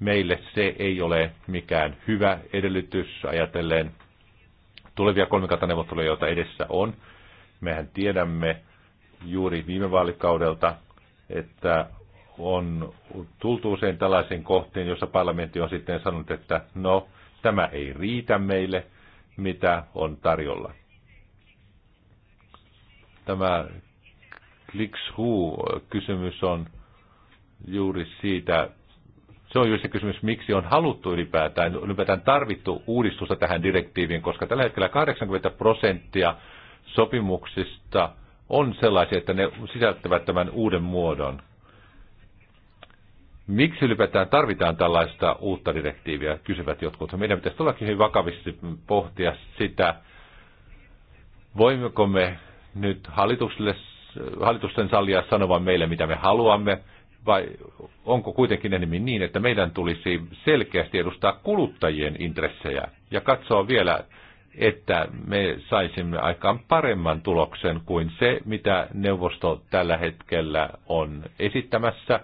Meille se ei ole mikään hyvä edellytys ajatellen tulevia kolmikantaneuvotteluja, joita edessä on. Mehän tiedämme juuri viime vaalikaudelta, että on tultu usein tällaisiin kohtiin, jossa parlamentti on sitten sanonut, että no, tämä ei riitä meille, mitä on tarjolla. Tämä klikshu kysymys on juuri siitä, se on juuri se kysymys, miksi on haluttu ylipäätään, ylipäätään tarvittu uudistusta tähän direktiiviin, koska tällä hetkellä 80 prosenttia sopimuksista on sellaisia, että ne sisältävät tämän uuden muodon. Miksi ylipäätään tarvitaan tällaista uutta direktiiviä, kysyvät jotkut. Meidän pitäisi todellakin hyvin vakavasti pohtia sitä, voimmeko me nyt hallitukselle, hallitusten sallia sanovan meille, mitä me haluamme, vai onko kuitenkin enemmän niin, että meidän tulisi selkeästi edustaa kuluttajien intressejä ja katsoa vielä, että me saisimme aikaan paremman tuloksen kuin se, mitä neuvosto tällä hetkellä on esittämässä.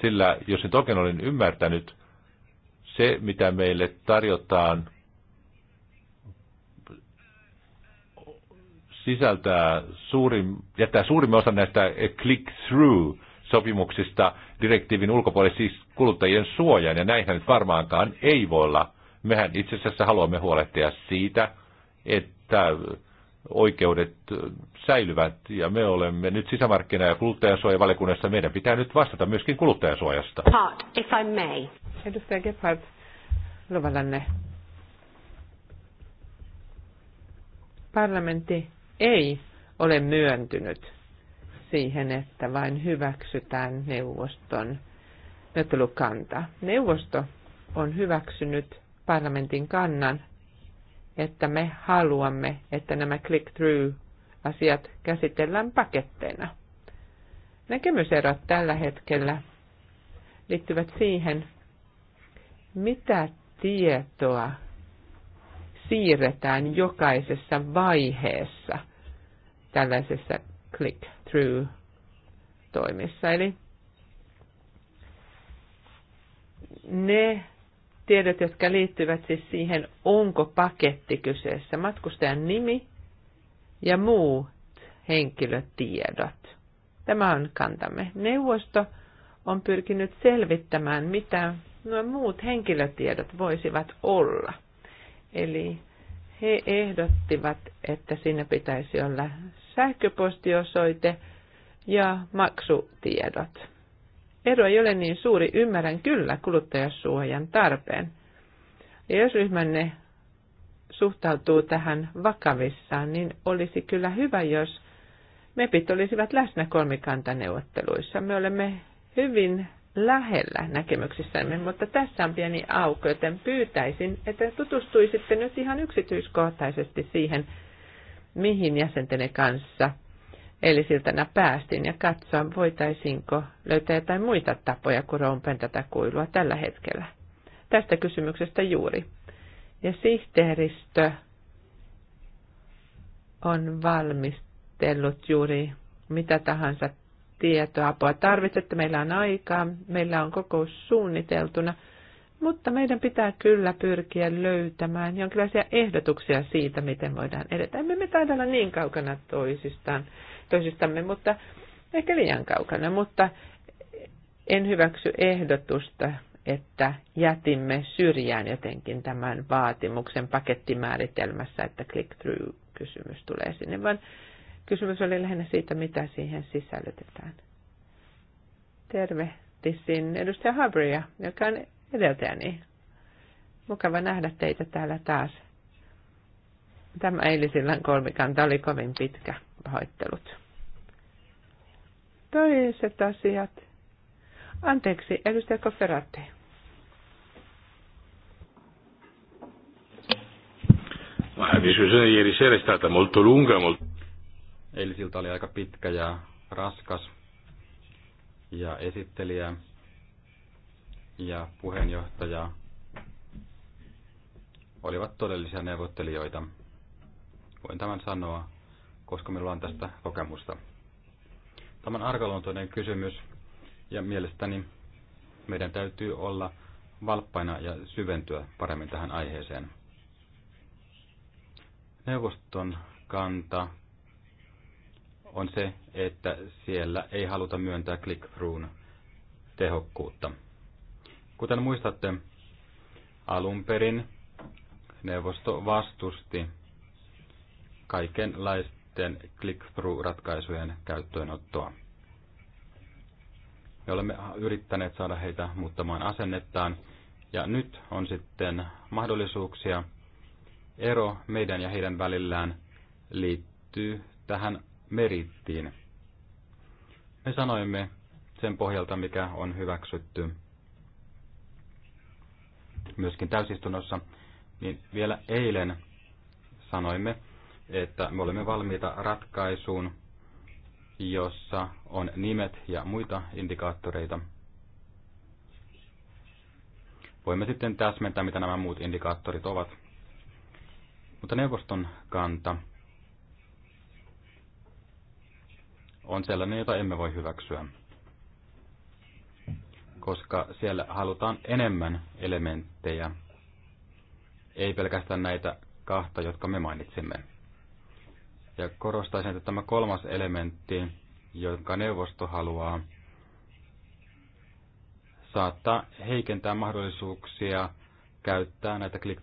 Sillä, jos nyt oikein olen ymmärtänyt, se, mitä meille tarjotaan, sisältää suurin, jättää suurimman osan näistä click-through sopimuksista direktiivin ulkopuolelle, siis kuluttajien suojan, ja näinhän nyt varmaankaan ei voi olla. Mehän itse asiassa haluamme huolehtia siitä, että oikeudet säilyvät, ja me olemme nyt sisämarkkina- ja kuluttajansuojavaliokunnassa, meidän pitää nyt vastata myöskin kuluttajansuojasta. Part, if I may. Edustaja Gephardt, luvallanne. Parlamentti ei ole myöntynyt siihen, että vain hyväksytään neuvoston neuvottelukanta. Neuvosto on hyväksynyt parlamentin kannan, että me haluamme, että nämä click-through-asiat käsitellään paketteina. Näkemyserot tällä hetkellä liittyvät siihen, mitä tietoa siirretään jokaisessa vaiheessa tällaisessa click through-toimissa. Eli ne tiedot, jotka liittyvät siis siihen, onko paketti kyseessä, matkustajan nimi ja muut henkilötiedot. Tämä on kantamme. Neuvosto on pyrkinyt selvittämään, mitä nuo muut henkilötiedot voisivat olla. Eli he ehdottivat, että siinä pitäisi olla sähköpostiosoite ja maksutiedot. Ero ei ole niin suuri, ymmärrän kyllä kuluttajasuojan tarpeen. Ja jos ryhmänne suhtautuu tähän vakavissaan, niin olisi kyllä hyvä, jos mepit olisivat läsnä kolmikantaneuvotteluissa. Me olemme hyvin lähellä näkemyksissämme, mutta tässä on pieni auko, joten pyytäisin, että tutustuisitte nyt ihan yksityiskohtaisesti siihen, mihin jäsentenne kanssa eli siltä päästiin ja katsoa, voitaisiinko löytää jotain muita tapoja kuin tätä kuilua tällä hetkellä. Tästä kysymyksestä juuri. Ja sihteeristö on valmistellut juuri mitä tahansa tietoa, apua tarvitsette, meillä on aikaa, meillä on kokous suunniteltuna, mutta meidän pitää kyllä pyrkiä löytämään jonkinlaisia ehdotuksia siitä, miten voidaan edetä. Emme me taida olla niin kaukana toisistaan, toisistamme, mutta ehkä liian kaukana, mutta en hyväksy ehdotusta, että jätimme syrjään jotenkin tämän vaatimuksen pakettimääritelmässä, että click-through-kysymys tulee sinne, vaan Kysymys oli lähinnä siitä, mitä siihen sisällytetään. Tervehtisin edustaja Habria, joka on edeltäjäni. Mukava nähdä teitä täällä taas. Tämä eilisillan kolmikanta oli kovin pitkä. Pahoittelut. Toiset asiat. Anteeksi, edustaja Kofferatti. Ma la discussione di ieri sera è stata molto lunga, molto eilisilta oli aika pitkä ja raskas ja esittelijä ja puheenjohtaja olivat todellisia neuvottelijoita. Voin tämän sanoa, koska minulla on tästä kokemusta. Tämä on arkaluontoinen kysymys ja mielestäni meidän täytyy olla valppaina ja syventyä paremmin tähän aiheeseen. Neuvoston kanta on se, että siellä ei haluta myöntää click-through tehokkuutta. Kuten muistatte, alun perin neuvosto vastusti kaikenlaisten click-through-ratkaisujen käyttöönottoa. Me olemme yrittäneet saada heitä muuttamaan asennettaan, ja nyt on sitten mahdollisuuksia. Ero meidän ja heidän välillään liittyy tähän merittiin. Me sanoimme sen pohjalta, mikä on hyväksytty myöskin täysistunnossa, niin vielä eilen sanoimme, että me olemme valmiita ratkaisuun, jossa on nimet ja muita indikaattoreita. Voimme sitten täsmentää, mitä nämä muut indikaattorit ovat. Mutta neuvoston kanta on sellainen, jota emme voi hyväksyä, koska siellä halutaan enemmän elementtejä, ei pelkästään näitä kahta, jotka me mainitsimme. Ja korostaisin, että tämä kolmas elementti, jonka neuvosto haluaa, saattaa heikentää mahdollisuuksia käyttää näitä click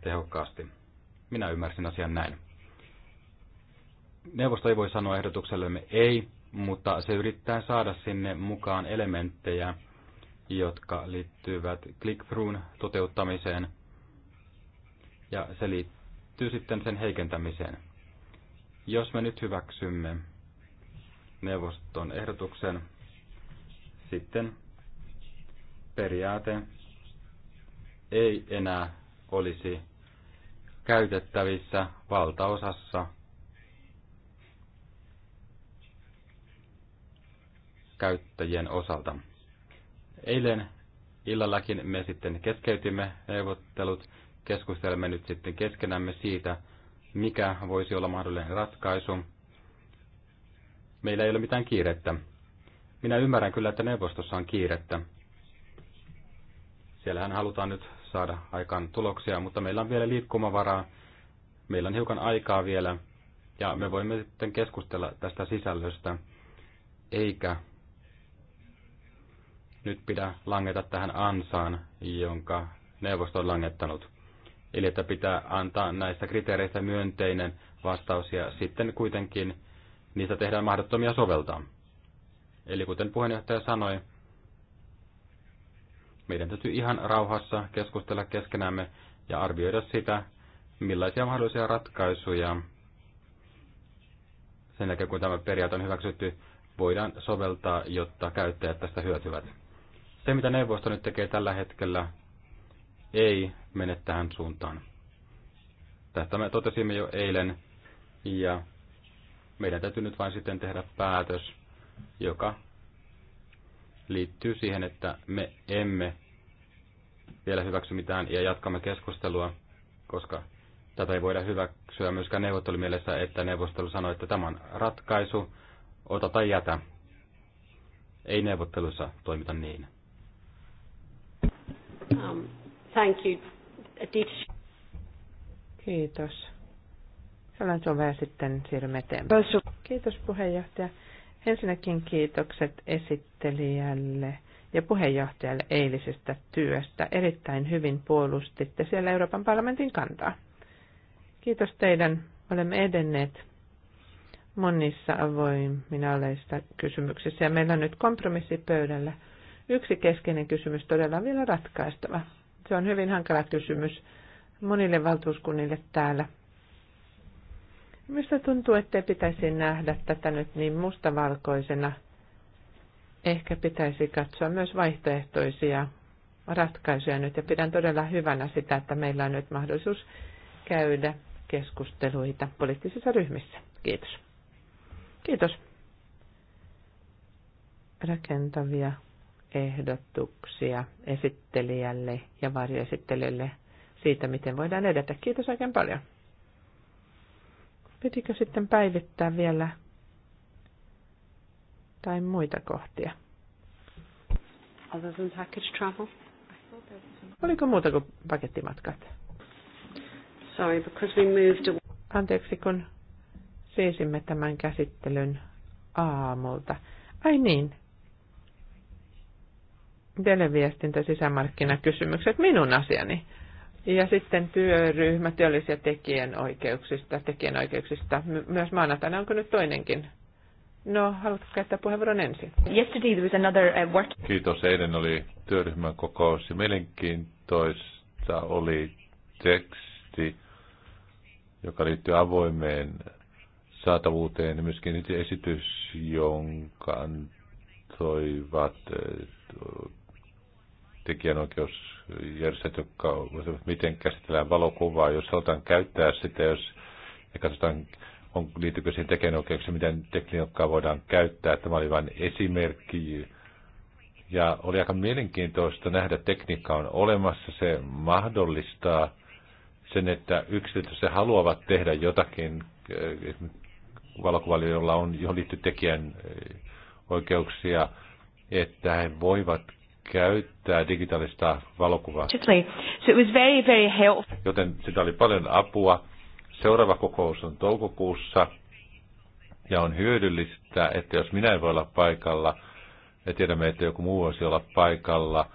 tehokkaasti. Minä ymmärsin asian näin neuvosto ei voi sanoa ehdotuksellemme ei, mutta se yrittää saada sinne mukaan elementtejä, jotka liittyvät click toteuttamiseen, ja se liittyy sitten sen heikentämiseen. Jos me nyt hyväksymme neuvoston ehdotuksen, sitten periaate ei enää olisi käytettävissä valtaosassa käyttäjien osalta. Eilen illallakin me sitten keskeytimme neuvottelut, keskustelemme nyt sitten keskenämme siitä, mikä voisi olla mahdollinen ratkaisu. Meillä ei ole mitään kiirettä. Minä ymmärrän kyllä, että neuvostossa on kiirettä. Siellähän halutaan nyt saada aikaan tuloksia, mutta meillä on vielä liikkumavaraa. Meillä on hiukan aikaa vielä ja me voimme sitten keskustella tästä sisällöstä, eikä nyt pidä langeta tähän ansaan, jonka neuvosto on langettanut. Eli että pitää antaa näistä kriteereistä myönteinen vastaus ja sitten kuitenkin niistä tehdään mahdottomia soveltaa. Eli kuten puheenjohtaja sanoi, meidän täytyy ihan rauhassa keskustella keskenämme ja arvioida sitä, millaisia mahdollisia ratkaisuja sen jälkeen, kun tämä periaate on hyväksytty, voidaan soveltaa, jotta käyttäjät tästä hyötyvät. Se, mitä neuvosto nyt tekee tällä hetkellä, ei mene tähän suuntaan. Tästä me totesimme jo eilen, ja meidän täytyy nyt vain sitten tehdä päätös, joka liittyy siihen, että me emme vielä hyväksy mitään ja jatkamme keskustelua, koska tätä ei voida hyväksyä myöskään neuvottelumielessä, että neuvottelu sanoi, että tämä on ratkaisu, ota tai jätä. Ei neuvottelussa toimita niin. Um, thank you. Kiitos. Salan on vähän sitten siirrymme eteenpäin. Kiitos puheenjohtaja. Ensinnäkin kiitokset esittelijälle ja puheenjohtajalle eilisestä työstä. Erittäin hyvin puolustitte siellä Euroopan parlamentin kantaa. Kiitos teidän. Olemme edenneet monissa avoimina oleissa kysymyksissä ja meillä on nyt kompromissi pöydällä – yksi keskeinen kysymys todella vielä ratkaistava. Se on hyvin hankala kysymys monille valtuuskunnille täällä. Minusta tuntuu, ettei pitäisi nähdä tätä nyt niin mustavalkoisena. Ehkä pitäisi katsoa myös vaihtoehtoisia ratkaisuja nyt ja pidän todella hyvänä sitä, että meillä on nyt mahdollisuus käydä keskusteluita poliittisissa ryhmissä. Kiitos. Kiitos. Rakentavia ehdotuksia esittelijälle ja varjoesittelijälle siitä, miten voidaan edetä. Kiitos oikein paljon. Pitikö sitten päivittää vielä tai muita kohtia? Other than package travel? Oliko muuta kuin pakettimatkat? Sorry, because we moved Anteeksi, kun seisimme tämän käsittelyn aamulta. Ai niin, televiestintä, sisämarkkinakysymykset minun asiani. Ja sitten työryhmä työllisiä ja tekijänoikeuksista, tekijänoikeuksista myös maanantaina. Onko nyt toinenkin? No, haluatko käyttää puheenvuoron ensin? Yesterday there was another uh, work... Kiitos. Eilen oli työryhmän kokous mielenkiintoista oli teksti, joka liittyy avoimeen saatavuuteen ja myöskin esitys, jonka toivat eh, tekijänoikeusjärjestöt, jotka miten käsitellään valokuvaa, jos halutaan käyttää sitä, jos ja katsotaan, on, liittyykö siihen tekijänoikeuksiin, miten tekniikkaa voidaan käyttää. Tämä oli vain esimerkki. Ja oli aika mielenkiintoista nähdä, tekniikka on olemassa, se mahdollistaa sen, että se haluavat tehdä jotakin, eh, valokuvalla, jolla on, johon liittyy tekijän oikeuksia, että he voivat käyttää digitaalista valokuvaa. So it was very, very Joten sitä oli paljon apua. Seuraava kokous on toukokuussa ja on hyödyllistä, että jos minä en voi olla paikalla ja tiedämme, että joku muu voisi olla paikalla,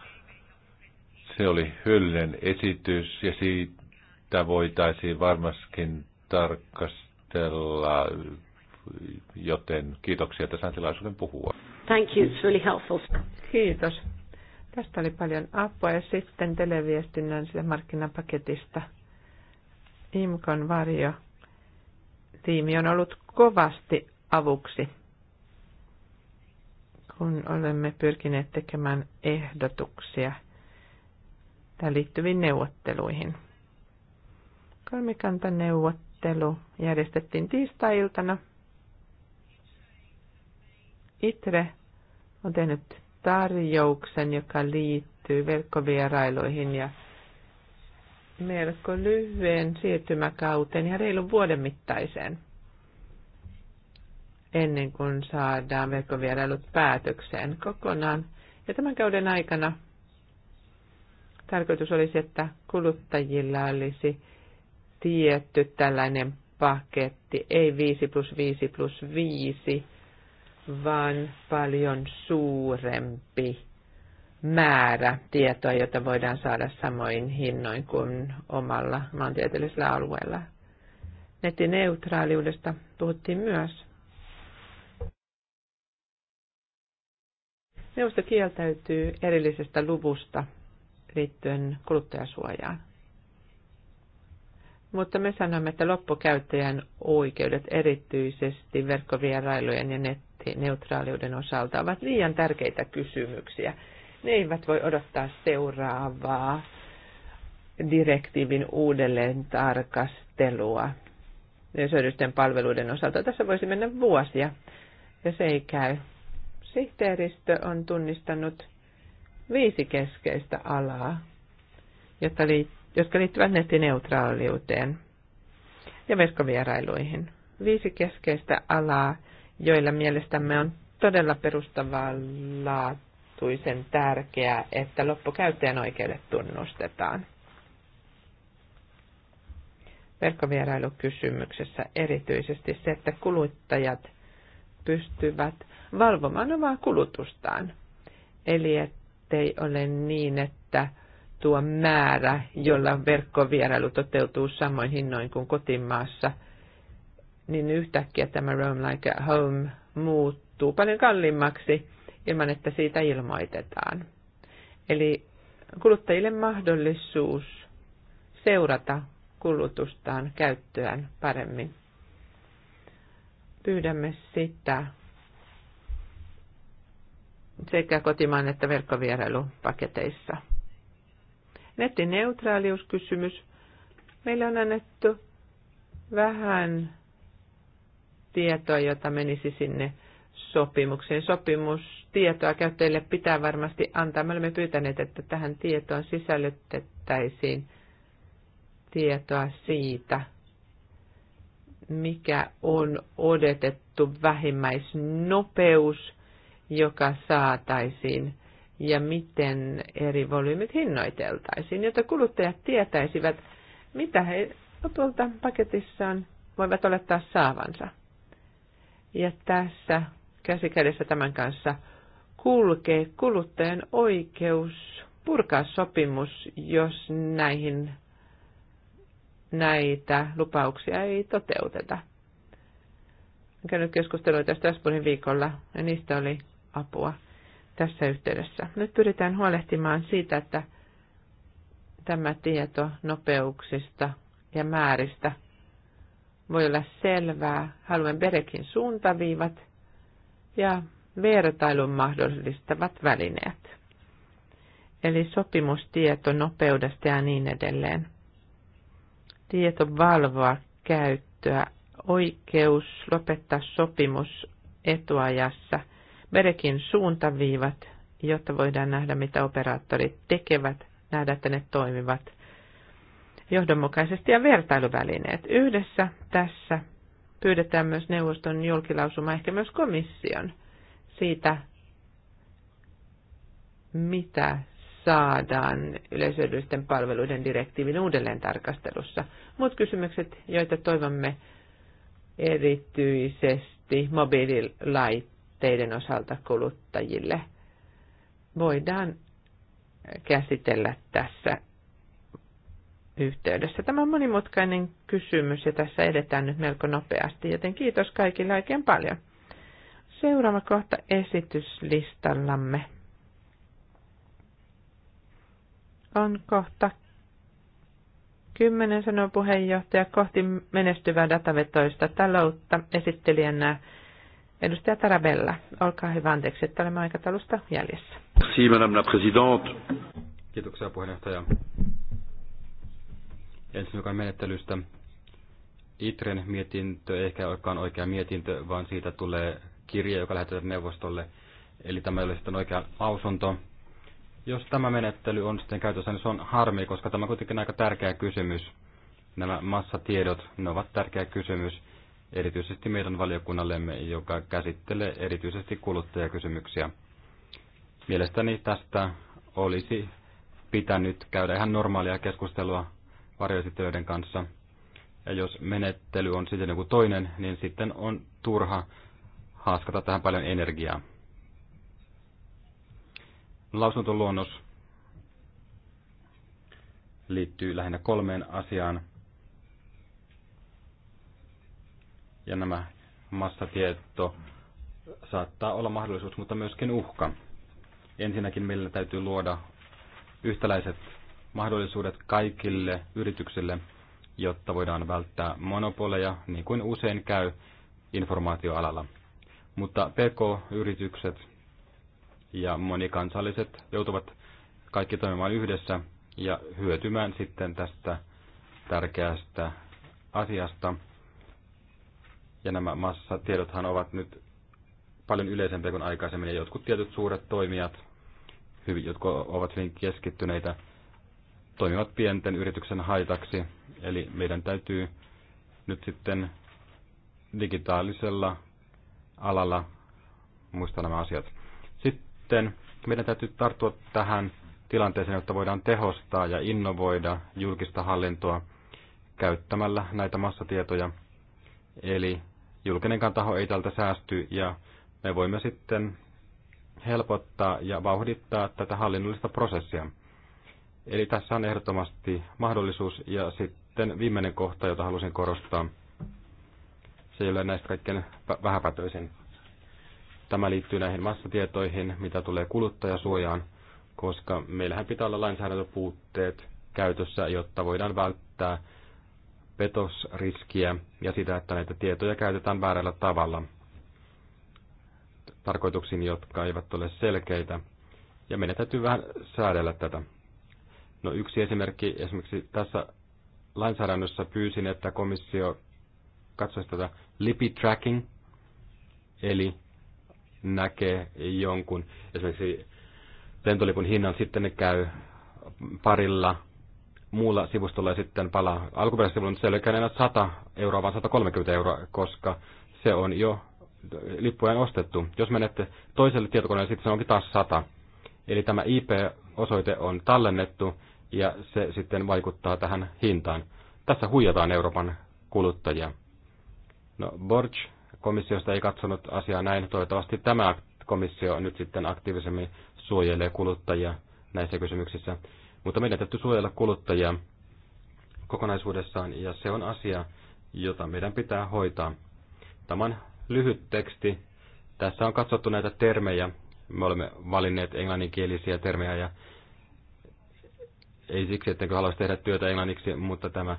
se oli hyödyllinen esitys ja siitä voitaisiin varmaskin tarkastella, joten kiitoksia, että sain tilaisuuden puhua. Thank you, it's really helpful. Kiitos. Tästä oli paljon apua ja sitten televiestinnän sille markkinapaketista. IMKon varjo tiimi on ollut kovasti avuksi, kun olemme pyrkineet tekemään ehdotuksia tähän liittyviin neuvotteluihin. Kolmikantaneuvottelu järjestettiin tiistai-iltana. ITRE on tehnyt tarjouksen, joka liittyy verkkovierailuihin ja melko lyhyen siirtymäkauteen ja reilun vuoden mittaiseen ennen kuin saadaan verkkovierailut päätökseen kokonaan. Ja tämän kauden aikana tarkoitus olisi, että kuluttajilla olisi tietty tällainen paketti, ei 5 plus 5 plus 5, vaan paljon suurempi määrä tietoa, jota voidaan saada samoin hinnoin kuin omalla maantieteellisellä alueella. Nettineutraaliudesta puhuttiin myös. Neuvosto kieltäytyy erillisestä luvusta liittyen kuluttajasuojaan. Mutta me sanomme, että loppukäyttäjän oikeudet erityisesti verkkovierailujen ja nettineutraaliuden osalta ovat liian tärkeitä kysymyksiä. Ne eivät voi odottaa seuraavaa direktiivin uudelleen tarkastelua yleisöllisten palveluiden osalta. Tässä voisi mennä vuosia, ja se ei käy. Sihteeristö on tunnistanut viisi keskeistä alaa, jotta liittyy jotka liittyvät nettineutraaliuteen ja verkkovierailuihin. Viisi keskeistä alaa, joilla mielestämme on todella perustavaa laatuisen tärkeää, että loppukäyttäjän oikeudet tunnustetaan. Verkkovierailukysymyksessä erityisesti se, että kuluttajat pystyvät valvomaan omaa kulutustaan. Eli ettei ole niin, että tuo määrä, jolla verkkovierailu toteutuu samoin hinnoin kuin kotimaassa, niin yhtäkkiä tämä Roam Like a Home muuttuu paljon kalliimmaksi ilman, että siitä ilmoitetaan. Eli kuluttajille mahdollisuus seurata kulutustaan, käyttöään paremmin. Pyydämme sitä sekä kotimaan että verkkovierailupaketeissa. Nettineutraaliuskysymys. Meillä on annettu vähän tietoa, jota menisi sinne sopimukseen. Sopimustietoa käyttäjille pitää varmasti antaa. Me olemme pyytäneet, että tähän tietoon sisällytettäisiin tietoa siitä, mikä on odotettu vähimmäisnopeus, joka saataisiin ja miten eri volyymit hinnoiteltaisiin, jotta kuluttajat tietäisivät, mitä he lopulta paketissaan voivat olettaa saavansa. Ja tässä käsi kädessä tämän kanssa kulkee kuluttajan oikeus purkaa sopimus, jos näihin näitä lupauksia ei toteuteta. Olen käynyt keskustelua tästä Esponin viikolla ja niistä oli apua tässä yhteydessä. Nyt pyritään huolehtimaan siitä, että tämä tieto nopeuksista ja määristä voi olla selvää. Haluan Berekin suuntaviivat ja vertailun mahdollistavat välineet. Eli sopimustieto nopeudesta ja niin edelleen. Tieto valvoa käyttöä, oikeus lopettaa sopimus etuajassa – Berekin suuntaviivat, jotta voidaan nähdä, mitä operaattorit tekevät, nähdä, että ne toimivat johdonmukaisesti ja vertailuvälineet. Yhdessä tässä pyydetään myös neuvoston julkilausuma, ehkä myös komission, siitä, mitä saadaan yleisöllisten palveluiden direktiivin uudelleen tarkastelussa. Muut kysymykset, joita toivomme erityisesti mobiililaitteet tuotteiden osalta kuluttajille voidaan käsitellä tässä yhteydessä. Tämä on monimutkainen kysymys ja tässä edetään nyt melko nopeasti, joten kiitos kaikille oikein paljon. Seuraava kohta esityslistallamme on kohta Kymmenen sanoo puheenjohtaja kohti menestyvää datavetoista taloutta esittelijänä Edustaja Tarabella, olkaa hyvä. Anteeksi, että olemme aikataulusta jäljessä. Merci, madame la présidente. Kiitoksia puheenjohtaja. joka menettelystä. ITREN mietintö ei ehkä olekaan oikea mietintö, vaan siitä tulee kirje, joka lähetetään neuvostolle. Eli tämä ei ole sitten oikea lausunto. Jos tämä menettely on sitten käytössä, niin se on harmi, koska tämä on kuitenkin aika tärkeä kysymys. Nämä massatiedot, ne ovat tärkeä kysymys erityisesti meidän valiokunnallemme, joka käsittelee erityisesti kuluttajakysymyksiä. Mielestäni tästä olisi pitänyt käydä ihan normaalia keskustelua varjoesittelijöiden kanssa. Ja jos menettely on sitten joku toinen, niin sitten on turha haaskata tähän paljon energiaa. Lausuntoluonnos liittyy lähinnä kolmeen asiaan. ja nämä massatieto saattaa olla mahdollisuus, mutta myöskin uhka. Ensinnäkin meillä täytyy luoda yhtäläiset mahdollisuudet kaikille yrityksille, jotta voidaan välttää monopoleja, niin kuin usein käy informaatioalalla. Mutta PK-yritykset ja monikansalliset joutuvat kaikki toimimaan yhdessä ja hyötymään sitten tästä tärkeästä asiasta ja nämä massatiedothan ovat nyt paljon yleisempiä kuin aikaisemmin, ja jotkut tietyt suuret toimijat, hyvin, jotka ovat hyvin keskittyneitä, toimivat pienten yrityksen haitaksi. Eli meidän täytyy nyt sitten digitaalisella alalla muistaa nämä asiat. Sitten meidän täytyy tarttua tähän tilanteeseen, jotta voidaan tehostaa ja innovoida julkista hallintoa käyttämällä näitä massatietoja. Eli julkinenkaan taho ei tältä säästy ja me voimme sitten helpottaa ja vauhdittaa tätä hallinnollista prosessia. Eli tässä on ehdottomasti mahdollisuus ja sitten viimeinen kohta, jota halusin korostaa. Se ei ole näistä kaikkein vähäpätöisin. Tämä liittyy näihin massatietoihin, mitä tulee kuluttajasuojaan, koska meillähän pitää olla lainsäädäntöpuutteet käytössä, jotta voidaan välttää petosriskiä ja sitä, että näitä tietoja käytetään väärällä tavalla tarkoituksiin, jotka eivät ole selkeitä. Ja meidän täytyy vähän säädellä tätä. No yksi esimerkki, esimerkiksi tässä lainsäädännössä pyysin, että komissio katsoisi tätä lipitracking, eli näkee jonkun, esimerkiksi lentolipun hinnan, sitten ne käy parilla muulla sivustolla ja sitten palaa alkuperäisivulle, se ei ole enää 100 euroa, vaan 130 euroa, koska se on jo lippujen ostettu. Jos menette toiselle tietokoneelle, sitten se onkin taas 100. Eli tämä IP-osoite on tallennettu ja se sitten vaikuttaa tähän hintaan. Tässä huijataan Euroopan kuluttajia. No, Borch komissiosta ei katsonut asiaa näin. Toivottavasti tämä komissio nyt sitten aktiivisemmin suojelee kuluttajia näissä kysymyksissä. Mutta meidän täytyy suojella kuluttajia kokonaisuudessaan, ja se on asia, jota meidän pitää hoitaa. Tämä on lyhyt teksti. Tässä on katsottu näitä termejä. Me olemme valinneet englanninkielisiä termejä, ja ei siksi, ettenkö haluaisi tehdä työtä englanniksi, mutta tämä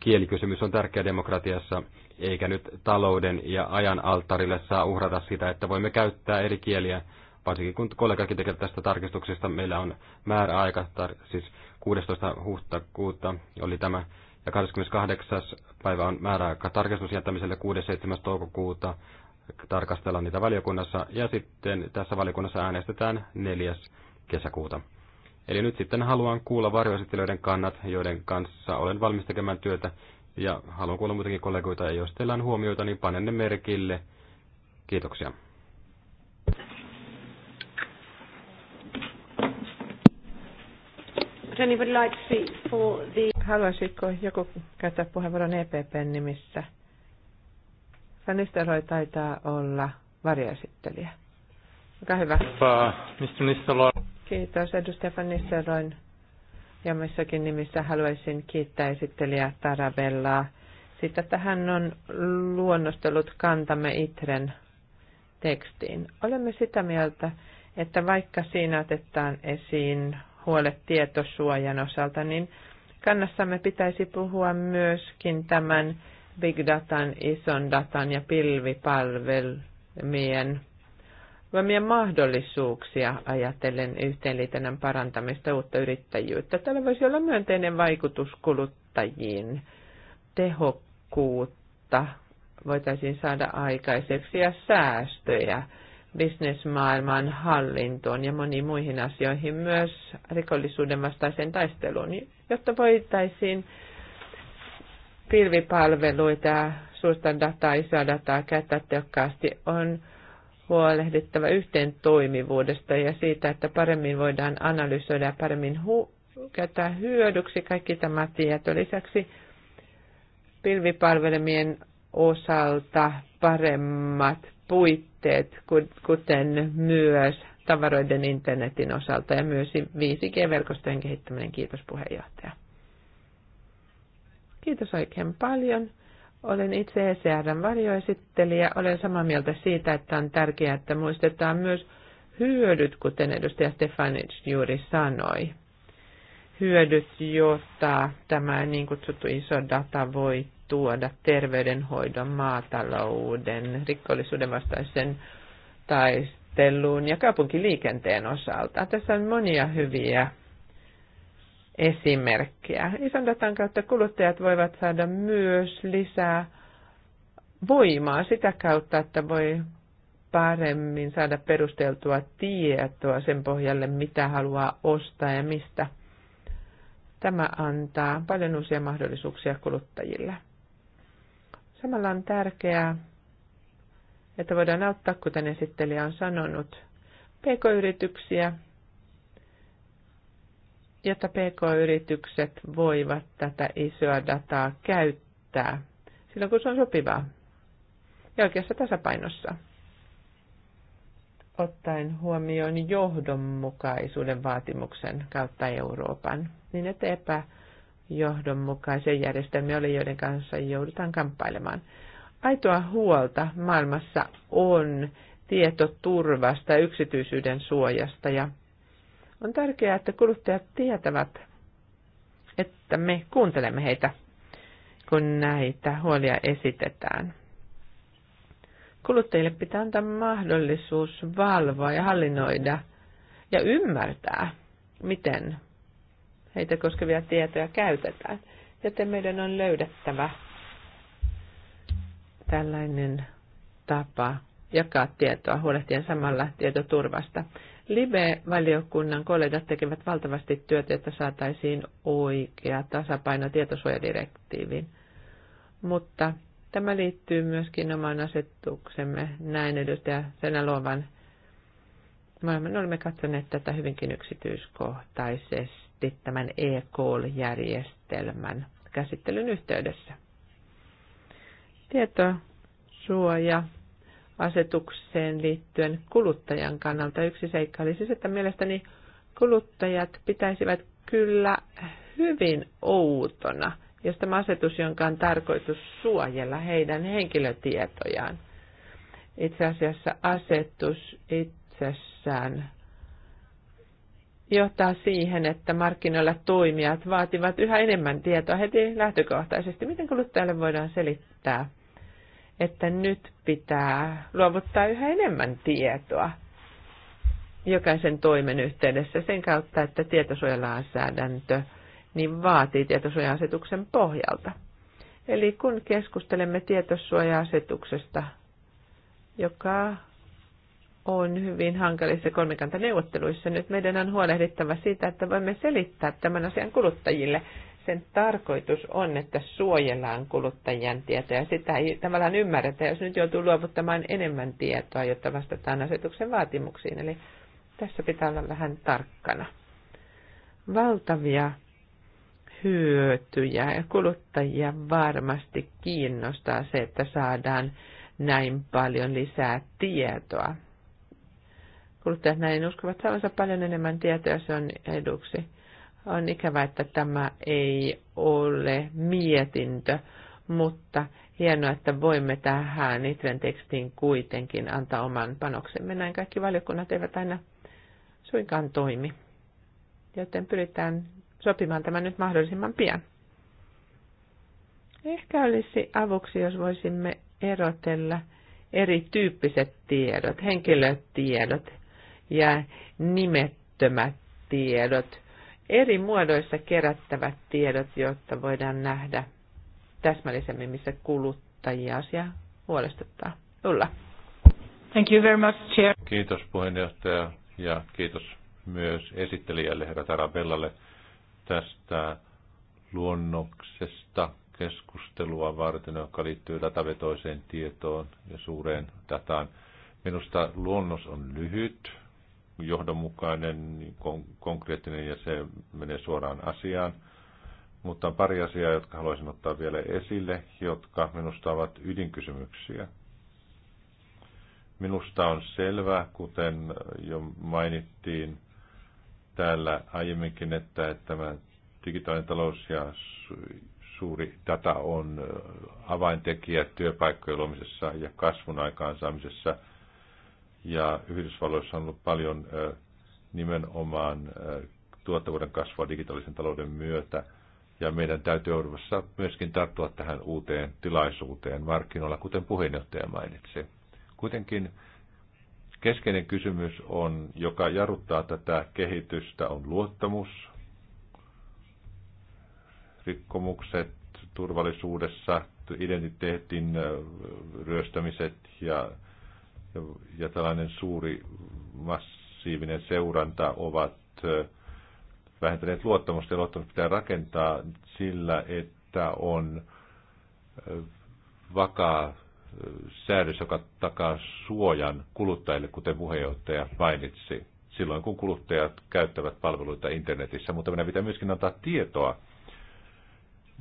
kielikysymys on tärkeä demokratiassa, eikä nyt talouden ja ajan alttarille saa uhrata sitä, että voimme käyttää eri kieliä varsinkin kun kollegakin tekevät tästä tarkistuksesta. Meillä on määräaika, tar- siis 16. huhtakuuta oli tämä, ja 28. päivä on määräaika tarkistus jättämiselle 6.7. toukokuuta tarkastella niitä valiokunnassa, ja sitten tässä valiokunnassa äänestetään 4. kesäkuuta. Eli nyt sitten haluan kuulla varjoesittelijöiden kannat, joiden kanssa olen valmis tekemään työtä, ja haluan kuulla muutenkin kollegoita, ja jos teillä on huomioita, niin panen ne merkille. Kiitoksia. Would anybody like to speak for the... Haluaisiko joku käyttää puheenvuoron EPPn nimissä? Fanisteroi taitaa olla varjoesittelijä. Olkaa hyvä. Kiitos edustaja Fanisteroin. Ja missäkin nimissä haluaisin kiittää esittelijä Tarabellaa Sitä tähän on luonnostellut kantamme Itren tekstiin. Olemme sitä mieltä, että vaikka siinä otetaan esiin huolet tietosuojan osalta, niin kannassamme pitäisi puhua myöskin tämän big datan, ison datan ja pilvipalvelmien voimien mahdollisuuksia ajatellen yhteenliitännän parantamista uutta yrittäjyyttä. Tällä voisi olla myönteinen vaikutus kuluttajiin, tehokkuutta voitaisiin saada aikaiseksi ja säästöjä bisnesmaailman hallintoon ja moniin muihin asioihin, myös rikollisuuden vastaiseen taisteluun, jotta voitaisiin pilvipalveluita, suurta dataa, isoa dataa käyttää tehokkaasti, on huolehdittava yhteen toimivuudesta ja siitä, että paremmin voidaan analysoida ja paremmin hu- käyttää hyödyksi kaikki tämä tieto. Lisäksi pilvipalvelimien osalta paremmat puitteet puutteet, kuten myös tavaroiden internetin osalta ja myös 5G-verkostojen kehittäminen. Kiitos puheenjohtaja. Kiitos oikein paljon. Olen itse ECRn varjoesittelijä. Olen samaa mieltä siitä, että on tärkeää, että muistetaan myös hyödyt, kuten edustaja Stefanic juuri sanoi. Hyödyt, jota tämä niin kutsuttu iso data voi tuoda terveydenhoidon, maatalouden, rikollisuuden vastaisen taisteluun ja kaupunkiliikenteen osalta. Tässä on monia hyviä esimerkkejä. Ison datan kautta kuluttajat voivat saada myös lisää voimaa sitä kautta, että voi paremmin saada perusteltua tietoa sen pohjalle, mitä haluaa ostaa ja mistä. Tämä antaa paljon uusia mahdollisuuksia kuluttajille. Samalla on tärkeää, että voidaan auttaa, kuten esittelijä on sanonut, pk-yrityksiä, jotta pk-yritykset voivat tätä isoa dataa käyttää silloin, kun se on sopivaa ja oikeassa tasapainossa ottaen huomioon johdonmukaisuuden vaatimuksen kautta Euroopan, niin että johdonmukaisia järjestelmiä ole, joiden kanssa joudutaan kamppailemaan. Aitoa huolta maailmassa on tietoturvasta, yksityisyyden suojasta ja on tärkeää, että kuluttajat tietävät, että me kuuntelemme heitä, kun näitä huolia esitetään. Kuluttajille pitää antaa mahdollisuus valvoa ja hallinnoida ja ymmärtää, miten heitä koskevia tietoja käytetään. Joten meidän on löydettävä tällainen tapa jakaa tietoa, huolehtien samalla tietoturvasta. Live-valiokunnan kollegat tekevät valtavasti työtä, että saataisiin oikea tasapaino tietosuojadirektiiviin. Mutta tämä liittyy myöskin omaan asetuksemme näin edustaja Senä Luovan. Me olemme katsoneet tätä hyvinkin yksityiskohtaisesti aloitti tämän e-call-järjestelmän käsittelyn yhteydessä. Tietosuoja asetukseen liittyen kuluttajan kannalta yksi seikka oli siis, että mielestäni kuluttajat pitäisivät kyllä hyvin outona, jos tämä asetus, jonka on tarkoitus suojella heidän henkilötietojaan. Itse asiassa asetus itsessään johtaa siihen, että markkinoilla toimijat vaativat yhä enemmän tietoa heti lähtökohtaisesti. Miten kuluttajalle voidaan selittää, että nyt pitää luovuttaa yhä enemmän tietoa jokaisen toimen yhteydessä sen kautta, että tietosuojalainsäädäntö niin vaatii tietosuoja-asetuksen pohjalta. Eli kun keskustelemme tietosuoja-asetuksesta, joka on hyvin hankalissa kolmikantaneuvotteluissa. Nyt meidän on huolehdittava siitä, että voimme selittää tämän asian kuluttajille. Sen tarkoitus on, että suojellaan kuluttajien tietoja. Sitä ei tavallaan ymmärretä, jos nyt joutuu luovuttamaan enemmän tietoa, jotta vastataan asetuksen vaatimuksiin. Eli tässä pitää olla vähän tarkkana. Valtavia hyötyjä ja kuluttajia varmasti kiinnostaa se, että saadaan näin paljon lisää tietoa kuluttajat näin uskovat saavansa paljon enemmän tietoa, se on eduksi. On ikävä, että tämä ei ole mietintö, mutta hienoa, että voimme tähän Itren tekstiin kuitenkin antaa oman panoksemme. Näin kaikki valiokunnat eivät aina suinkaan toimi, joten pyritään sopimaan tämä nyt mahdollisimman pian. Ehkä olisi avuksi, jos voisimme erotella erityyppiset tiedot, henkilötiedot ja nimettömät tiedot, eri muodoissa kerättävät tiedot, jotta voidaan nähdä täsmällisemmin, missä kuluttajia asia huolestuttaa. Ulla. Thank you very much, Chair. Kiitos puheenjohtaja ja kiitos myös esittelijälle herra Tarabellalle tästä luonnoksesta keskustelua varten, joka liittyy datavetoiseen tietoon ja suureen dataan. Minusta luonnos on lyhyt, johdonmukainen, konkreettinen ja se menee suoraan asiaan. Mutta on pari asiaa, jotka haluaisin ottaa vielä esille, jotka minusta ovat ydinkysymyksiä. Minusta on selvää, kuten jo mainittiin täällä aiemminkin, että tämä digitaalinen talous ja suuri data on avaintekijä työpaikkojen luomisessa ja kasvun aikaansaamisessa – ja Yhdysvalloissa on ollut paljon nimenomaan tuottavuuden kasvua digitaalisen talouden myötä. Ja meidän täytyy Euroopassa myöskin tarttua tähän uuteen tilaisuuteen markkinoilla, kuten puheenjohtaja mainitsi. Kuitenkin keskeinen kysymys on, joka jarruttaa tätä kehitystä, on luottamus, rikkomukset turvallisuudessa, identiteetin ryöstämiset ja ja tällainen suuri massiivinen seuranta ovat vähentäneet luottamusta. Ja luottamus pitää rakentaa sillä, että on vakaa säädös, joka takaa suojan kuluttajille, kuten puheenjohtaja mainitsi, silloin kun kuluttajat käyttävät palveluita internetissä. Mutta meidän pitää myöskin antaa tietoa.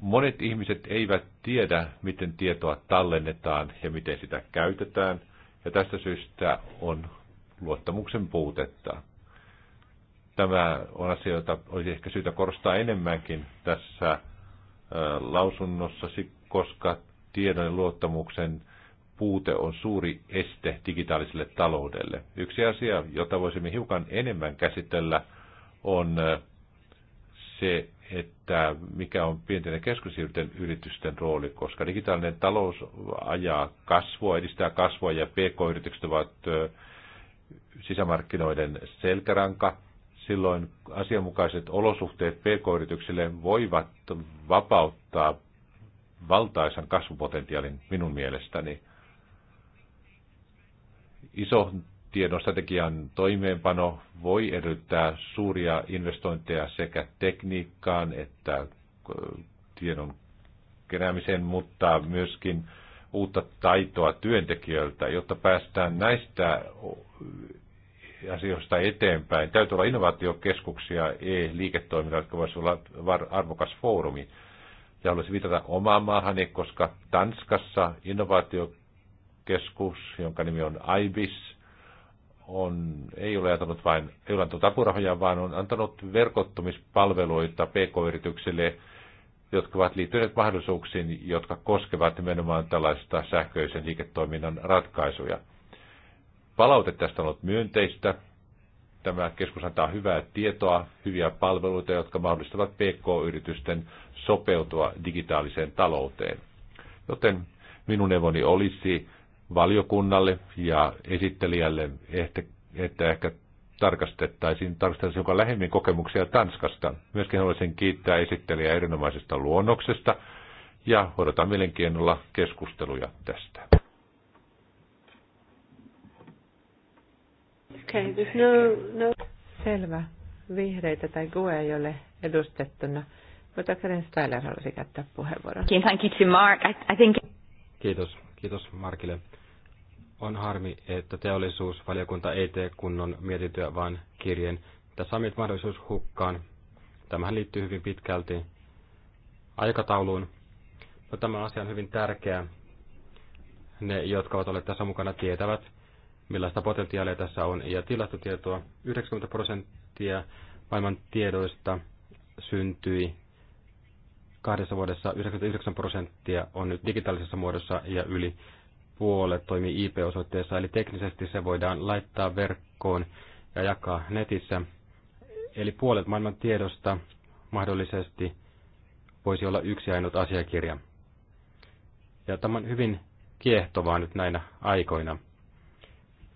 Monet ihmiset eivät tiedä, miten tietoa tallennetaan ja miten sitä käytetään – ja tästä syystä on luottamuksen puutetta. Tämä on asia, jota olisi ehkä syytä korostaa enemmänkin tässä äh, lausunnossa, koska tiedon ja luottamuksen puute on suuri este digitaaliselle taloudelle. Yksi asia, jota voisimme hiukan enemmän käsitellä, on äh, se, että mikä on pienten ja keskusyritysten yritysten rooli, koska digitaalinen talous ajaa kasvua, edistää kasvua ja pk-yritykset ovat sisämarkkinoiden selkäranka. Silloin asianmukaiset olosuhteet pk-yrityksille voivat vapauttaa valtaisan kasvupotentiaalin minun mielestäni. Iso tiedon strategian toimeenpano voi edellyttää suuria investointeja sekä tekniikkaan että tiedon keräämiseen, mutta myöskin uutta taitoa työntekijöiltä, jotta päästään näistä asioista eteenpäin. Täytyy olla innovaatiokeskuksia e liiketoiminta jotka voisivat olla arvokas foorumi. Ja haluaisin viitata omaan maahani, koska Tanskassa innovaatiokeskus, jonka nimi on IBIS, on, ei ole antanut vain ei ole antanut apurahoja, vaan on antanut verkottumispalveluita pk-yrityksille, jotka ovat liittyneet mahdollisuuksiin, jotka koskevat nimenomaan tällaista sähköisen liiketoiminnan ratkaisuja. Palaute tästä on ollut myönteistä. Tämä keskus antaa hyvää tietoa, hyviä palveluita, jotka mahdollistavat pk-yritysten sopeutua digitaaliseen talouteen. Joten minun neuvoni olisi valiokunnalle ja esittelijälle, että ehkä tarkastettaisiin, tarkastettaisiin joka lähemmin kokemuksia Tanskasta. Myöskin haluaisin kiittää esittelijää erinomaisesta luonnoksesta ja odotan mielenkiinnolla keskusteluja tästä. Okay, no, no. Selvä. Vihreitä tai GUE ei ole edustettuna. Mutta Karen Steiler halusi käyttää puheenvuoron. Mark. I, I think... Kiitos. Kiitos Markille. On harmi, että teollisuusvaliokunta ei tee kunnon mietintöä, vaan kirjeen. Tässä on mahdollisuus hukkaan. Tämähän liittyy hyvin pitkälti aikatauluun. No, tämä asia on hyvin tärkeä. Ne, jotka ovat olleet tässä mukana, tietävät, millaista potentiaalia tässä on. Ja tilastotietoa 90 prosenttia maailman tiedoista syntyi kahdessa vuodessa 99 prosenttia on nyt digitaalisessa muodossa ja yli puolet toimii IP-osoitteessa, eli teknisesti se voidaan laittaa verkkoon ja jakaa netissä. Eli puolet maailman tiedosta mahdollisesti voisi olla yksi ainut asiakirja. Ja tämä on hyvin kiehtovaa nyt näinä aikoina.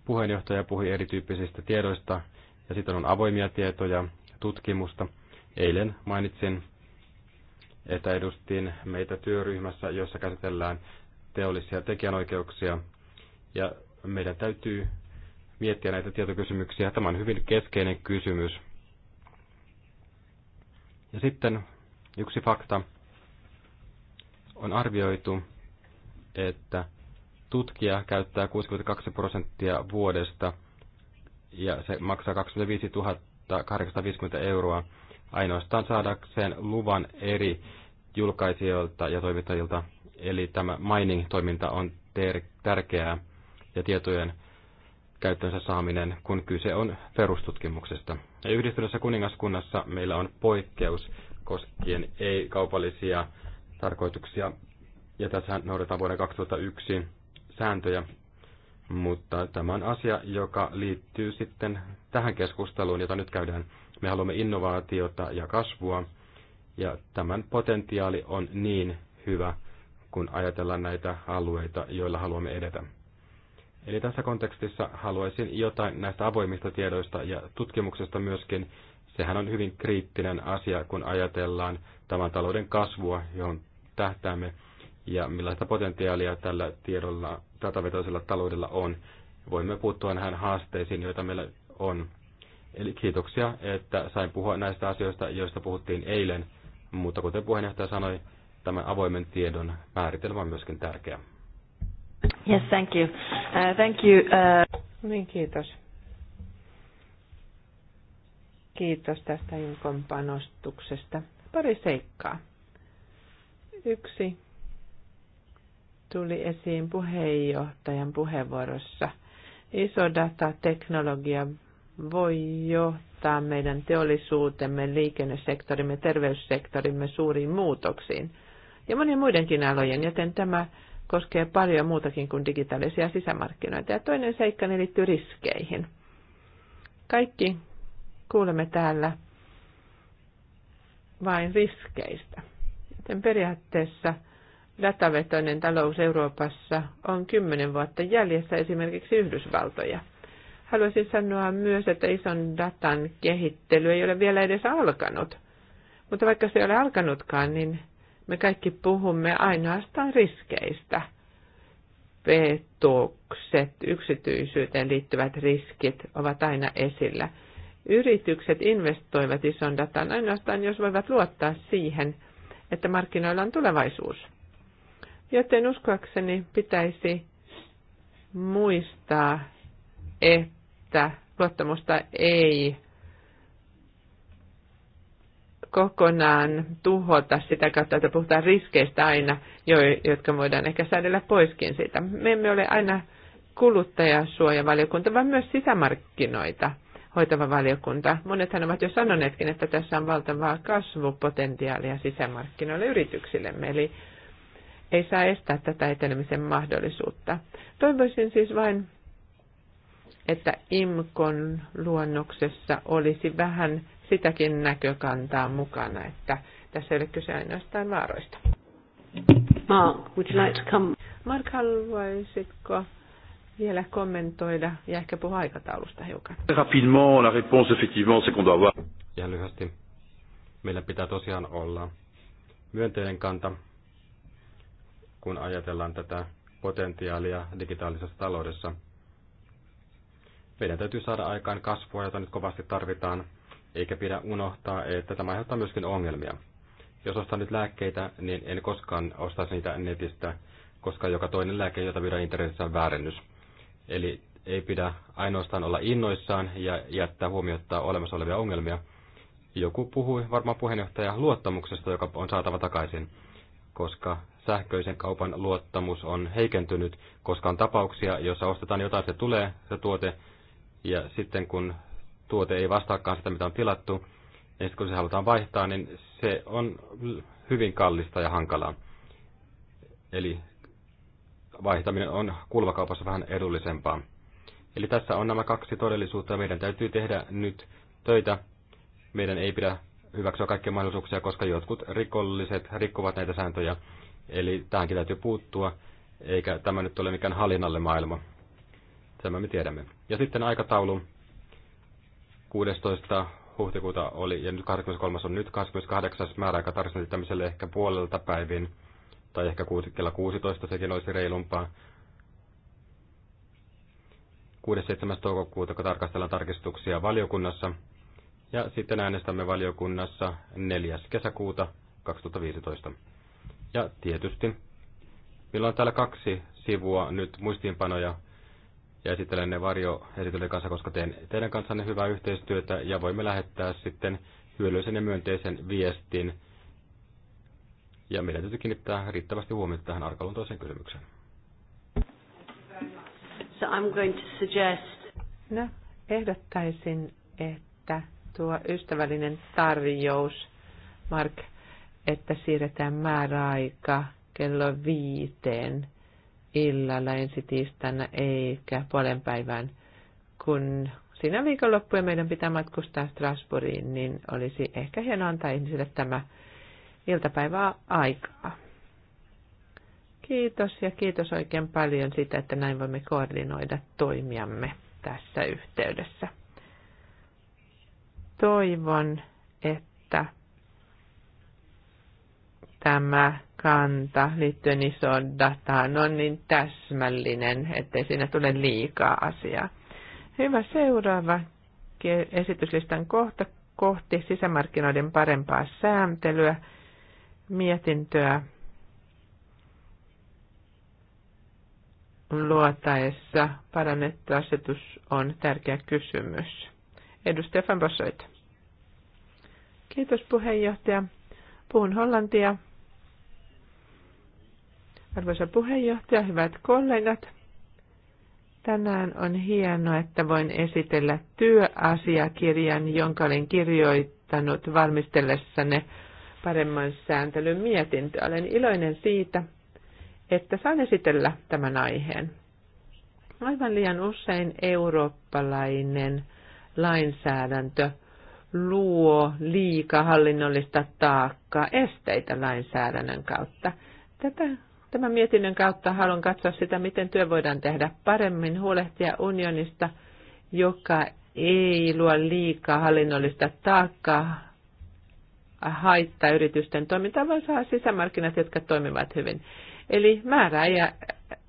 Puheenjohtaja puhui erityyppisistä tiedoista, ja sitten on avoimia tietoja, tutkimusta. Eilen mainitsin, että edustin meitä työryhmässä, jossa käsitellään teollisia tekijänoikeuksia. Ja meidän täytyy miettiä näitä tietokysymyksiä. Tämä on hyvin keskeinen kysymys. Ja sitten yksi fakta. On arvioitu, että tutkija käyttää 62 prosenttia vuodesta ja se maksaa 25 850 euroa ainoastaan saadakseen luvan eri julkaisijoilta ja toimittajilta Eli tämä mining-toiminta on tärkeää ja tietojen käyttöönsä saaminen, kun kyse on perustutkimuksesta. Ja yhdistyneessä kuningaskunnassa meillä on poikkeus koskien ei-kaupallisia tarkoituksia, ja tässä noudatetaan vuoden 2001 sääntöjä, mutta tämä on asia, joka liittyy sitten tähän keskusteluun, jota nyt käydään. Me haluamme innovaatiota ja kasvua, ja tämän potentiaali on niin hyvä, kun ajatellaan näitä alueita, joilla haluamme edetä. Eli tässä kontekstissa haluaisin jotain näistä avoimista tiedoista ja tutkimuksesta myöskin. Sehän on hyvin kriittinen asia, kun ajatellaan tämän talouden kasvua, johon tähtäämme, ja millaista potentiaalia tällä tiedolla, datavetoisella taloudella on. Voimme puuttua näihin haasteisiin, joita meillä on. Eli kiitoksia, että sain puhua näistä asioista, joista puhuttiin eilen, mutta kuten puheenjohtaja sanoi, tämä avoimen tiedon määritelmä on myöskin tärkeä. Yes, thank you. Uh, thank you. Uh... Niin, kiitos. Kiitos tästä Inkon panostuksesta. Pari seikkaa. Yksi tuli esiin puheenjohtajan puheenvuorossa. Iso datateknologia voi johtaa meidän teollisuutemme, liikennesektorimme, terveyssektorimme suuriin muutoksiin ja monien muidenkin alojen, joten tämä koskee paljon muutakin kuin digitaalisia sisämarkkinoita. Ja toinen seikka ne liittyy riskeihin. Kaikki kuulemme täällä vain riskeistä. Joten periaatteessa datavetoinen talous Euroopassa on kymmenen vuotta jäljessä esimerkiksi Yhdysvaltoja. Haluaisin sanoa myös, että ison datan kehittely ei ole vielä edes alkanut. Mutta vaikka se ei ole alkanutkaan, niin me kaikki puhumme ainoastaan riskeistä. Petokset, yksityisyyteen liittyvät riskit ovat aina esillä. Yritykset investoivat ison datan ainoastaan, jos voivat luottaa siihen, että markkinoilla on tulevaisuus. Joten uskoakseni pitäisi muistaa, että luottamusta ei kokonaan tuhota sitä kautta, että puhutaan riskeistä aina, jotka voidaan ehkä säädellä poiskin siitä. Me emme ole aina kuluttajasuojavaliokunta, vaan myös sisämarkkinoita hoitava valiokunta. Monethan ovat jo sanoneetkin, että tässä on valtavaa kasvupotentiaalia sisämarkkinoille yrityksillemme, eli ei saa estää tätä etenemisen mahdollisuutta. Toivoisin siis vain, että IMKON luonnoksessa olisi vähän sitäkin näkökantaa mukana, että tässä ei ole kyse ainoastaan vaaroista. Mark, would you like to come? Mark, haluaisitko vielä kommentoida ja ehkä puhua aikataulusta hiukan? Rapidement, la réponse effectivement, c'est qu'on doit avoir. Ihan lyhyesti. Meillä pitää tosiaan olla myönteinen kanta, kun ajatellaan tätä potentiaalia digitaalisessa taloudessa. Meidän täytyy saada aikaan kasvua, jota nyt kovasti tarvitaan, eikä pidä unohtaa, että tämä aiheuttaa myöskin ongelmia. Jos ostan nyt lääkkeitä, niin en koskaan ostaisi niitä netistä, koska joka toinen lääke, jota pyydän internetissä, on väärennys. Eli ei pidä ainoastaan olla innoissaan ja jättää huomiota olemassa olevia ongelmia. Joku puhui varmaan puheenjohtaja luottamuksesta, joka on saatava takaisin, koska sähköisen kaupan luottamus on heikentynyt, koska on tapauksia, joissa ostetaan jotain, se tulee, se tuote, ja sitten kun tuote ei vastaakaan sitä, mitä on tilattu, ja sitten kun se halutaan vaihtaa, niin se on hyvin kallista ja hankalaa. Eli vaihtaminen on kulvakaupassa vähän edullisempaa. Eli tässä on nämä kaksi todellisuutta ja meidän täytyy tehdä nyt töitä. Meidän ei pidä hyväksyä kaikkia mahdollisuuksia, koska jotkut rikolliset rikkovat näitä sääntöjä. Eli tähänkin täytyy puuttua, eikä tämä nyt ole mikään hallinnalle maailma. Tämä me tiedämme. Ja sitten aikataulu. 16. huhtikuuta oli, ja nyt 23. on nyt 28. määräaika tarkasteltiin tämmöiselle ehkä puolelta päivin, tai ehkä kello 16 sekin olisi reilumpaa. 6.7. toukokuuta, kun tarkastellaan tarkistuksia valiokunnassa. Ja sitten äänestämme valiokunnassa 4. kesäkuuta 2015. Ja tietysti, meillä on täällä kaksi sivua nyt muistiinpanoja ja esittelen ne varjo, kanssa, koska teen teidän kanssanne hyvää yhteistyötä ja voimme lähettää sitten hyödyllisen ja myönteisen viestin. Ja meidän täytyy kiinnittää riittävästi huomiota tähän arkaluontoiseen kysymykseen. So I'm going to suggest... No, ehdottaisin, että tuo ystävällinen tarjous, Mark, että siirretään määräaika kello viiteen – illalla ensi tiistaina eikä puolen päivän kun siinä viikonloppuja meidän pitää matkustaa Strasbourgiin, niin olisi ehkä hienoa antaa ihmisille tämä iltapäivää aikaa. Kiitos ja kiitos oikein paljon sitä, että näin voimme koordinoida toimiamme tässä yhteydessä. Toivon, että tämä kanta liittyen isoon dataan on niin täsmällinen, ettei siinä tule liikaa asiaa. Hyvä seuraava esityslistan kohta kohti sisämarkkinoiden parempaa sääntelyä, mietintöä luotaessa parannettu asetus on tärkeä kysymys. Edustaja Fembosoit. Kiitos puheenjohtaja. Puhun hollantia Arvoisa puheenjohtaja, hyvät kollegat. Tänään on hienoa, että voin esitellä työasiakirjan, jonka olen kirjoittanut valmistellessanne paremman sääntelyn mietintö. Olen iloinen siitä, että saan esitellä tämän aiheen. Aivan liian usein eurooppalainen lainsäädäntö luo liikahallinnollista taakkaa esteitä lainsäädännön kautta. Tätä Tämän mietinnön kautta haluan katsoa sitä, miten työ voidaan tehdä paremmin, huolehtia unionista, joka ei luo liikaa hallinnollista taakkaa, haittaa yritysten toimintaa, vaan saa sisämarkkinat, jotka toimivat hyvin. Eli määrä ja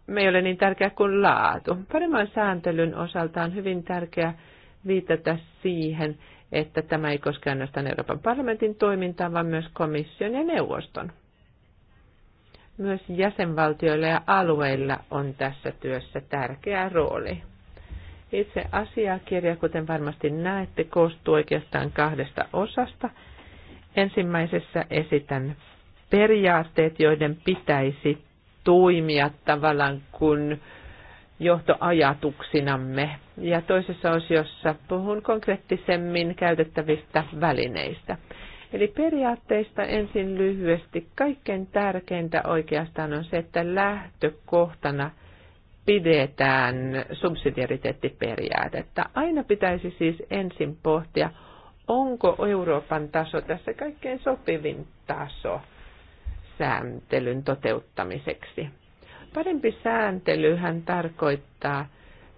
me ei ole niin tärkeä kuin laatu. Paremman sääntelyn osalta on hyvin tärkeää viitata siihen, että tämä ei koske ainoastaan Euroopan parlamentin toimintaa, vaan myös komission ja neuvoston myös jäsenvaltioilla ja alueilla on tässä työssä tärkeä rooli. Itse asiakirja, kuten varmasti näette, koostuu oikeastaan kahdesta osasta. Ensimmäisessä esitän periaatteet, joiden pitäisi toimia tavallaan kuin johtoajatuksinamme. Ja toisessa osiossa puhun konkreettisemmin käytettävistä välineistä. Eli periaatteista ensin lyhyesti. Kaikkein tärkeintä oikeastaan on se, että lähtökohtana pidetään subsidiariteettiperiaatetta. Aina pitäisi siis ensin pohtia, onko Euroopan taso tässä kaikkein sopivin taso sääntelyn toteuttamiseksi. Parempi sääntelyhän tarkoittaa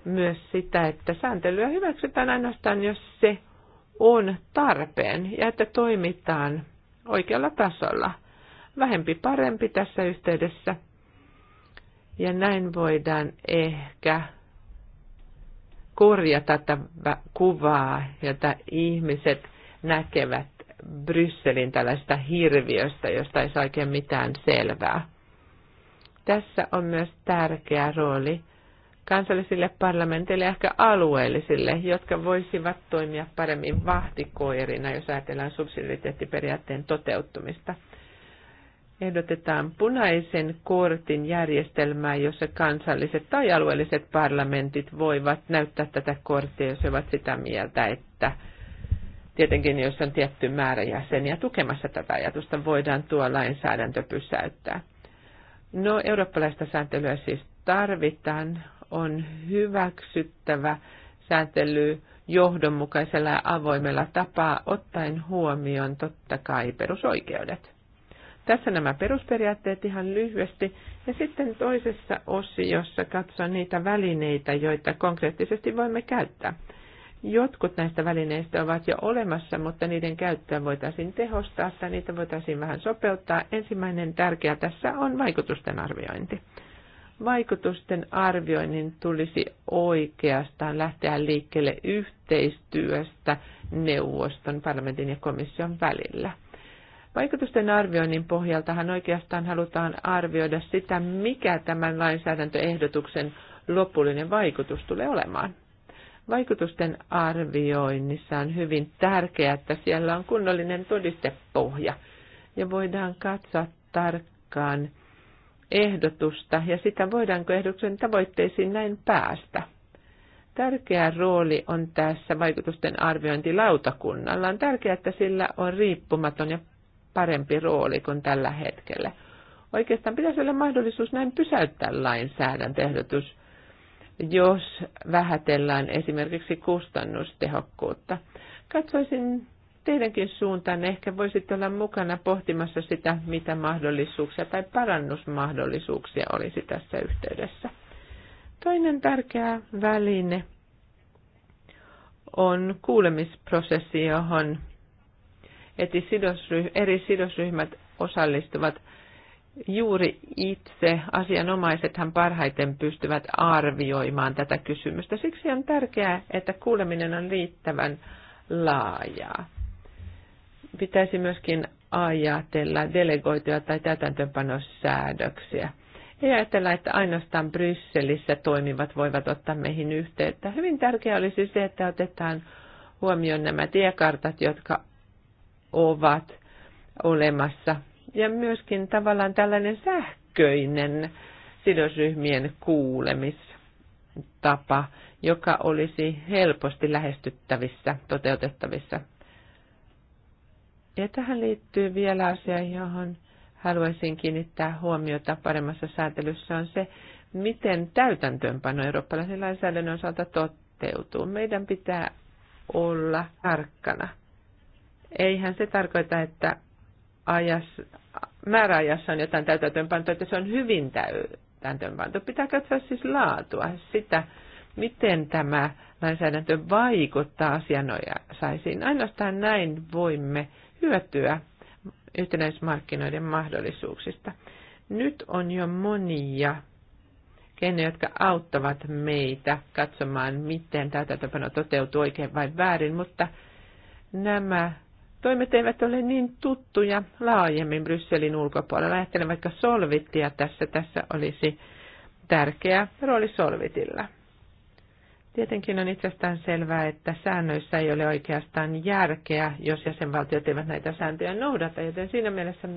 myös sitä, että sääntelyä hyväksytään ainoastaan, jos se on tarpeen ja että toimitaan oikealla tasolla. Vähempi parempi tässä yhteydessä. Ja näin voidaan ehkä korjata tätä kuvaa, jota ihmiset näkevät Brysselin tällaista hirviöstä, josta ei saa oikein mitään selvää. Tässä on myös tärkeä rooli kansallisille parlamenteille, ehkä alueellisille, jotka voisivat toimia paremmin vahtikoirina, jos ajatellaan subsidiariteettiperiaatteen toteuttumista. Ehdotetaan punaisen kortin järjestelmää, jossa kansalliset tai alueelliset parlamentit voivat näyttää tätä korttia, jos ovat sitä mieltä, että tietenkin jos on tietty määrä jäseniä tukemassa tätä ajatusta, voidaan tuo lainsäädäntö pysäyttää. No, eurooppalaista sääntelyä siis tarvitaan on hyväksyttävä säätely johdonmukaisella ja avoimella tapaa ottaen huomioon totta kai perusoikeudet. Tässä nämä perusperiaatteet ihan lyhyesti ja sitten toisessa osiossa katsoa niitä välineitä, joita konkreettisesti voimme käyttää. Jotkut näistä välineistä ovat jo olemassa, mutta niiden käyttöä voitaisiin tehostaa tai niitä voitaisiin vähän sopeuttaa. Ensimmäinen tärkeä tässä on vaikutusten arviointi vaikutusten arvioinnin tulisi oikeastaan lähteä liikkeelle yhteistyöstä neuvoston, parlamentin ja komission välillä. Vaikutusten arvioinnin pohjaltahan oikeastaan halutaan arvioida sitä, mikä tämän lainsäädäntöehdotuksen lopullinen vaikutus tulee olemaan. Vaikutusten arvioinnissa on hyvin tärkeää, että siellä on kunnollinen todistepohja ja voidaan katsoa tarkkaan, ehdotusta ja sitä, voidaanko ehdotuksen tavoitteisiin näin päästä. Tärkeä rooli on tässä vaikutusten arviointilautakunnalla. On tärkeää, että sillä on riippumaton ja parempi rooli kuin tällä hetkellä. Oikeastaan pitäisi olla mahdollisuus näin pysäyttää lainsäädäntöehdotus, jos vähätellään esimerkiksi kustannustehokkuutta. Katsoisin teidänkin suuntaan ehkä voisitte olla mukana pohtimassa sitä, mitä mahdollisuuksia tai parannusmahdollisuuksia olisi tässä yhteydessä. Toinen tärkeä väline on kuulemisprosessi, johon eri sidosryhmät osallistuvat juuri itse asianomaisethan parhaiten pystyvät arvioimaan tätä kysymystä. Siksi on tärkeää, että kuuleminen on riittävän laajaa pitäisi myöskin ajatella delegoituja tai täytäntöönpanosäädöksiä. Ei ajatella, että ainoastaan Brysselissä toimivat voivat ottaa meihin yhteyttä. Hyvin tärkeää olisi se, että otetaan huomioon nämä tiekartat, jotka ovat olemassa. Ja myöskin tavallaan tällainen sähköinen sidosryhmien kuulemistapa, joka olisi helposti lähestyttävissä, toteutettavissa ja tähän liittyy vielä asia, johon haluaisin kiinnittää huomiota paremmassa säätelyssä, on se, miten täytäntöönpano eurooppalaisen lainsäädännön osalta toteutuu. Meidän pitää olla tarkkana. Eihän se tarkoita, että ajas, määräajassa on jotain täytäntöönpantoa, että se on hyvin täytäntöönpanto. Pitää katsoa siis laatua, sitä, miten tämä lainsäädäntö vaikuttaa saisiin. Ainoastaan näin voimme hyötyä yhtenäismarkkinoiden mahdollisuuksista. Nyt on jo monia keinoja, jotka auttavat meitä katsomaan, miten tapana toteutuu oikein vai väärin, mutta nämä toimet eivät ole niin tuttuja laajemmin Brysselin ulkopuolella. Ajattelen vaikka solvittia tässä. Tässä olisi tärkeä rooli solvitilla. Tietenkin on itsestään selvää, että säännöissä ei ole oikeastaan järkeä, jos jäsenvaltiot eivät näitä sääntöjä noudata, joten siinä mielessä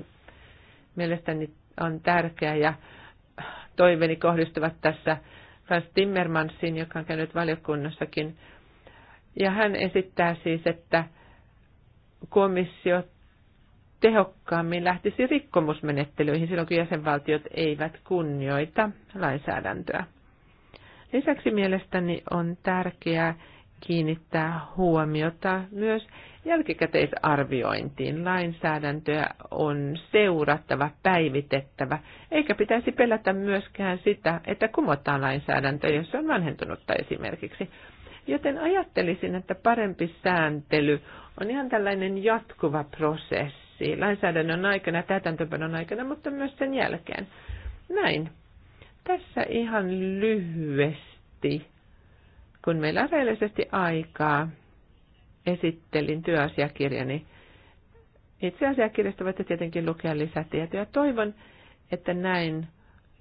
mielestäni on tärkeää ja toiveeni kohdistuvat tässä Frans Timmermansin, joka on käynyt valiokunnassakin. Ja hän esittää siis, että komissio tehokkaammin lähtisi rikkomusmenettelyihin silloin, kun jäsenvaltiot eivät kunnioita lainsäädäntöä. Lisäksi mielestäni on tärkeää kiinnittää huomiota myös jälkikäteisarviointiin. Lainsäädäntöä on seurattava, päivitettävä, eikä pitäisi pelätä myöskään sitä, että kumotaan lainsäädäntö, jos se on vanhentunutta esimerkiksi. Joten ajattelisin, että parempi sääntely on ihan tällainen jatkuva prosessi lainsäädännön aikana, täytäntöpanon aikana, mutta myös sen jälkeen. Näin tässä ihan lyhyesti, kun meillä on reellisesti aikaa, esittelin työasiakirjani. Itse asiakirjasta voitte tietenkin lukea lisätietoja. Toivon, että näin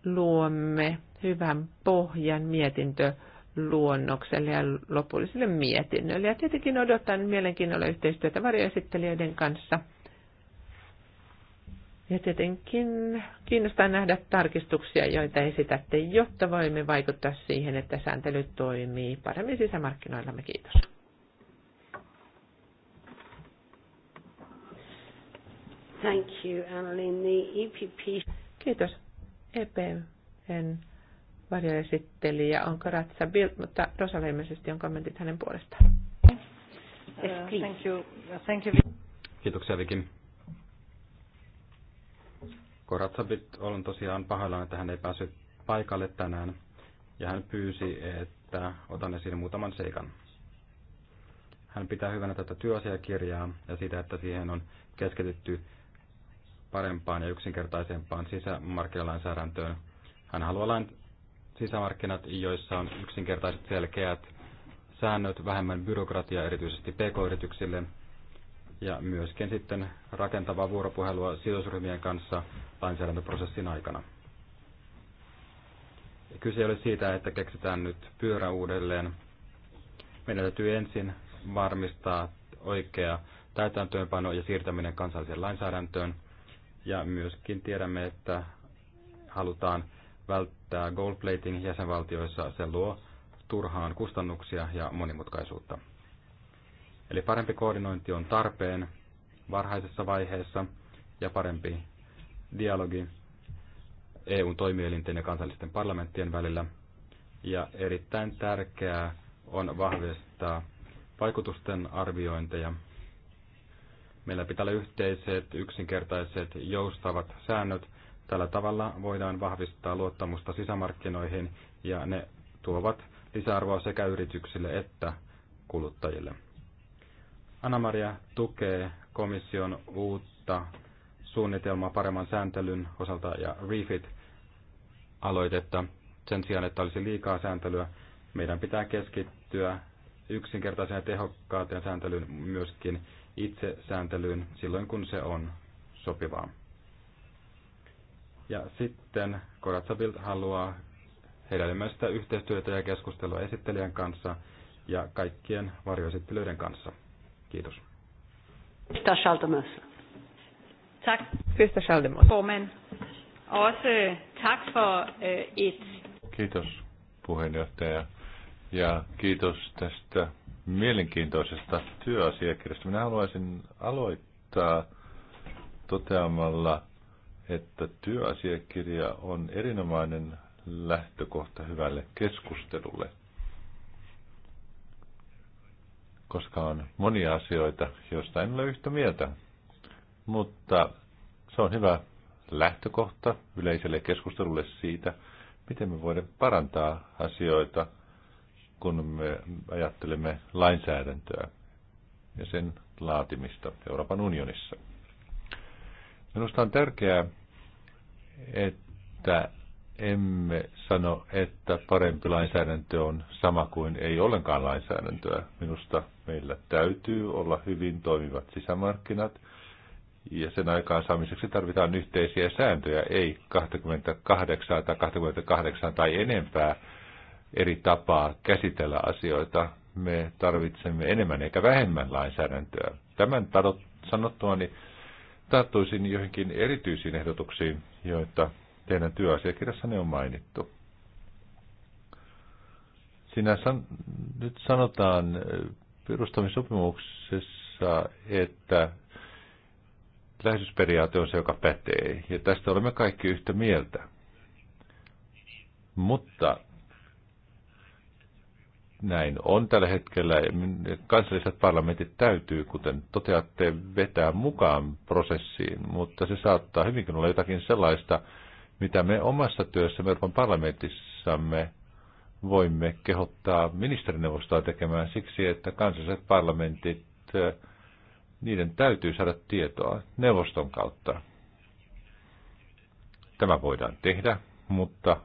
luomme hyvän pohjan mietintöluonnokselle ja lopulliselle mietinnölle. Ja tietenkin odotan mielenkiinnolla yhteistyötä varjoesittelijöiden kanssa – ja tietenkin kiinnostaa nähdä tarkistuksia, joita esitätte, jotta voimme vaikuttaa siihen, että sääntely toimii paremmin sisämarkkinoillamme. Kiitos. Thank you, The EPP... Kiitos. EPN varjoesittelijä on Karatsa Bild, mutta Rosalla ilmeisesti on kommentit hänen puolestaan. Uh, thank you. Thank you. Kiitoksia Vikin. Koratsabit on tosiaan pahoillaan, että hän ei päässyt paikalle tänään, ja hän pyysi, että otan esiin muutaman seikan. Hän pitää hyvänä tätä työasiakirjaa ja sitä, että siihen on keskitytty parempaan ja yksinkertaisempaan sisämarkkinalainsäädäntöön. Hän haluaa lain sisämarkkinat, joissa on yksinkertaiset selkeät säännöt, vähemmän byrokratiaa erityisesti pk-yrityksille ja myöskin sitten rakentavaa vuoropuhelua sidosryhmien kanssa lainsäädäntöprosessin aikana. Kyse oli siitä, että keksitään nyt pyörä uudelleen. Meidän täytyy ensin varmistaa oikea täytäntöönpano ja siirtäminen kansalliseen lainsäädäntöön. Ja myöskin tiedämme, että halutaan välttää goldplating jäsenvaltioissa. Se luo turhaan kustannuksia ja monimutkaisuutta. Eli parempi koordinointi on tarpeen varhaisessa vaiheessa ja parempi dialogi EUn toimielinten ja kansallisten parlamenttien välillä. Ja erittäin tärkeää on vahvistaa vaikutusten arviointeja. Meillä pitää olla yhteiset, yksinkertaiset, joustavat säännöt. Tällä tavalla voidaan vahvistaa luottamusta sisämarkkinoihin ja ne tuovat lisäarvoa sekä yrityksille että kuluttajille. Anna-Maria tukee komission uutta suunnitelmaa paremman sääntelyn osalta ja REFIT-aloitetta. Sen sijaan, että olisi liikaa sääntelyä, meidän pitää keskittyä yksinkertaiseen ja tehokkaaseen sääntelyyn, myöskin itse sääntelyyn silloin, kun se on sopivaa. Ja sitten Koratsabild haluaa hedelmällistä yhteistyötä ja keskustelua esittelijän kanssa ja kaikkien varjoesittelyiden kanssa. Kiitos. Kiitos Schaldemus. Tack. Krista Schaldemus. Formen. Också øh, tack för øh, ett. Kiitos puheenjohtaja ja kiitos tästä mielenkiintoisesta työasiakirjasta. Minä haluaisin aloittaa toteamalla, että työasiakirja on erinomainen lähtökohta hyvälle keskustelulle. koska on monia asioita, joista en ole yhtä mieltä. Mutta se on hyvä lähtökohta yleiselle keskustelulle siitä, miten me voimme parantaa asioita, kun me ajattelemme lainsäädäntöä ja sen laatimista Euroopan unionissa. Minusta on tärkeää, että emme sano, että parempi lainsäädäntö on sama kuin ei ollenkaan lainsäädäntöä. Minusta meillä täytyy olla hyvin toimivat sisämarkkinat, ja sen saamiseksi tarvitaan yhteisiä sääntöjä, ei 28 tai 28 tai enempää eri tapaa käsitellä asioita. Me tarvitsemme enemmän eikä vähemmän lainsäädäntöä. Tämän sanottuani tarttuisin joihinkin erityisiin ehdotuksiin, joita teidän ne on mainittu. Siinä san, nyt sanotaan äh, perustamissopimuksessa, että läheisyysperiaate on se, joka pätee, ja tästä olemme kaikki yhtä mieltä. Mutta näin on tällä hetkellä. Kansalliset parlamentit täytyy, kuten toteatte, vetää mukaan prosessiin, mutta se saattaa hyvinkin olla jotakin sellaista, mitä me omassa työssämme Euroopan parlamentissamme voimme kehottaa ministerineuvostoa tekemään siksi, että kansalliset parlamentit, eh, niiden täytyy saada tietoa neuvoston kautta. Tämä voidaan tehdä, mutta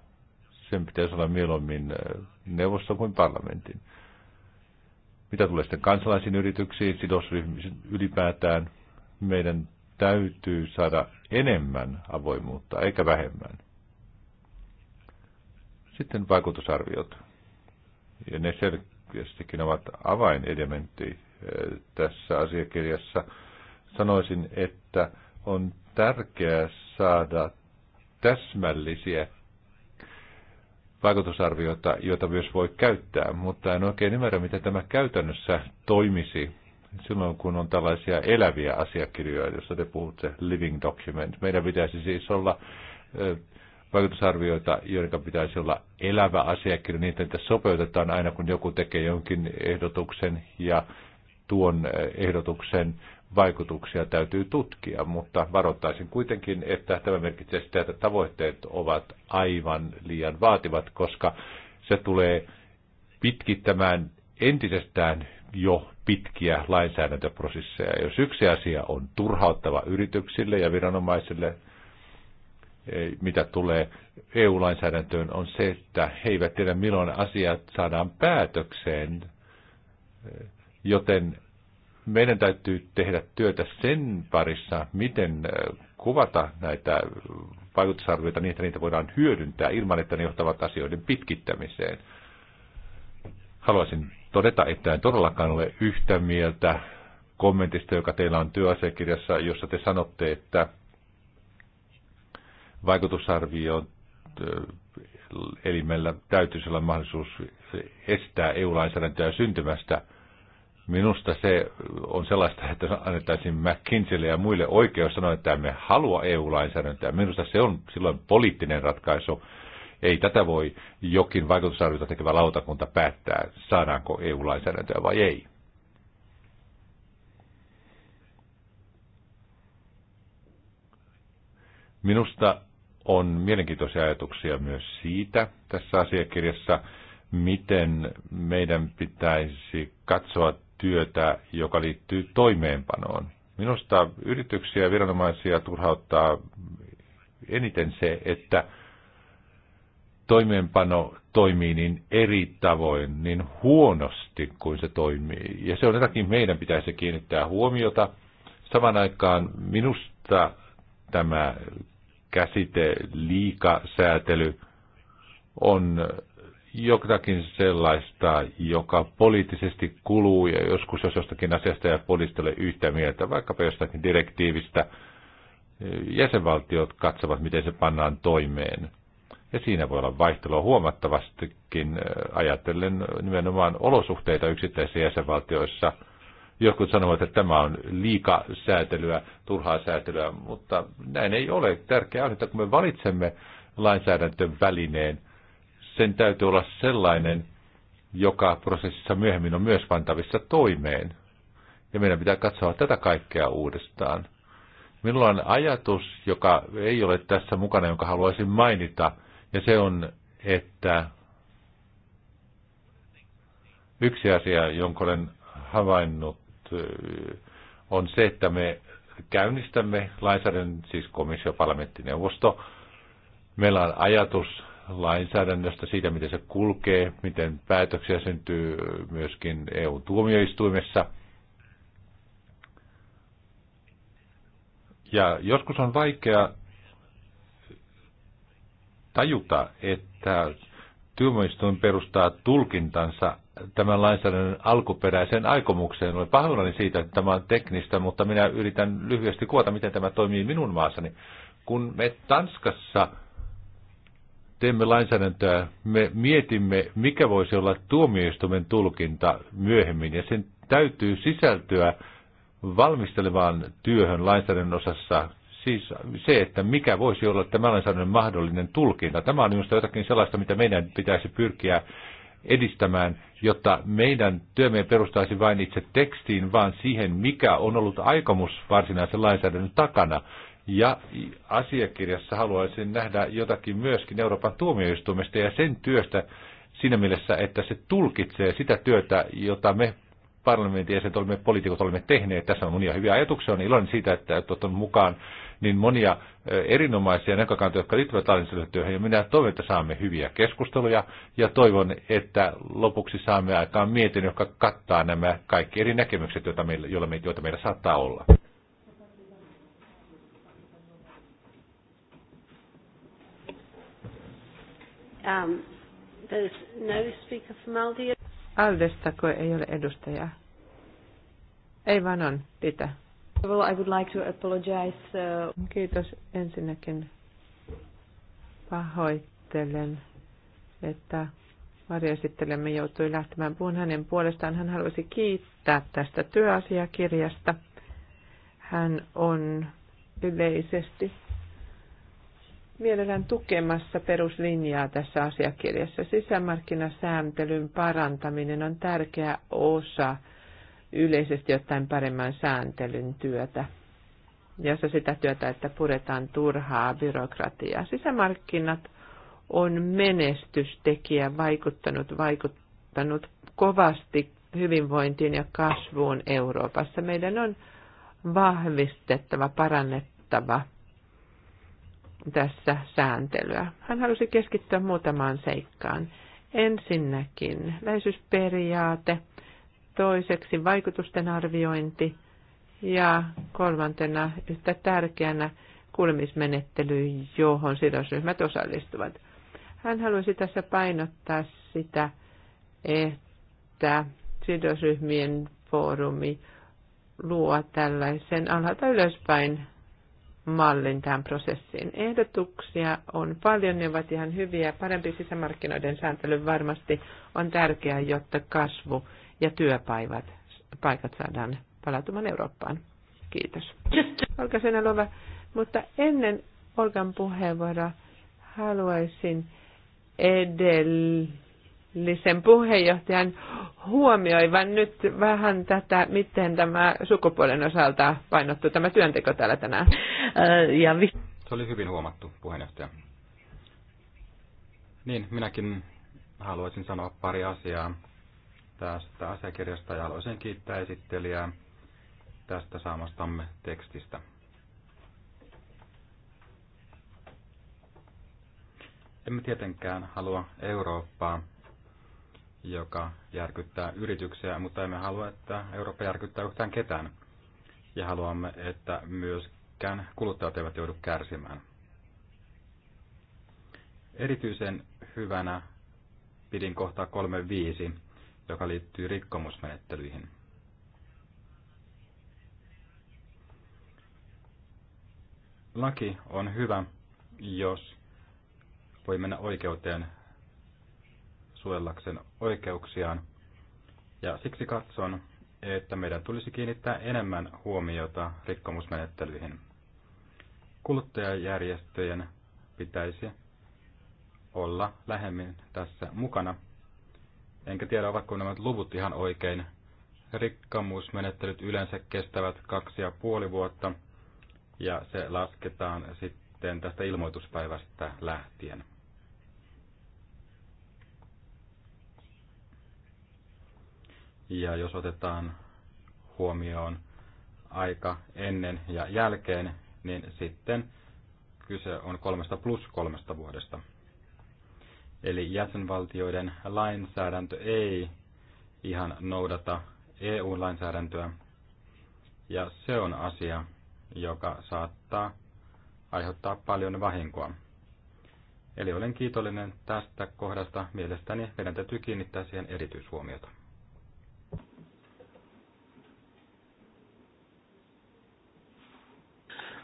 sen pitäisi olla mieluummin eh, neuvoston kuin parlamentin. Mitä tulee sitten kansalaisiin yrityksiin, sidosryhmiin ylipäätään, meidän täytyy saada enemmän avoimuutta, eikä vähemmän. Sitten vaikutusarviot. Ja ne selkeästikin ovat avainelementti eh, tässä asiakirjassa. Sanoisin, että on tärkeää saada täsmällisiä vaikutusarviota, joita myös voi käyttää, mutta en oikein ymmärrä, miten tämä käytännössä toimisi silloin, kun on tällaisia eläviä asiakirjoja, joissa te puhutte, living document. Meidän pitäisi siis olla vaikutusarvioita, joiden pitäisi olla elävä asiakirja, niin että sopeutetaan aina, kun joku tekee jonkin ehdotuksen ja tuon ehdotuksen vaikutuksia täytyy tutkia, mutta varoittaisin kuitenkin, että tämä merkitsee sitä, että tavoitteet ovat aivan liian vaativat, koska se tulee pitkittämään entisestään jo pitkiä lainsäädäntöprosesseja. Jos yksi asia on turhauttava yrityksille ja viranomaisille, e, mitä tulee EU-lainsäädäntöön, on se, että he eivät tiedä milloin asiat saadaan päätökseen, e, joten meidän täytyy tehdä työtä sen parissa, miten e, kuvata näitä vaikutusarvioita niin, että niitä voidaan hyödyntää ilman, että ne johtavat asioiden pitkittämiseen. Haluaisin todeta, että en todellakaan ole yhtä mieltä kommentista, joka teillä on työasiakirjassa, jossa te sanotte, että vaikutusarvio elimellä täytyisi olla mahdollisuus estää EU-lainsäädäntöä syntymästä. Minusta se on sellaista, että annettaisiin McKinseylle ja muille oikeus sanoa, että me halua EU-lainsäädäntöä. Minusta se on silloin poliittinen ratkaisu. Ei tätä voi jokin vaikutusarviota tekevä lautakunta päättää, saadaanko EU-lainsäädäntöä vai ei. Minusta on mielenkiintoisia ajatuksia myös siitä tässä asiakirjassa, miten meidän pitäisi katsoa työtä, joka liittyy toimeenpanoon. Minusta yrityksiä ja viranomaisia turhauttaa eniten se, että toimeenpano toimii niin eri tavoin, niin huonosti kuin se toimii. Ja se on jotakin meidän pitäisi kiinnittää huomiota. Saman aikaan minusta tämä käsite liikasäätely on jotakin sellaista, joka poliittisesti kuluu ja joskus jos jostakin asiasta ja poliittisesti yhtä mieltä, vaikkapa jostakin direktiivistä, jäsenvaltiot katsovat, miten se pannaan toimeen – ja siinä voi olla vaihtelua huomattavastikin äh, ajatellen nimenomaan olosuhteita yksittäisissä jäsenvaltioissa. Jotkut sanovat, että tämä on liika säätelyä, turhaa säätelyä, mutta näin ei ole. Tärkeää on, että kun me valitsemme lainsäädäntön välineen, sen täytyy olla sellainen, joka prosessissa myöhemmin on myös pantavissa toimeen. Ja meidän pitää katsoa tätä kaikkea uudestaan. Minulla on ajatus, joka ei ole tässä mukana, jonka haluaisin mainita – ja se on, että yksi asia, jonka olen havainnut, on se, että me käynnistämme lainsäädännön, siis komissio, parlamentti, neuvosto. Meillä on ajatus lainsäädännöstä, siitä miten se kulkee, miten päätöksiä syntyy myöskin EU-tuomioistuimessa. Ja joskus on vaikea tajuta, että työmoistuin perustaa tulkintansa tämän lainsäädännön alkuperäiseen aikomukseen. Olen pahoillani siitä, että tämä on teknistä, mutta minä yritän lyhyesti kuota, miten tämä toimii minun maassani. Kun me Tanskassa teemme lainsäädäntöä, me mietimme, mikä voisi olla tuomioistuimen tulkinta myöhemmin, ja sen täytyy sisältyä valmistelevaan työhön lainsäädännön osassa Siis se, että mikä voisi olla tämä lainsäädännön mahdollinen tulkinta. Tämä on minusta jotakin sellaista, mitä meidän pitäisi pyrkiä edistämään, jotta meidän työmme perustaisi vain itse tekstiin, vaan siihen, mikä on ollut aikomus varsinaisen lainsäädännön takana. Ja asiakirjassa haluaisin nähdä jotakin myöskin Euroopan tuomioistuimesta ja sen työstä siinä mielessä, että se tulkitsee sitä työtä, jota me parlamentin jäsenet olemme, poliitikot olemme tehneet. Tässä on monia hyviä ajatuksia. Olen iloinen siitä, että olet mukaan niin monia erinomaisia näkökantoja, jotka liittyvät lainsäädäntötyöhön, työhön, ja minä toivon, että saamme hyviä keskusteluja, ja toivon, että lopuksi saamme aikaan mietin, joka kattaa nämä kaikki eri näkemykset, joita meillä, joilla meillä, joita meillä saattaa olla. Um, no Aldestako ei ole edustajaa? Ei vaan on, pitää. I would like to apologize. Uh, Kiitos ensinnäkin. Pahoittelen, että varjoesittelemme joutui lähtemään puun hänen puolestaan. Hän haluaisi kiittää tästä työasiakirjasta. Hän on yleisesti mielellään tukemassa peruslinjaa tässä asiakirjassa. Sisämarkkinasääntelyn parantaminen on tärkeä osa yleisesti ottaen paremman sääntelyn työtä, jossa sitä työtä, että puretaan turhaa byrokratiaa. Sisämarkkinat on menestystekijä vaikuttanut, vaikuttanut kovasti hyvinvointiin ja kasvuun Euroopassa. Meidän on vahvistettava, parannettava tässä sääntelyä. Hän halusi keskittyä muutamaan seikkaan. Ensinnäkin läheisyysperiaate – toiseksi vaikutusten arviointi ja kolmantena yhtä tärkeänä kuulemismenettely, johon sidosryhmät osallistuvat. Hän haluaisi tässä painottaa sitä, että sidosryhmien foorumi luo tällaisen alhaalta ylöspäin mallin tähän prosessiin. Ehdotuksia on paljon, ne ovat ihan hyviä. Parempi sisämarkkinoiden sääntely varmasti on tärkeää, jotta kasvu ja työpaikat paikat saadaan palautumaan Eurooppaan. Kiitos. Olkaa sen luova. Mutta ennen Olkan puheenvuoroa haluaisin edellisen puheenjohtajan huomioivan nyt vähän tätä, miten tämä sukupuolen osalta painottuu tämä työnteko täällä tänään. Äh, ja vi- Se oli hyvin huomattu, puheenjohtaja. Niin, minäkin haluaisin sanoa pari asiaa tästä asiakirjasta ja haluaisin kiittää esittelijää tästä saamastamme tekstistä. Emme tietenkään halua Eurooppaa, joka järkyttää yrityksiä, mutta emme halua, että Eurooppa järkyttää yhtään ketään. Ja haluamme, että myöskään kuluttajat eivät joudu kärsimään. Erityisen hyvänä pidin kohtaa joka liittyy rikkomusmenettelyihin. Laki on hyvä, jos voi mennä oikeuteen suojellakseen oikeuksiaan. Ja siksi katson, että meidän tulisi kiinnittää enemmän huomiota rikkomusmenettelyihin. Kuluttajajärjestöjen pitäisi olla lähemmin tässä mukana enkä tiedä ovatko nämä luvut ihan oikein. Rikkamuusmenettelyt yleensä kestävät kaksi ja puoli vuotta ja se lasketaan sitten tästä ilmoituspäivästä lähtien. Ja jos otetaan huomioon aika ennen ja jälkeen, niin sitten kyse on kolmesta plus kolmesta vuodesta. Eli jäsenvaltioiden lainsäädäntö ei ihan noudata EU-lainsäädäntöä. Ja se on asia, joka saattaa aiheuttaa paljon vahinkoa. Eli olen kiitollinen tästä kohdasta. Mielestäni meidän täytyy kiinnittää siihen erityishuomiota.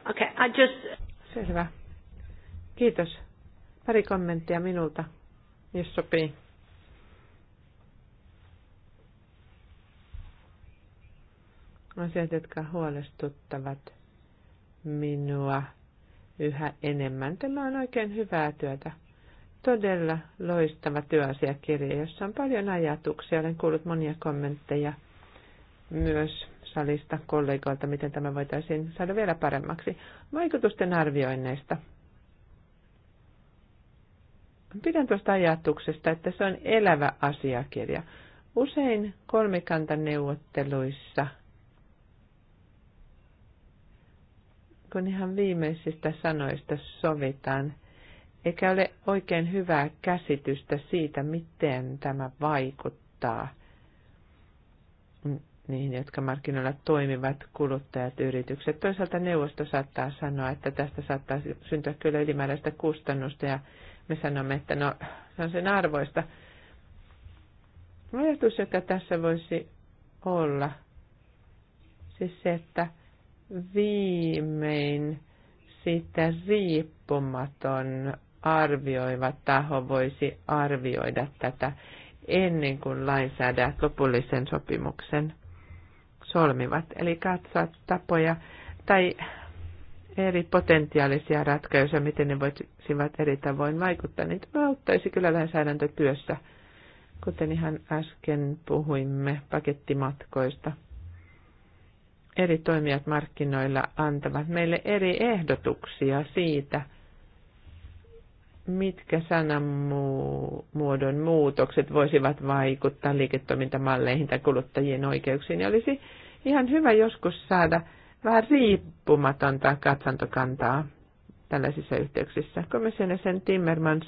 okay, I just... Selvä. Kiitos. Pari kommenttia minulta jos sopii. Asiat, jotka huolestuttavat minua yhä enemmän. Tämä on oikein hyvää työtä. Todella loistava työasiakirja, jossa on paljon ajatuksia. Olen kuullut monia kommentteja myös salista kollegoilta, miten tämä voitaisiin saada vielä paremmaksi. Vaikutusten arvioinneista Pidän tuosta ajatuksesta, että se on elävä asiakirja. Usein kolmikantaneuvotteluissa, kun ihan viimeisistä sanoista sovitaan, eikä ole oikein hyvää käsitystä siitä, miten tämä vaikuttaa niihin, jotka markkinoilla toimivat, kuluttajat, yritykset. Toisaalta neuvosto saattaa sanoa, että tästä saattaa syntyä kyllä ylimääräistä kustannusta ja me sanomme, että no, se on sen arvoista. Ajatus, joka tässä voisi olla, siis se, että viimein sitä riippumaton arvioiva taho voisi arvioida tätä ennen kuin lainsäädäjät lopullisen sopimuksen solmivat. Eli katsoa tapoja tai eri potentiaalisia ratkaisuja, miten ne voisivat eri tavoin vaikuttaa, niin tämä auttaisi kyllä lainsäädäntötyössä, kuten ihan äsken puhuimme pakettimatkoista. Eri toimijat markkinoilla antavat meille eri ehdotuksia siitä, mitkä sanamuodon muutokset voisivat vaikuttaa liiketoimintamalleihin tai kuluttajien oikeuksiin. Ja olisi ihan hyvä joskus saada vähän riippumatonta katsantokantaa tällaisissa yhteyksissä. Komission sen Timmermans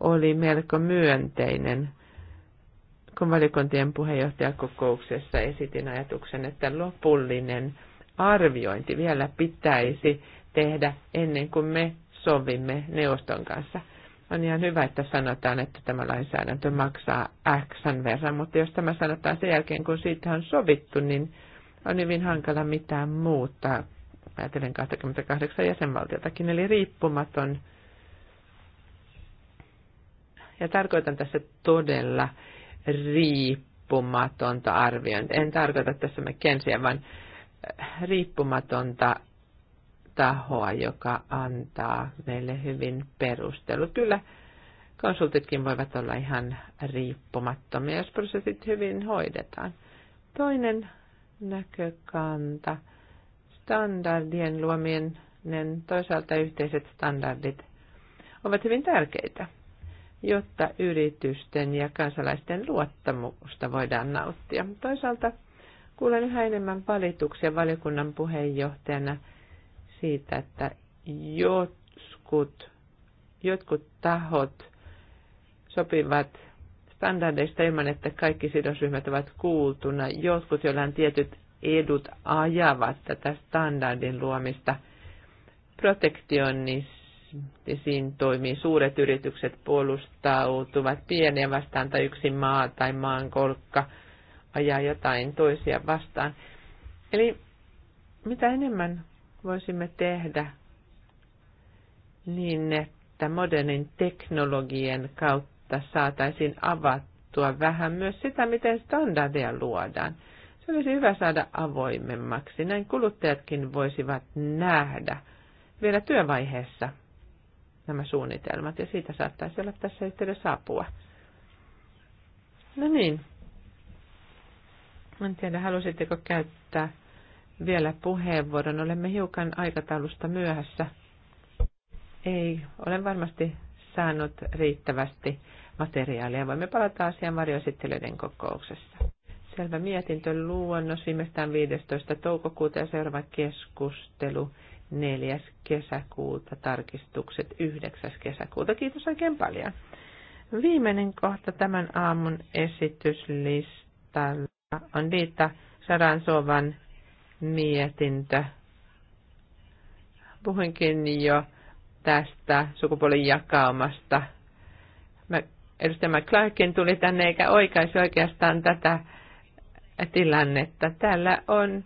oli melko myönteinen, kun valiokuntien puheenjohtajakokouksessa esitin ajatuksen, että lopullinen arviointi vielä pitäisi tehdä ennen kuin me sovimme neuvoston kanssa. On ihan hyvä, että sanotaan, että tämä lainsäädäntö maksaa X verran, mutta jos tämä sanotaan sen jälkeen, kun siitä on sovittu, niin on hyvin hankala mitään muuta, ajatellen 28 jäsenvaltiotakin, eli riippumaton. Ja tarkoitan tässä todella riippumatonta arviointia. En tarkoita tässä McKenzie, vaan äh, riippumatonta tahoa, joka antaa meille hyvin perustelu. Kyllä konsultitkin voivat olla ihan riippumattomia, jos prosessit hyvin hoidetaan. Toinen näkökanta, standardien luominen, toisaalta yhteiset standardit ovat hyvin tärkeitä, jotta yritysten ja kansalaisten luottamusta voidaan nauttia. Toisaalta kuulen yhä enemmän valituksia valiokunnan puheenjohtajana siitä, että jotkut, jotkut tahot sopivat standardeista ilman, että kaikki sidosryhmät ovat kuultuna. Jotkut, joilla on tietyt edut, ajavat tätä standardin luomista. Protektionistisiin toimii suuret yritykset puolustautuvat pieniä vastaan tai yksi maa tai kolkka ajaa jotain toisia vastaan. Eli mitä enemmän voisimme tehdä niin, että modernin teknologian kautta että saataisiin avattua vähän myös sitä, miten standardeja luodaan. Se olisi hyvä saada avoimemmaksi. Näin kuluttajatkin voisivat nähdä vielä työvaiheessa nämä suunnitelmat, ja siitä saattaisi olla tässä yhteydessä apua. No niin. En tiedä, halusitteko käyttää vielä puheenvuoron. Olemme hiukan aikataulusta myöhässä. Ei, olen varmasti saanut riittävästi materiaalia. Voimme palata asiaan varjoesittelyiden kokouksessa. Selvä mietintö luonnos viimeistään 15. toukokuuta ja seuraava keskustelu 4. kesäkuuta, tarkistukset 9. kesäkuuta. Kiitos oikein paljon. Viimeinen kohta tämän aamun esityslistalla on Diitta Saransovan mietintö. Puhuinkin jo tästä sukupuolijakaumasta. jakaumasta edustaja McClarkin tuli tänne eikä oikaisi oikeastaan tätä tilannetta. Täällä on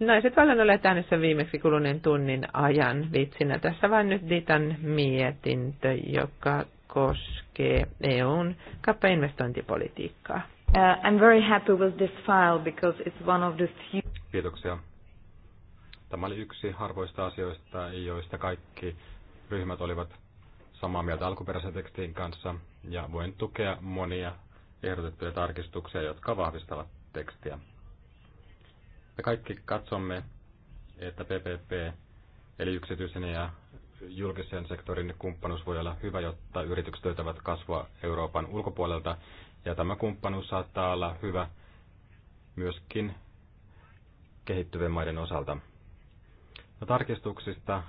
naiset vallan olleet äänessä viimeksi kuluneen tunnin ajan vitsinä. Tässä vain nyt Ditan mietintö, joka koskee EUn kappainvestointipolitiikkaa. Uh, I'm very happy with this file because it's one of the few... Kiitoksia. Tämä oli yksi harvoista asioista, joista kaikki ryhmät olivat samaa mieltä alkuperäisen tekstin kanssa, ja voin tukea monia ehdotettuja tarkistuksia, jotka vahvistavat tekstiä. Me kaikki katsomme, että PPP eli yksityisen ja julkisen sektorin kumppanuus voi olla hyvä, jotta yritykset löytävät kasvua Euroopan ulkopuolelta. Ja tämä kumppanuus saattaa olla hyvä myöskin kehittyvien maiden osalta. No, tarkistuksista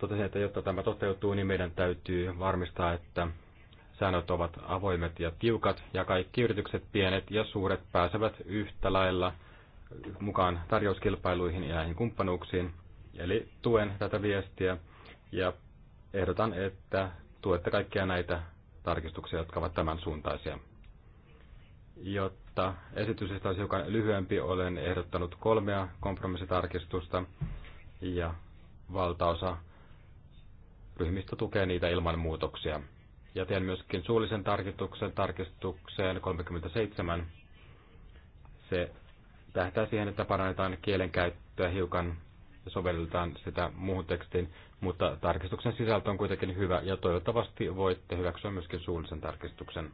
totesin, että jotta tämä toteutuu, niin meidän täytyy varmistaa, että säännöt ovat avoimet ja tiukat, ja kaikki yritykset, pienet ja suuret, pääsevät yhtä lailla mukaan tarjouskilpailuihin ja näihin kumppanuuksiin. Eli tuen tätä viestiä ja ehdotan, että tuette kaikkia näitä tarkistuksia, jotka ovat tämän suuntaisia. Jotta esityksestä olisi hiukan lyhyempi, olen ehdottanut kolmea kompromissitarkistusta ja valtaosa ryhmistä tukee niitä ilman muutoksia. Ja teen myöskin suullisen tarkistuksen tarkistukseen 37. Se tähtää siihen, että parannetaan kielenkäyttöä hiukan ja sovelletaan sitä muuhun tekstiin, mutta tarkistuksen sisältö on kuitenkin hyvä ja toivottavasti voitte hyväksyä myöskin suullisen tarkistuksen.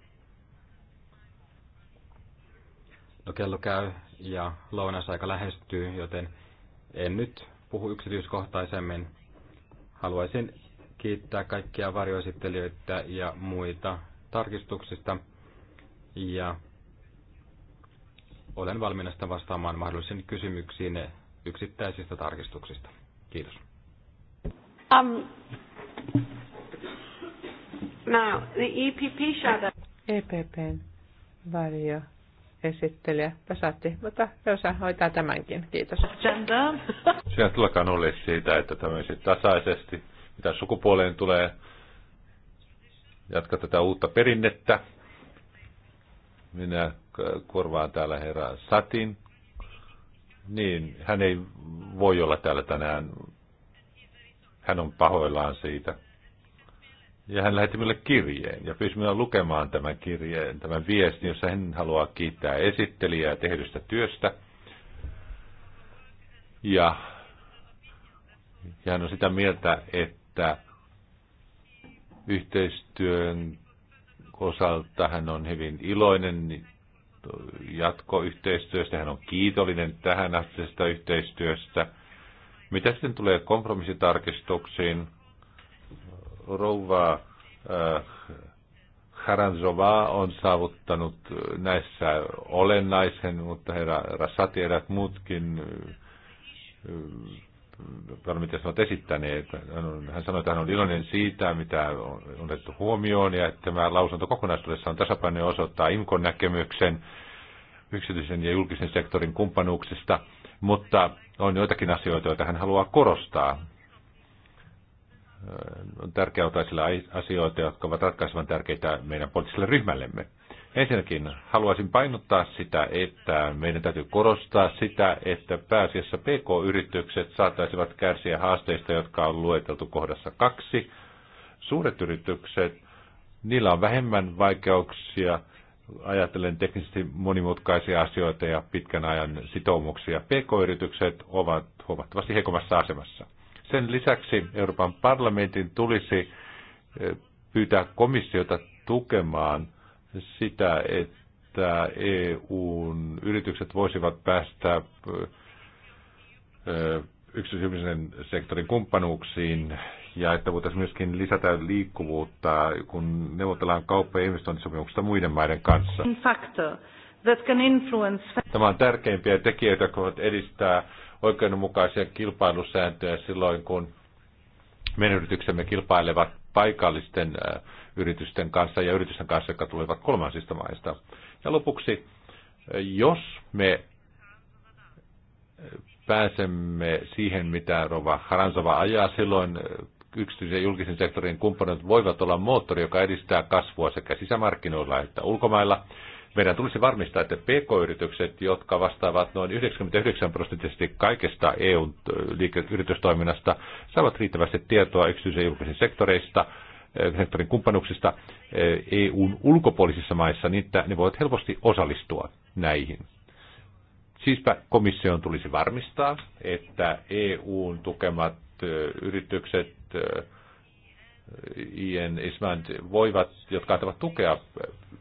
No kello käy ja lounasaika lähestyy, joten en nyt puhu yksityiskohtaisemmin. Haluaisin kiittää kaikkia varjoesittelijöitä ja muita tarkistuksista. Ja olen valmiina sitä vastaamaan mahdollisiin kysymyksiin yksittäisistä tarkistuksista. Kiitos. Um, now, the EPP shadow. EPPn varjo esittelijä. Pesatti, mutta Rosa hoitaa tämänkin. Kiitos. Gender. tulkaan ole siitä, että tämmöiset tasaisesti mitä sukupuoleen tulee, jatka tätä uutta perinnettä. Minä korvaan täällä herra Satin. Niin, hän ei voi olla täällä tänään. Hän on pahoillaan siitä. Ja hän lähetti minulle kirjeen ja pyysi minua lukemaan tämän kirjeen, tämän viestin, jossa hän haluaa kiittää esittelijää tehdystä työstä. Ja, ja hän on sitä mieltä, että että yhteistyön osalta hän on hyvin iloinen jatkoyhteistyöstä, hän on kiitollinen tähän astisesta yhteistyöstä. Mitä sitten tulee kompromissitarkistuksiin? Rouva äh, Haranzova on saavuttanut näissä olennaisen, mutta herra Rasati ja muutkin äh, ovat esittäneet. Hän sanoi, että hän on iloinen siitä, mitä on otettu huomioon, ja että tämä lausunto kokonaisuudessaan tasapaino osoittaa IMKon näkemyksen yksityisen ja julkisen sektorin kumppanuuksista, mutta on joitakin asioita, joita hän haluaa korostaa. On tärkeää ottaa asioita, jotka ovat ratkaisevan tärkeitä meidän poliittiselle ryhmällemme. Ensinnäkin haluaisin painottaa sitä, että meidän täytyy korostaa sitä, että pääasiassa PK-yritykset saattaisivat kärsiä haasteista, jotka on lueteltu kohdassa kaksi. Suuret yritykset, niillä on vähemmän vaikeuksia ajatellen teknisesti monimutkaisia asioita ja pitkän ajan sitoumuksia. PK-yritykset ovat huomattavasti heikommassa asemassa. Sen lisäksi Euroopan parlamentin tulisi eh, pyytää komissiota tukemaan – sitä, että EUn yritykset voisivat päästä yksityisen sektorin kumppanuuksiin ja että voitaisiin myöskin lisätä liikkuvuutta, kun neuvotellaan kauppa- ja investointisopimuksista muiden maiden kanssa. Uh, Tämä on tärkeimpiä tekijöitä, jotka voivat edistää oikeudenmukaisia kilpailusääntöjä silloin, kun meidän yrityksemme kilpailevat paikallisten yritysten kanssa ja yritysten kanssa, jotka tulevat kolmansista maista. Ja lopuksi, jos me pääsemme siihen, mitä Rova Haransova ajaa, silloin yksityisen ja julkisen sektorin kumppanit voivat olla moottori, joka edistää kasvua sekä sisämarkkinoilla että ulkomailla. Meidän tulisi varmistaa, että PK-yritykset, jotka vastaavat noin 99 prosenttisesti kaikesta EUn yritystoiminnasta, saavat riittävästi tietoa yksityisen ja julkisen sektoreista, Eh, sektorin kumppanuksista eh, EUn ulkopuolisissa maissa, niin että ne voivat helposti osallistua näihin. Siispä komission tulisi varmistaa, että EUn tukemat eh, yritykset Ian Island voivat, jotka antavat tukea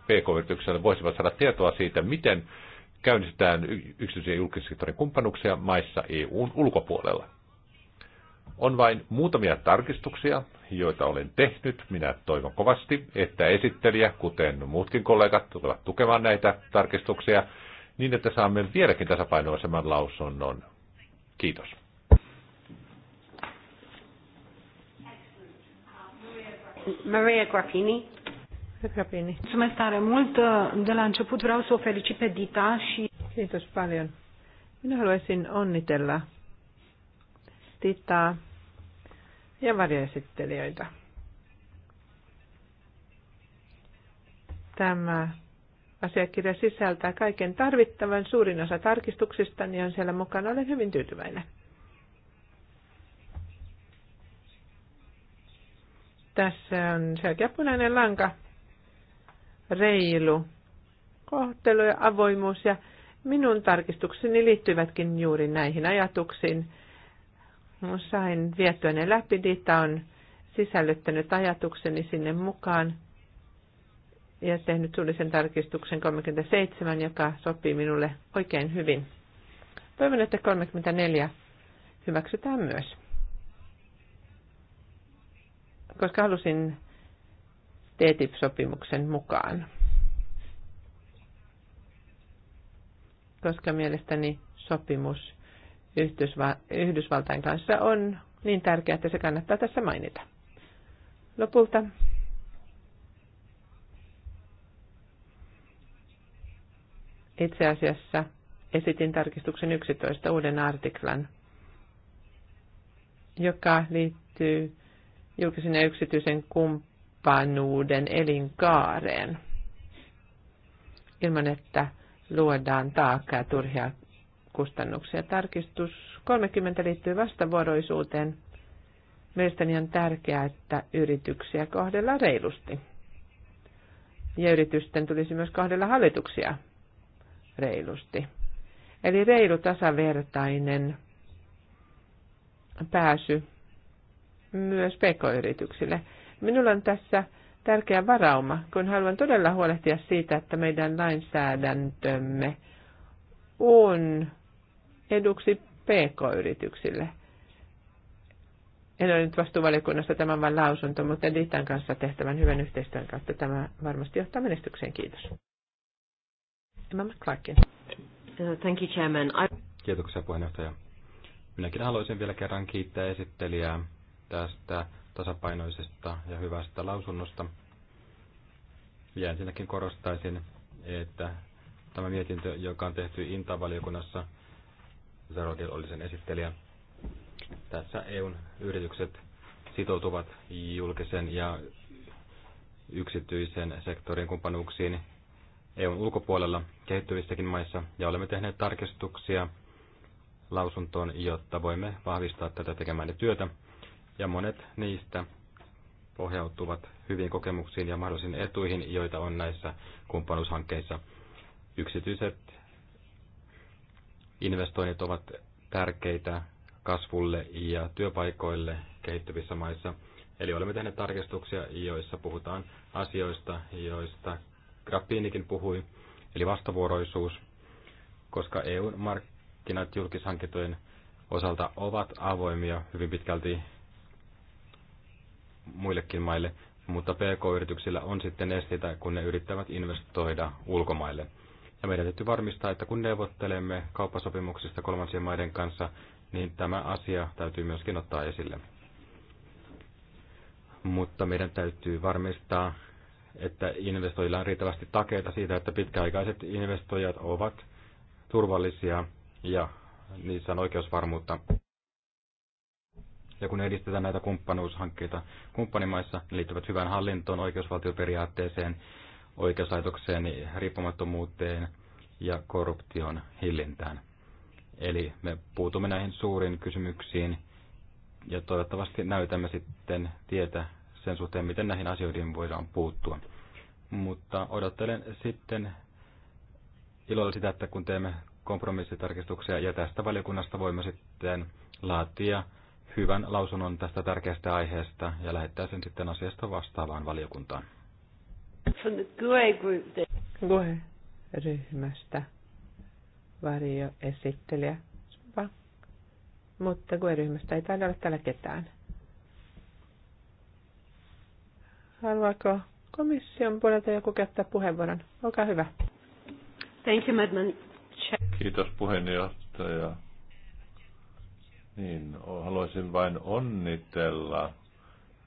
PK-yritykselle, voisivat saada tietoa siitä, miten käynnistetään yksityisen ja julkisen sektorin kumppanuksia maissa EUn ulkopuolella. On vain muutamia tarkistuksia, joita olen tehnyt. Minä toivon kovasti, että esittelijä, kuten muutkin kollegat, tulevat tukemaan näitä tarkistuksia niin, että saamme vieläkin tasapainoisemman lausunnon. Kiitos. Maria Grappini. Grappini. Mulțumesc tare mult. De început vreau să o felicit pe Dita și... Kiitos paljon. Minä haluaisin onnitella Titaa ja varjoesittelijöitä. Tämä asiakirja sisältää kaiken tarvittavan. Suurin osa tarkistuksista niin on siellä mukana. Olen hyvin tyytyväinen. Tässä on selkeä punainen lanka, reilu kohtelu ja avoimuus. Ja minun tarkistukseni liittyvätkin juuri näihin ajatuksiin – No, sain vietyä ne läpi. Dita on sisällyttänyt ajatukseni sinne mukaan ja tehnyt suullisen tarkistuksen 37, joka sopii minulle oikein hyvin. Toivon, että 34 hyväksytään myös. Koska halusin TTIP-sopimuksen mukaan. Koska mielestäni sopimus Yhdysvaltain kanssa on niin tärkeää, että se kannattaa tässä mainita. Lopulta itse asiassa esitin tarkistuksen 11 uuden artiklan, joka liittyy julkisen ja yksityisen kumppanuuden elinkaareen ilman, että luodaan taakkaa turhia kustannuksia. Tarkistus 30 liittyy vastavuoroisuuteen. Mielestäni on tärkeää, että yrityksiä kohdellaan reilusti. Ja yritysten tulisi myös kohdella hallituksia reilusti. Eli reilu tasavertainen pääsy myös pk-yrityksille. Minulla on tässä tärkeä varauma, kun haluan todella huolehtia siitä, että meidän lainsäädäntömme on eduksi PK-yrityksille. En ole nyt vastuuvaliokunnassa tämän vain lausunto, mutta Liitan kanssa tehtävän hyvän yhteistyön kautta tämä varmasti johtaa menestykseen. Kiitos. Emma McClarkin. Uh, thank you, Chairman. I... Kiitoksia puheenjohtaja. Minäkin haluaisin vielä kerran kiittää esittelijää tästä tasapainoisesta ja hyvästä lausunnosta. Ja ensinnäkin korostaisin, että tämä mietintö, joka on tehty Intavaliokunnassa, Zarodil oli sen esittelijä. Tässä EUn yritykset sitoutuvat julkisen ja yksityisen sektorin kumppanuuksiin EUn ulkopuolella kehittyvissäkin maissa, ja olemme tehneet tarkistuksia lausuntoon, jotta voimme vahvistaa tätä tekemään työtä, ja monet niistä pohjautuvat hyviin kokemuksiin ja mahdollisiin etuihin, joita on näissä kumppanuushankkeissa. Yksityiset investoinnit ovat tärkeitä kasvulle ja työpaikoille kehittyvissä maissa. Eli olemme tehneet tarkistuksia, joissa puhutaan asioista, joista Grappinikin puhui, eli vastavuoroisuus, koska EUn markkinat julkishankintojen osalta ovat avoimia hyvin pitkälti muillekin maille, mutta PK-yrityksillä on sitten esteitä, kun ne yrittävät investoida ulkomaille. Ja meidän täytyy varmistaa, että kun neuvottelemme kauppasopimuksista kolmansien maiden kanssa, niin tämä asia täytyy myöskin ottaa esille. Mutta meidän täytyy varmistaa, että investoijilla on riittävästi takeita siitä, että pitkäaikaiset investoijat ovat turvallisia ja niissä on oikeusvarmuutta. Ja kun edistetään näitä kumppanuushankkeita kumppanimaissa, ne liittyvät hyvään hallintoon, oikeusvaltioperiaatteeseen oikeuslaitokseen, riippumattomuuteen ja korruption hillintään. Eli me puutumme näihin suuriin kysymyksiin ja toivottavasti näytämme sitten tietä sen suhteen, miten näihin asioihin voidaan puuttua. Mutta odottelen sitten ilolla sitä, että kun teemme kompromissitarkistuksia ja tästä valiokunnasta voimme sitten laatia hyvän lausunnon tästä tärkeästä aiheesta ja lähettää sen sitten asiasta vastaavaan valiokuntaan. From the GUE group. GUE-ryhmästä Va. Mutta GUE-ryhmästä ei taida olla täällä ketään. Haluaako komission puolelta joku käyttää puheenvuoron? Olkaa hyvä. Thank you, Madam Kiitos puheenjohtaja. Niin, haluaisin vain onnitella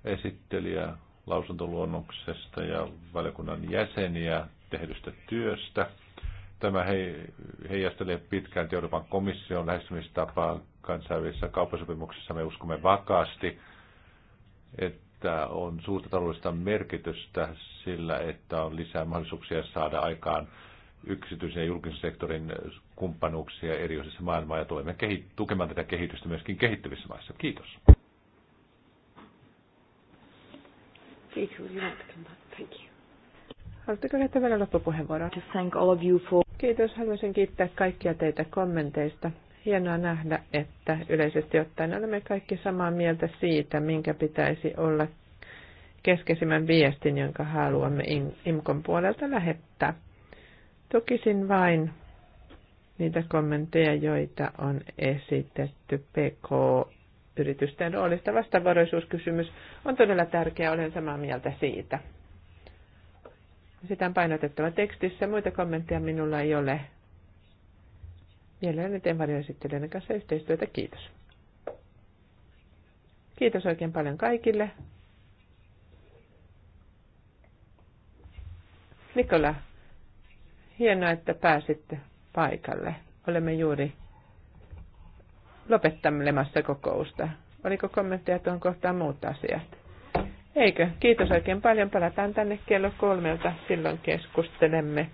esittelijä lausuntoluonnoksesta ja valiokunnan jäseniä tehdystä työstä. Tämä heijastelee pitkään Euroopan komission lähestymistapaa kansainvälisissä kauppasopimuksissa. Me uskomme vakaasti, että on suurta taloudellista merkitystä sillä, että on lisää mahdollisuuksia saada aikaan yksityisen ja julkisen sektorin kumppanuuksia eri osissa maailmaa ja tulemme tukemaan tätä kehitystä myöskin kehittyvissä maissa. Kiitos. Please, you like to come back? Thank you. Haluatteko käyttää vielä loppupuheenvuoroa? To thank all of you for... Kiitos, haluaisin kiittää kaikkia teitä kommenteista. Hienoa nähdä, että yleisesti ottaen olemme kaikki samaa mieltä siitä, minkä pitäisi olla keskeisimmän viestin, jonka haluamme IMKon puolelta lähettää. Tukisin vain niitä kommentteja, joita on esitetty PK yritysten roolista. vastavaroisuuskysymys on todella tärkeä, olen samaa mieltä siitä. Sitä on painotettava tekstissä. Muita kommentteja minulla ei ole. Mielelläni teen varjoesittelijöiden kanssa yhteistyötä. Kiitos. Kiitos oikein paljon kaikille. Nikola, hienoa, että pääsitte paikalle. Olemme juuri lopettamassa kokousta. Oliko kommentteja tuohon kohtaan muut asiat? Eikö? Kiitos oikein paljon. Palataan tänne kello kolmelta. Silloin keskustelemme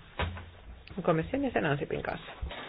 komission sen Ansipin kanssa.